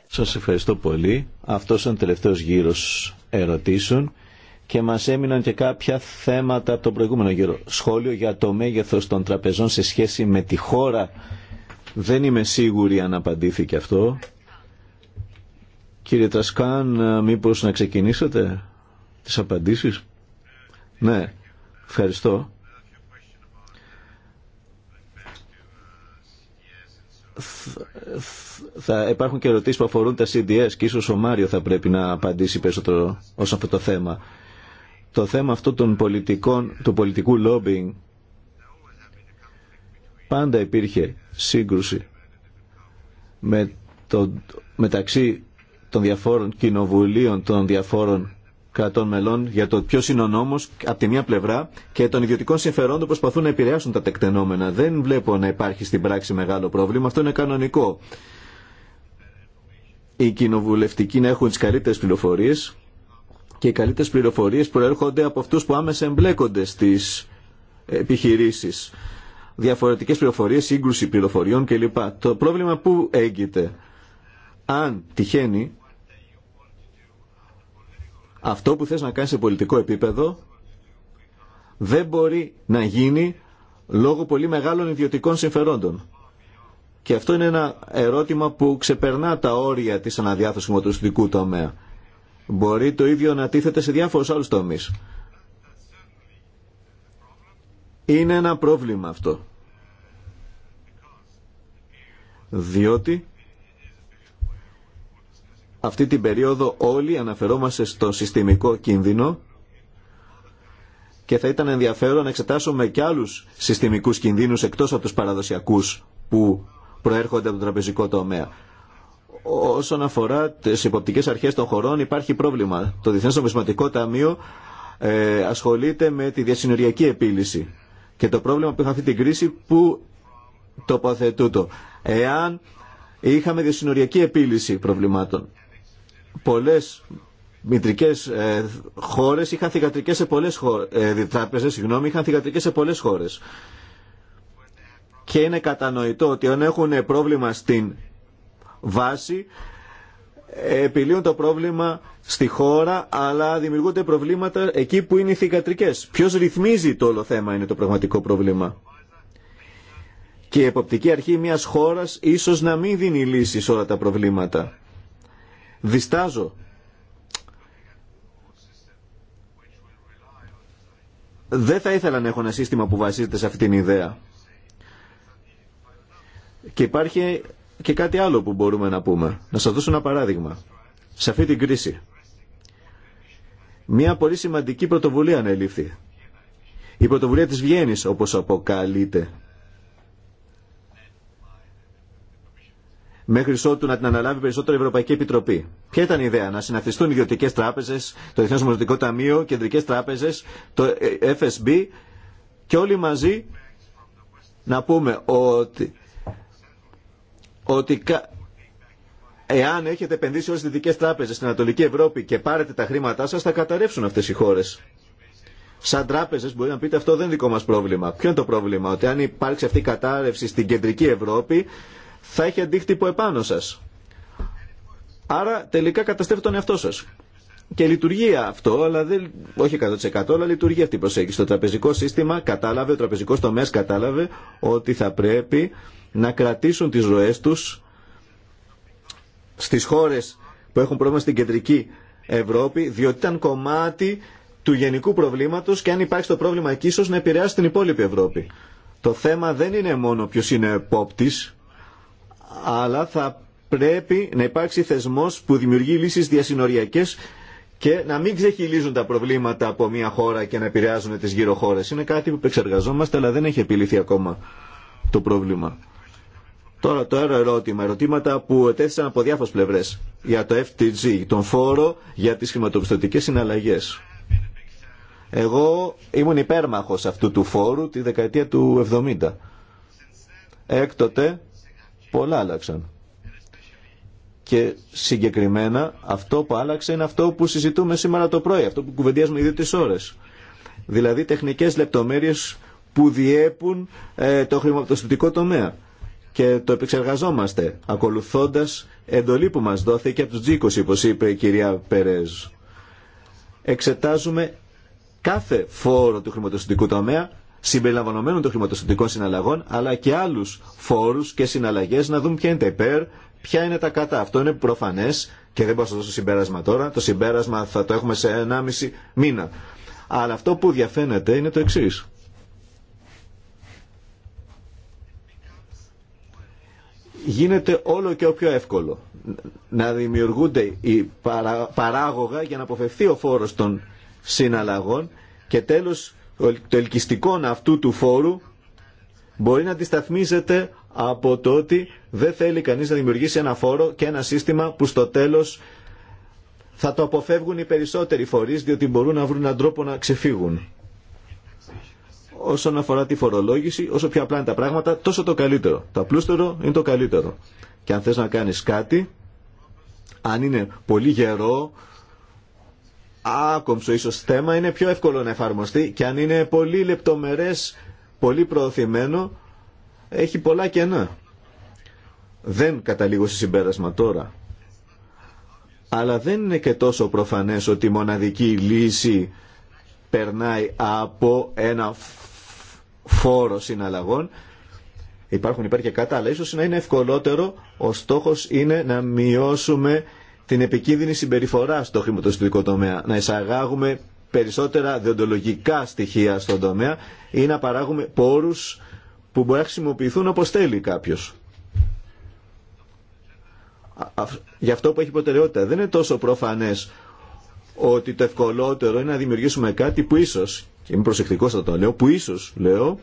Σας ευχαριστώ πολύ. Αυτός ήταν ο τελευταίος γύρος ερωτήσεων και μας έμειναν και κάποια θέματα από τον προηγούμενο γύρο. Σχόλιο για το μέγεθος των τραπεζών σε σχέση με τη χώρα. Δεν είμαι σίγουρη αν απαντήθηκε αυτό. Κύριε Τρασκάν, μήπως να ξεκινήσετε τις απαντήσεις. Ναι, ευχαριστώ. θα υπάρχουν και ερωτήσεις που αφορούν τα CDS και ίσως ο Μάριο θα πρέπει να απαντήσει περισσότερο ως αυτό το θέμα. Το θέμα αυτό των πολιτικών, του πολιτικού lobbying πάντα υπήρχε σύγκρουση με το, μεταξύ των διαφόρων κοινοβουλίων των διαφόρων κρατών μελών για το ποιο είναι ο νόμο από τη μία πλευρά και των ιδιωτικών συμφερόντων προσπαθούν να επηρεάσουν τα τεκτενόμενα. Δεν βλέπω να υπάρχει στην πράξη μεγάλο πρόβλημα. Αυτό είναι κανονικό. Οι κοινοβουλευτικοί να έχουν τι καλύτερε πληροφορίε και οι καλύτερε πληροφορίε προέρχονται από αυτού που άμεσα εμπλέκονται στι επιχειρήσει. Διαφορετικέ πληροφορίε, σύγκρουση πληροφοριών κλπ. Το πρόβλημα πού έγκυται. Αν τυχαίνει αυτό που θες να κάνεις σε πολιτικό επίπεδο δεν μπορεί να γίνει λόγω πολύ μεγάλων ιδιωτικών συμφερόντων. Και αυτό είναι ένα ερώτημα που ξεπερνά τα όρια της αναδιάθρωσης χρηματοδοτικού τομέα. Μπορεί το ίδιο να τίθεται σε διάφορους άλλους τομείς. Είναι ένα πρόβλημα αυτό. Διότι αυτή την περίοδο όλοι αναφερόμαστε στο συστημικό κίνδυνο και θα ήταν ενδιαφέρον να εξετάσουμε και άλλους συστημικούς κινδύνους εκτός από τους παραδοσιακούς που προέρχονται από το τραπεζικό τομέα. Όσον αφορά τις υποπτικές αρχές των χωρών υπάρχει πρόβλημα. Το Διεθνές Νομισματικό Ταμείο ε, ασχολείται με τη διασυνοριακή επίλυση και το πρόβλημα που είχα αυτή την κρίση που τοποθετούτο. Εάν είχαμε διασυνοριακή επίλυση προβλημάτων πολλές μητρικές ε, χώρες είχαν θηγατρικές σε πολλές χώρες, ε, είχαν θηγατρικές σε Και είναι κατανοητό ότι αν έχουν πρόβλημα στην βάση, επιλύουν το πρόβλημα στη χώρα, αλλά δημιουργούνται προβλήματα εκεί που είναι οι θηγατρικές. Ποιος ρυθμίζει το όλο θέμα είναι το πραγματικό πρόβλημα. Και η εποπτική αρχή μιας χώρας ίσως να μην δίνει λύση σε όλα τα προβλήματα Διστάζω. Δεν θα ήθελα να έχω ένα σύστημα που βασίζεται σε αυτή την ιδέα. Και υπάρχει και κάτι άλλο που μπορούμε να πούμε. Να σας δώσω ένα παράδειγμα. Σε αυτή την κρίση. Μία πολύ σημαντική πρωτοβουλία ανελήφθη. Η πρωτοβουλία της Βιέννης, όπως αποκαλείται μέχρι ότου να την αναλάβει περισσότερο η Ευρωπαϊκή Επιτροπή. Ποια ήταν η ιδέα, να συναθιστούν ιδιωτικέ τράπεζε, το Διεθνέ Ταμείο, κεντρικέ τράπεζε, το FSB και όλοι μαζί να πούμε ότι, ότι εάν έχετε επενδύσει όλε τι δυτικέ τράπεζε στην Ανατολική Ευρώπη και πάρετε τα χρήματά σα, θα καταρρεύσουν αυτέ οι χώρε. Σαν τράπεζε μπορεί να πείτε αυτό δεν είναι δικό μα πρόβλημα. Ποιο είναι το πρόβλημα, ότι αν υπάρξει αυτή η κατάρρευση στην κεντρική Ευρώπη, θα έχει αντίκτυπο επάνω σα. Άρα τελικά καταστρέφει τον εαυτό σα. Και λειτουργεί αυτό, αλλά δεν, όχι 100%, αλλά λειτουργεί αυτή η προσέγγιση. Το τραπεζικό σύστημα κατάλαβε, ο τραπεζικό τομέα κατάλαβε ότι θα πρέπει να κρατήσουν τι ροέ του στι χώρε που έχουν πρόβλημα στην κεντρική Ευρώπη, διότι ήταν κομμάτι του γενικού προβλήματο και αν υπάρχει το πρόβλημα εκεί ίσω να επηρεάσει την υπόλοιπη Ευρώπη. Το θέμα δεν είναι μόνο ποιο είναι επόπτη, αλλά θα πρέπει να υπάρξει θεσμός που δημιουργεί λύσεις διασυνοριακές και να μην ξεχυλίζουν τα προβλήματα από μια χώρα και να επηρεάζουν τις γύρω χώρες. Είναι κάτι που επεξεργαζόμαστε αλλά δεν έχει επιλύθει ακόμα το πρόβλημα. Τώρα το άλλο ερώτημα, ερωτήματα που ετέθησαν από διάφορες πλευρές για το FTG, τον φόρο για τις χρηματοπιστωτικές συναλλαγές. Εγώ ήμουν υπέρμαχος αυτού του φόρου τη δεκαετία του 70. Έκτοτε πολλά άλλαξαν. Και συγκεκριμένα αυτό που άλλαξε είναι αυτό που συζητούμε σήμερα το πρωί, αυτό που κουβεντιάζουμε ήδη τις ώρες. Δηλαδή τεχνικές λεπτομέρειες που διέπουν ε, το χρηματοστητικό τομέα. Και το επεξεργαζόμαστε, ακολουθώντας εντολή που μας δόθηκε από τους G20, όπως είπε η κυρία Περέζ. Εξετάζουμε κάθε φόρο του χρηματοστητικού τομέα συμπεριλαμβανομένων των χρηματοστατικών συναλλαγών, αλλά και άλλου φόρου και συναλλαγέ, να δουν ποια είναι τα υπέρ, ποια είναι τα κατά. Αυτό είναι προφανέ και δεν μπορώ να σα δώσω συμπέρασμα τώρα. Το συμπέρασμα θα το έχουμε σε 1,5 μήνα. Αλλά αυτό που διαφαίνεται είναι το εξή. Γίνεται όλο και πιο εύκολο να δημιουργούνται οι παράγωγα για να αποφευθεί ο φόρος των συναλλαγών και τέλος το ελκυστικό αυτού του φόρου μπορεί να αντισταθμίζεται από το ότι δεν θέλει κανείς να δημιουργήσει ένα φόρο και ένα σύστημα που στο τέλος θα το αποφεύγουν οι περισσότεροι φορείς διότι μπορούν να βρουν έναν τρόπο να ξεφύγουν. Όσον αφορά τη φορολόγηση, όσο πιο απλά είναι τα πράγματα, τόσο το καλύτερο. Το απλούστερο είναι το καλύτερο. Και αν θες να κάνεις κάτι, αν είναι πολύ γερό, άκομψο ίσω θέμα είναι πιο εύκολο να εφαρμοστεί και αν είναι πολύ λεπτομερές, πολύ προωθημένο, έχει πολλά κενά. Δεν καταλήγω σε συμπέρασμα τώρα. Αλλά δεν είναι και τόσο προφανές ότι η μοναδική λύση περνάει από ένα φόρο συναλλαγών. Υπάρχουν υπέρ και κατά, αλλά ίσως να είναι ευκολότερο. Ο στόχος είναι να μειώσουμε την επικίνδυνη συμπεριφορά στο χρηματοστηρικό τομέα, να εισαγάγουμε περισσότερα διοντολογικά στοιχεία στον τομέα ή να παράγουμε πόρου που μπορεί να χρησιμοποιηθούν όπω θέλει κάποιο. Γι' αυτό που έχει προτεραιότητα δεν είναι τόσο προφανέ ότι το ευκολότερο είναι να δημιουργήσουμε κάτι που ίσω και είμαι προσεκτικό θα το λέω, που ίσω λέω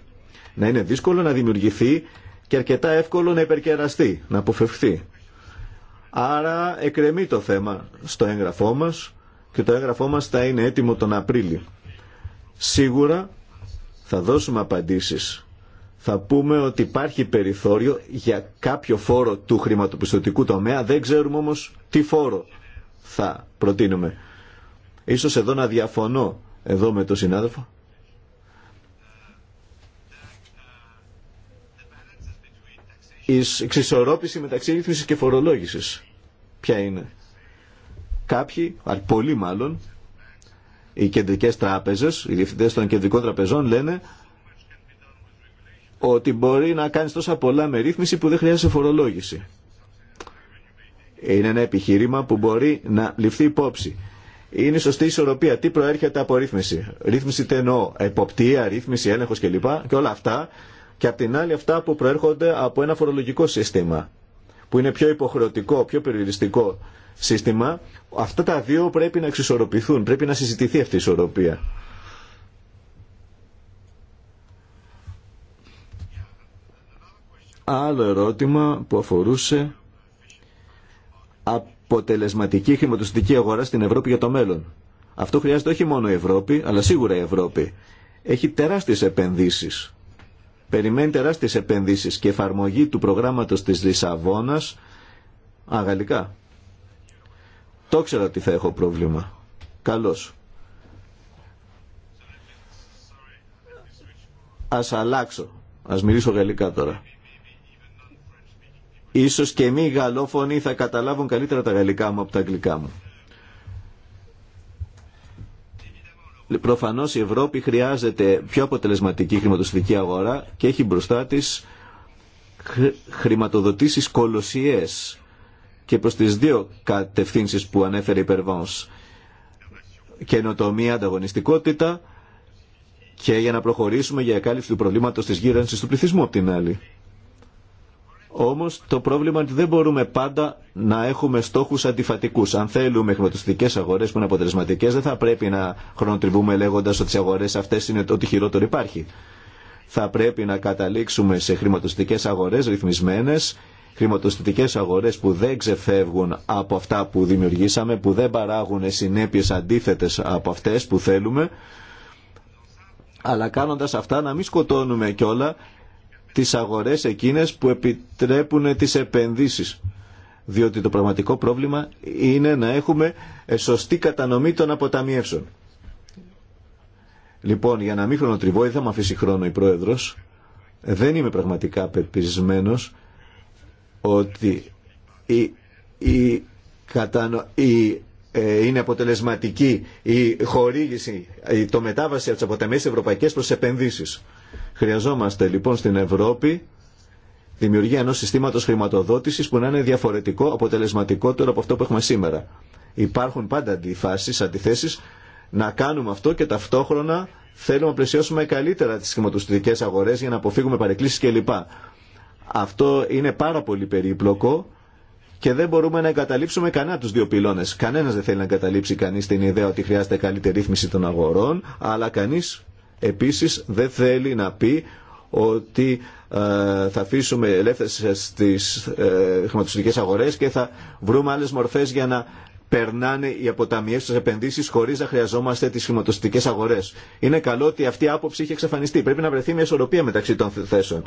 να είναι δύσκολο να δημιουργηθεί και αρκετά εύκολο να υπερκεραστεί, να αποφευχθεί. Άρα εκρεμεί το θέμα στο έγγραφό μας και το έγγραφό μας θα είναι έτοιμο τον Απρίλιο. Σίγουρα θα δώσουμε απαντήσεις. Θα πούμε ότι υπάρχει περιθώριο για κάποιο φόρο του χρηματοπιστωτικού τομέα, δεν ξέρουμε όμως τι φόρο θα προτείνουμε. Ίσως εδώ να διαφωνώ εδώ με τον συνάδελφο, η εξισορρόπηση μεταξύ ρύθμισης και φορολόγησης. Ποια είναι. Κάποιοι, πολλοί μάλλον, οι κεντρικές τράπεζες, οι διευθυντές των κεντρικών τραπεζών λένε ότι μπορεί να κάνεις τόσα πολλά με ρύθμιση που δεν χρειάζεται φορολόγηση. Είναι ένα επιχείρημα που μπορεί να ληφθεί υπόψη. Είναι σωστή ισορροπία. Τι προέρχεται από ρύθμιση. Ρύθμιση τενό, Εποπτεία, ρύθμιση, έλεγχο κλπ. Και όλα αυτά και απ' την άλλη αυτά που προέρχονται από ένα φορολογικό σύστημα που είναι πιο υποχρεωτικό, πιο περιοριστικό σύστημα, αυτά τα δύο πρέπει να εξισορροπηθούν, πρέπει να συζητηθεί αυτή η ισορροπία. Άλλο ερώτημα που αφορούσε αποτελεσματική χρηματοστική αγορά στην Ευρώπη για το μέλλον. Αυτό χρειάζεται όχι μόνο η Ευρώπη, αλλά σίγουρα η Ευρώπη. Έχει τεράστιες επενδύσεις περιμένει τεράστιες επενδύσεις και εφαρμογή του προγράμματος της Λισαβόνας αγαλλικά. Το ξέρω ότι θα έχω πρόβλημα. Καλώς. Ας αλλάξω. Ας μιλήσω γαλλικά τώρα. Ίσως και μη γαλλόφωνοι θα καταλάβουν καλύτερα τα γαλλικά μου από τα αγγλικά μου. Προφανώ η Ευρώπη χρειάζεται πιο αποτελεσματική χρηματοστική αγορά και έχει μπροστά τη χρηματοδοτήσεις κολοσιέ και προς τις δύο κατευθύνσει που ανέφερε η Περβάνς. Καινοτομία, ανταγωνιστικότητα και για να προχωρήσουμε για εκάλυψη του προβλήματος της γύρανση του πληθυσμού από την άλλη. Όμως το πρόβλημα είναι ότι δεν μπορούμε πάντα να έχουμε στόχους αντιφατικούς. Αν θέλουμε χρηματοστικές αγορές που είναι αποτελεσματικές, δεν θα πρέπει να χρονοτριβούμε λέγοντας ότι οι αγορές αυτές είναι ό,τι χειρότερο υπάρχει. Θα πρέπει να καταλήξουμε σε χρηματοστικές αγορές ρυθμισμένες, χρηματοστητικές αγορές που δεν ξεφεύγουν από αυτά που δημιουργήσαμε, που δεν παράγουν συνέπειες αντίθετες από αυτές που θέλουμε, αλλά κάνοντας αυτά να μην σκοτώνουμε κιόλα τις αγορές εκείνες που επιτρέπουν τις επενδύσεις. Διότι το πραγματικό πρόβλημα είναι να έχουμε σωστή κατανομή των αποταμιεύσεων. Λοιπόν, για να μην χρονοτριβώ, δεν θα μου αφήσει χρόνο η Πρόεδρος, δεν είμαι πραγματικά πεπισμένος ότι η, η, κατανο, η ε, είναι αποτελεσματική η χορήγηση, η, το μετάβαση από τι αποταμίες ευρωπαϊκές προς επενδύσεις. Χρειαζόμαστε λοιπόν στην Ευρώπη δημιουργία ενός συστήματος χρηματοδότησης που να είναι διαφορετικό, αποτελεσματικότερο από αυτό που έχουμε σήμερα. Υπάρχουν πάντα αντιφάσεις, αντιθέσεις, να κάνουμε αυτό και ταυτόχρονα θέλουμε να πλαισιώσουμε καλύτερα τις χρηματοστηρικές αγορές για να αποφύγουμε παρεκκλήσεις κλπ. Αυτό είναι πάρα πολύ περίπλοκο και δεν μπορούμε να εγκαταλείψουμε κανένα του δύο πυλώνε. Κανένα δεν θέλει να εγκαταλείψει κανεί την ιδέα ότι χρειάζεται καλύτερη ρύθμιση των αγορών, αλλά κανεί Επίσης δεν θέλει να πει ότι ε, θα αφήσουμε ελεύθερες στις ε, χρηματιστικές αγορές και θα βρούμε άλλες μορφές για να περνάνε οι αποταμιεύσεις στις επενδύσεις χωρίς να χρειαζόμαστε τις χρηματιστικές αγορές. Είναι καλό ότι αυτή η άποψη έχει εξαφανιστεί. Πρέπει να βρεθεί μια ισορροπία μεταξύ των θέσεων.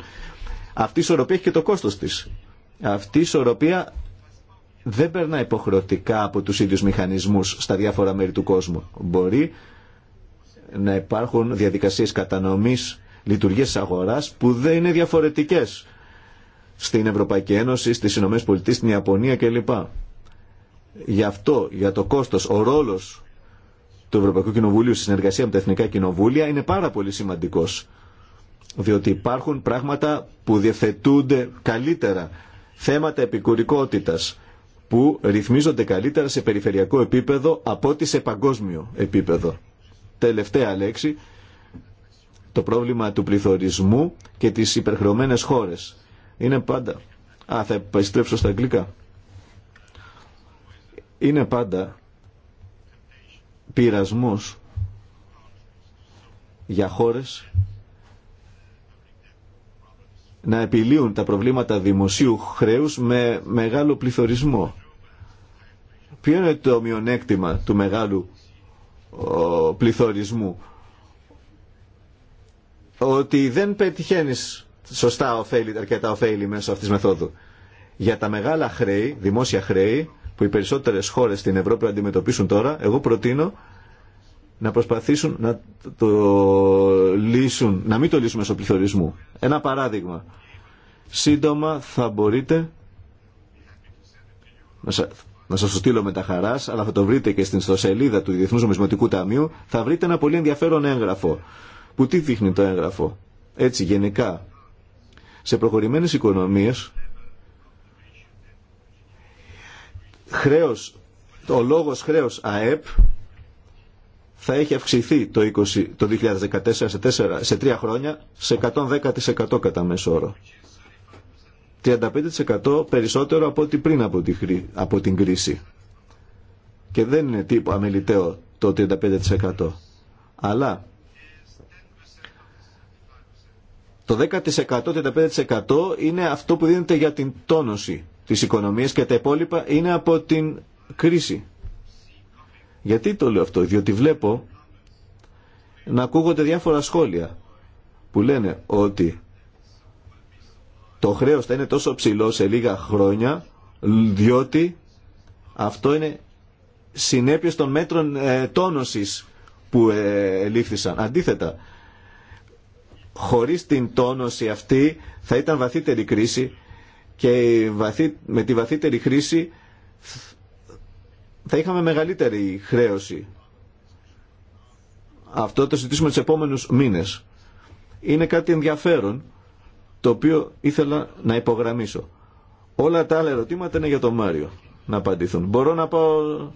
Αυτή η ισορροπία έχει και το κόστος της. Αυτή η ισορροπία δεν περνά υποχρεωτικά από τους ίδιους μηχανισμούς στα διάφορα μέρη του κόσμου. Μπορεί να υπάρχουν διαδικασίες κατανομής λειτουργίες αγοράς που δεν είναι διαφορετικές στην Ευρωπαϊκή Ένωση, στις Ηνωμένες Πολιτείες, στην Ιαπωνία κλπ. Γι' αυτό, για το κόστος, ο ρόλος του Ευρωπαϊκού Κοινοβουλίου στη συνεργασία με τα Εθνικά Κοινοβούλια είναι πάρα πολύ σημαντικός. Διότι υπάρχουν πράγματα που διευθετούνται καλύτερα, θέματα επικουρικότητας που ρυθμίζονται καλύτερα σε περιφερειακό επίπεδο από ό,τι σε παγκόσμιο επίπεδο τελευταία λέξη, το πρόβλημα του πληθωρισμού και τις υπερχρεωμένες χώρες. Είναι πάντα... Α, θα επιστρέψω στα Είναι πάντα πειρασμός για χώρες να επιλύουν τα προβλήματα δημοσίου χρέους με μεγάλο πληθωρισμό. Ποιο είναι το μειονέκτημα του μεγάλου πληθωρισμού. Ότι δεν πετυχαίνει σωστά ωφέλη, αρκετά ωφέλη μέσω αυτής της μεθόδου. Για τα μεγάλα χρέη, δημόσια χρέη, που οι περισσότερες χώρες στην Ευρώπη αντιμετωπίσουν τώρα, εγώ προτείνω να προσπαθήσουν να το λύσουν, να μην το λύσουν μέσω πληθωρισμού. Ένα παράδειγμα. Σύντομα θα μπορείτε να σα το στείλω με τα χαράς, αλλά θα το βρείτε και στην ιστοσελίδα του Διεθνούς Νομισματικού Ταμείου, θα βρείτε ένα πολύ ενδιαφέρον έγγραφο. Που τι δείχνει το έγγραφο. Έτσι γενικά, σε προχωρημένες οικονομίες, χρέος, ο λόγος χρέο ΑΕΠ θα έχει αυξηθεί το, 20, το 2014 σε, 4, σε 3 χρόνια σε 110% κατά μέσο όρο. 35% περισσότερο από ό,τι πριν από την κρίση. Και δεν είναι τύπο αμεληταίο το 35%. Αλλά το 10%, 35% είναι αυτό που δίνεται για την τόνωση της οικονομίας και τα υπόλοιπα είναι από την κρίση. Γιατί το λέω αυτό, διότι βλέπω να ακούγονται διάφορα σχόλια που λένε ότι το χρέος θα είναι τόσο ψηλό σε λίγα χρόνια διότι αυτό είναι συνέπειες των μέτρων ε, τόνωσης που ε, Αντίθετα, χωρίς την τόνωση αυτή θα ήταν βαθύτερη κρίση και με τη βαθύτερη κρίση θα είχαμε μεγαλύτερη χρέωση. Αυτό το συζητήσουμε τους επόμενους μήνες. Είναι κάτι ενδιαφέρον το οποίο ήθελα να υπογραμμίσω. Όλα τα άλλα ερωτήματα είναι για τον Μάριο να απαντηθούν. Μπορώ να πάω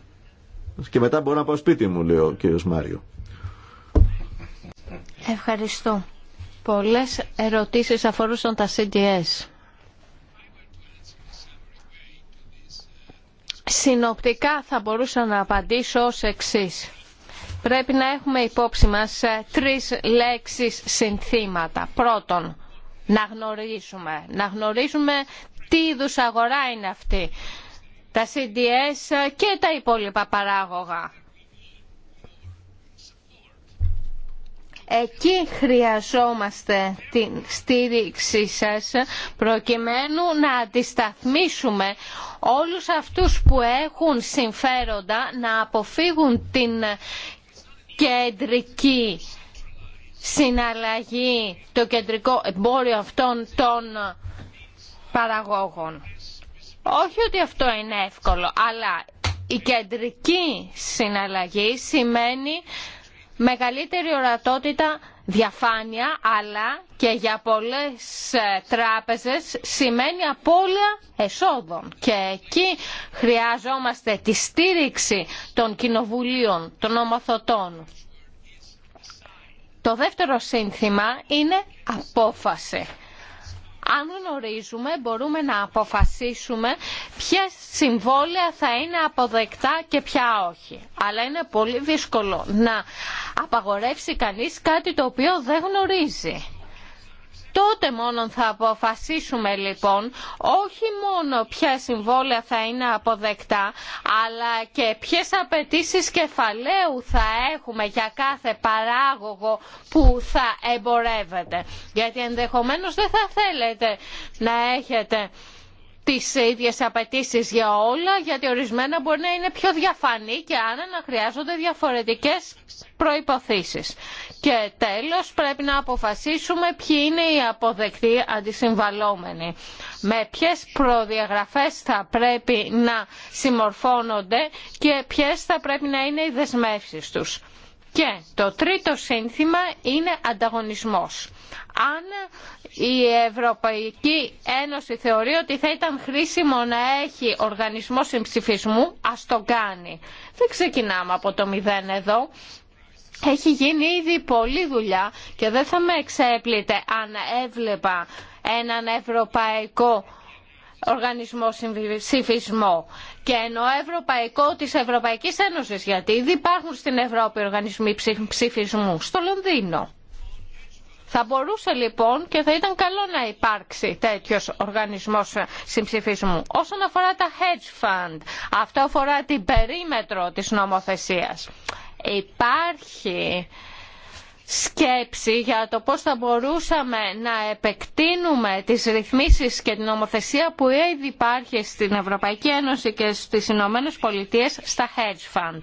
και μετά μπορώ να πάω σπίτι μου, λέει ο κύριος Μάριο. Ευχαριστώ. Πολλές ερωτήσεις αφορούσαν τα CDS. Συνοπτικά θα μπορούσα να απαντήσω ως εξής. Πρέπει να έχουμε υπόψη μας ε, τρεις λέξεις συνθήματα. Πρώτον, να γνωρίσουμε. Να γνωρίσουμε τι είδους αγορά είναι αυτή. Τα CDS και τα υπόλοιπα παράγωγα. Εκεί χρειαζόμαστε την στήριξή σας προκειμένου να αντισταθμίσουμε όλους αυτούς που έχουν συμφέροντα να αποφύγουν την κεντρική συναλλαγή το κεντρικό εμπόριο αυτών των παραγόγων. Όχι ότι αυτό είναι εύκολο, αλλά η κεντρική συναλλαγή σημαίνει μεγαλύτερη ορατότητα διαφάνεια, αλλά και για πολλές ε, τράπεζες σημαίνει απώλεια εσόδων. Και εκεί χρειάζομαστε τη στήριξη των κοινοβουλίων, των ομοθωτών. Το δεύτερο σύνθημα είναι απόφαση. Αν γνωρίζουμε μπορούμε να αποφασίσουμε ποια συμβόλαια θα είναι αποδεκτά και ποια όχι. Αλλά είναι πολύ δύσκολο να απαγορεύσει κανείς κάτι το οποίο δεν γνωρίζει. Τότε μόνο θα αποφασίσουμε λοιπόν όχι μόνο ποια συμβόλαια θα είναι αποδεκτά, αλλά και ποιες απαιτήσει κεφαλαίου θα έχουμε για κάθε παράγωγο που θα εμπορεύεται. Γιατί ενδεχομένως δεν θα θέλετε να έχετε τις ίδιες απαιτήσει για όλα γιατί ορισμένα μπορεί να είναι πιο διαφανή και άρα να χρειάζονται διαφορετικές προϋποθέσεις. Και τέλος πρέπει να αποφασίσουμε ποιοι είναι οι αποδεκτοί αντισυμβαλόμενοι. Με ποιες προδιαγραφές θα πρέπει να συμμορφώνονται και ποιες θα πρέπει να είναι οι δεσμεύσεις τους. Και το τρίτο σύνθημα είναι ανταγωνισμός. Αν η Ευρωπαϊκή Ένωση θεωρεί ότι θα ήταν χρήσιμο να έχει οργανισμό συμψηφισμού, ας το κάνει. Δεν ξεκινάμε από το μηδέν εδώ. Έχει γίνει ήδη πολλή δουλειά και δεν θα με εξέπλητε αν έβλεπα έναν ευρωπαϊκό οργανισμό συμφισμό και ενώ ευρωπαϊκό της Ευρωπαϊκής Ένωσης γιατί ήδη υπάρχουν στην Ευρώπη οργανισμοί ψηφισμού στο Λονδίνο. Θα μπορούσε λοιπόν και θα ήταν καλό να υπάρξει τέτοιος οργανισμός συμψηφισμού. Όσον αφορά τα hedge fund, αυτό αφορά την περίμετρο της νομοθεσίας. Υπάρχει σκέψη για το πώς θα μπορούσαμε να επεκτείνουμε τις ρυθμίσεις και την νομοθεσία που ήδη υπάρχει στην Ευρωπαϊκή Ένωση και στις Ηνωμένες Πολιτείες στα hedge fund.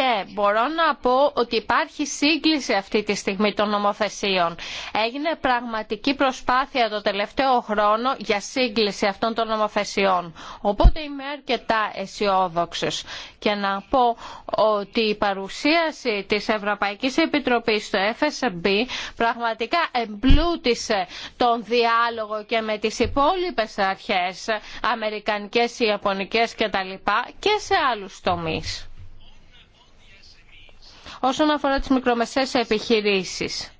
Και μπορώ να πω ότι υπάρχει σύγκληση αυτή τη στιγμή των νομοθεσιών. Έγινε πραγματική προσπάθεια το τελευταίο χρόνο για σύγκληση αυτών των νομοθεσιών. Οπότε είμαι αρκετά αισιόδοξο. Και να πω ότι η παρουσίαση της Ευρωπαϊκής Επιτροπής στο FSB πραγματικά εμπλούτησε τον διάλογο και με τις υπόλοιπες αρχές, αμερικανικές, ιαπωνικές κτλ. και σε άλλους τομείς όσον αφορά τις μικρομεσαίες επιχειρήσεις.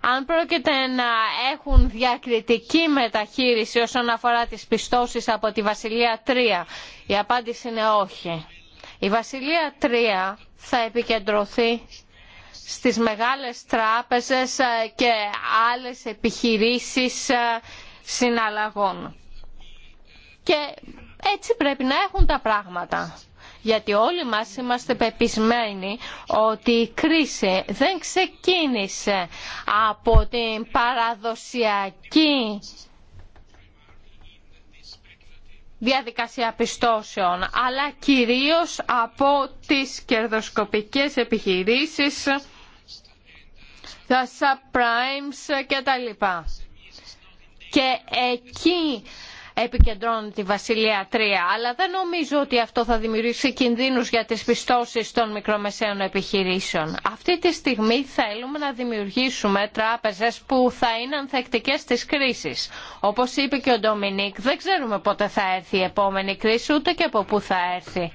Αν πρόκειται να έχουν διακριτική μεταχείριση όσον αφορά τις πιστώσεις από τη Βασιλεία 3, η απάντηση είναι όχι. Η Βασιλεία 3 θα επικεντρωθεί στις μεγάλες τράπεζες ε, και άλλες επιχειρήσεις ε, συναλλαγών. Και έτσι πρέπει να έχουν τα πράγματα γιατί όλοι μας είμαστε πεπισμένοι ότι η κρίση δεν ξεκίνησε από την παραδοσιακή διαδικασία πιστώσεων, αλλά κυρίως από τις κερδοσκοπικές επιχειρήσεις, τα subprimes και τα Και εκεί επικεντρώνει τη Βασιλεία 3. Αλλά δεν νομίζω ότι αυτό θα δημιουργήσει κινδύνους για τις πιστώσεις των μικρομεσαίων επιχειρήσεων. Αυτή τη στιγμή θέλουμε να δημιουργήσουμε τράπεζες που θα είναι ανθεκτικές στις κρίσεις. Όπως είπε και ο Ντομινίκ, δεν ξέρουμε πότε θα έρθει η επόμενη κρίση, ούτε και από πού θα έρθει.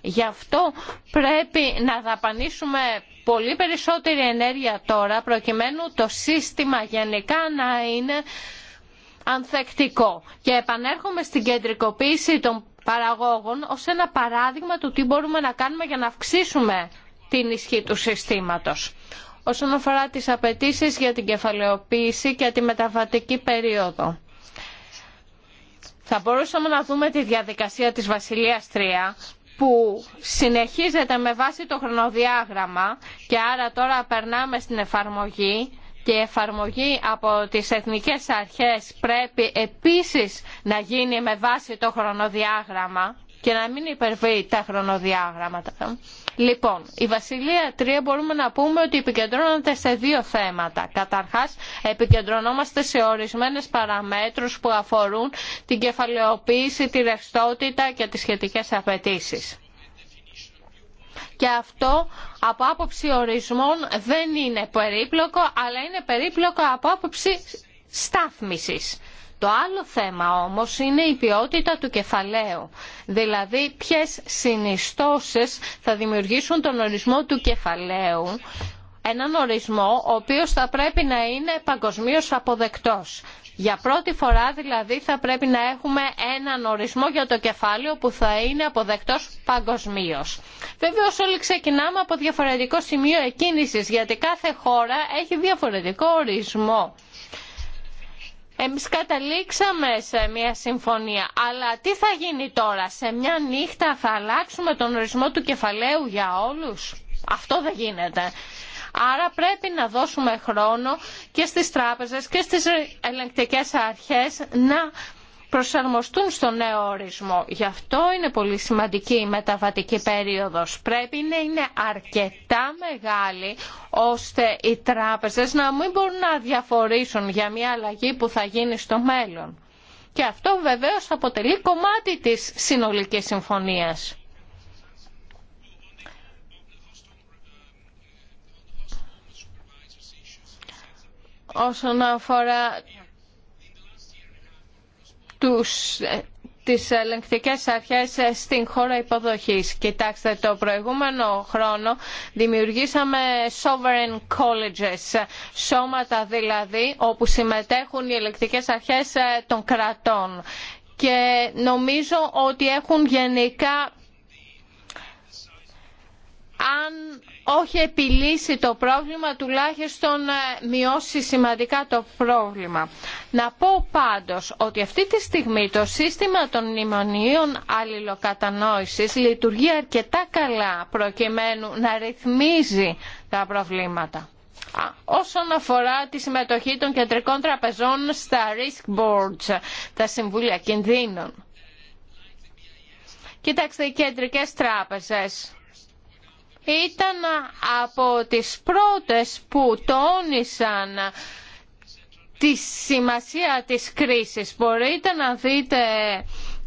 Γι' αυτό πρέπει να δαπανίσουμε πολύ περισσότερη ενέργεια τώρα προκειμένου το σύστημα γενικά να είναι ανθεκτικό. Και επανέρχομαι στην κεντρικοποίηση των παραγόγων ως ένα παράδειγμα του τι μπορούμε να κάνουμε για να αυξήσουμε την ισχύ του συστήματος. Όσον αφορά τις απαιτήσει για την κεφαλαιοποίηση και τη μεταβατική περίοδο. Θα μπορούσαμε να δούμε τη διαδικασία της Βασιλείας 3 που συνεχίζεται με βάση το χρονοδιάγραμμα και άρα τώρα περνάμε στην εφαρμογή και η εφαρμογή από τις εθνικές αρχές πρέπει επίσης να γίνει με βάση το χρονοδιάγραμμα και να μην υπερβεί τα χρονοδιάγραμματα. Λοιπόν, η Βασιλεία 3 μπορούμε να πούμε ότι επικεντρώνεται σε δύο θέματα. Καταρχάς, επικεντρωνόμαστε σε ορισμένες παραμέτρους που αφορούν την κεφαλαιοποίηση, τη ρευστότητα και τις σχετικές απαιτήσει. Και αυτό από άποψη ορισμών δεν είναι περίπλοκο, αλλά είναι περίπλοκο από άποψη στάθμισης. Το άλλο θέμα όμως είναι η ποιότητα του κεφαλαίου, δηλαδή ποιες συνιστώσεις θα δημιουργήσουν τον ορισμό του κεφαλαίου, έναν ορισμό ο οποίος θα πρέπει να είναι παγκοσμίως αποδεκτός. Για πρώτη φορά δηλαδή θα πρέπει να έχουμε έναν ορισμό για το κεφάλαιο που θα είναι αποδεκτός παγκοσμίω. Βεβαίω όλοι ξεκινάμε από διαφορετικό σημείο εκκίνησης γιατί κάθε χώρα έχει διαφορετικό ορισμό. Εμείς καταλήξαμε σε μια συμφωνία, αλλά τι θα γίνει τώρα, σε μια νύχτα θα αλλάξουμε τον ορισμό του κεφαλαίου για όλους. Αυτό δεν γίνεται. Άρα πρέπει να δώσουμε χρόνο και στις τράπεζες και στις ελεγκτικές αρχές να προσαρμοστούν στο νέο ορισμό. Γι' αυτό είναι πολύ σημαντική η μεταβατική περίοδος. Πρέπει να είναι αρκετά μεγάλη ώστε οι τράπεζες να μην μπορούν να διαφορήσουν για μια αλλαγή που θα γίνει στο μέλλον. Και αυτό βεβαίως αποτελεί κομμάτι της συνολικής συμφωνίας. όσον αφορά τους, ε, τις ελεγκτικές αρχές ε, στην χώρα υποδοχής. Κοιτάξτε, το προηγούμενο χρόνο δημιουργήσαμε sovereign colleges, σώματα δηλαδή όπου συμμετέχουν οι ελεγκτικές αρχές ε, των κρατών. Και νομίζω ότι έχουν γενικά αν όχι επιλύσει το πρόβλημα τουλάχιστον ε, μειώσει σημαντικά το πρόβλημα. Να πω πάντως ότι αυτή τη στιγμή το σύστημα των μνημονίων αλληλοκατανόησης λειτουργεί αρκετά καλά προκειμένου να ρυθμίζει τα προβλήματα. Όσον αφορά τη συμμετοχή των κεντρικών τραπεζών στα risk boards, τα συμβούλια κινδύνων. Κοιτάξτε, οι κεντρικές τράπεζες ήταν από τις πρώτες που τόνισαν τη σημασία της κρίσης. Μπορείτε να δείτε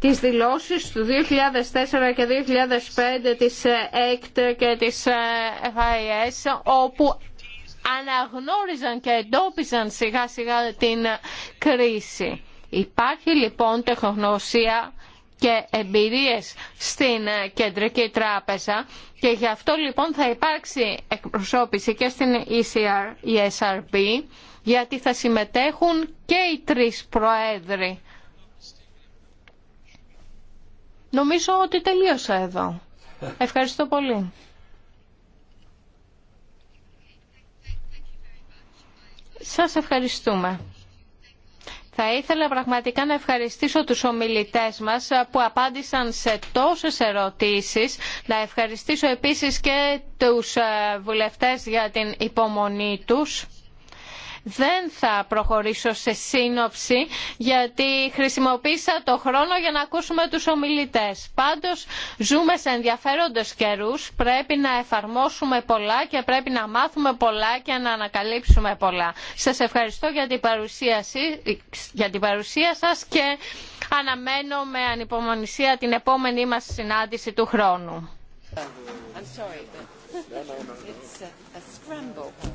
τις δηλώσεις του 2004 και 2005 της ΕΚΤ και της ΕΦΑΙΕΣ όπου αναγνώριζαν και εντόπιζαν σιγά σιγά την κρίση. Υπάρχει λοιπόν τεχνογνωσία και εμπειρίες στην ε, Κεντρική Τράπεζα και γι' αυτό λοιπόν θα υπάρξει εκπροσώπηση και στην ECR, ESRB γιατί θα συμμετέχουν και οι τρεις προέδροι. Νομίζω ότι τελείωσα εδώ. Ευχαριστώ πολύ. Σας ευχαριστούμε. Θα ήθελα πραγματικά να ευχαριστήσω τους ομιλητές μας που απάντησαν σε τόσες ερωτήσεις. Να ευχαριστήσω επίσης και τους ε, βουλευτές για την υπομονή τους. Δεν θα προχωρήσω σε σύνοψη γιατί χρησιμοποίησα το χρόνο για να ακούσουμε τους ομιλητές. Πάντως ζούμε σε ενδιαφέροντες καιρούς, πρέπει να εφαρμόσουμε πολλά και πρέπει να μάθουμε πολλά και να ανακαλύψουμε πολλά. Σας ευχαριστώ για την παρουσία, για την παρουσία σας και αναμένω με ανυπομονησία την επόμενή μας συνάντηση του χρόνου.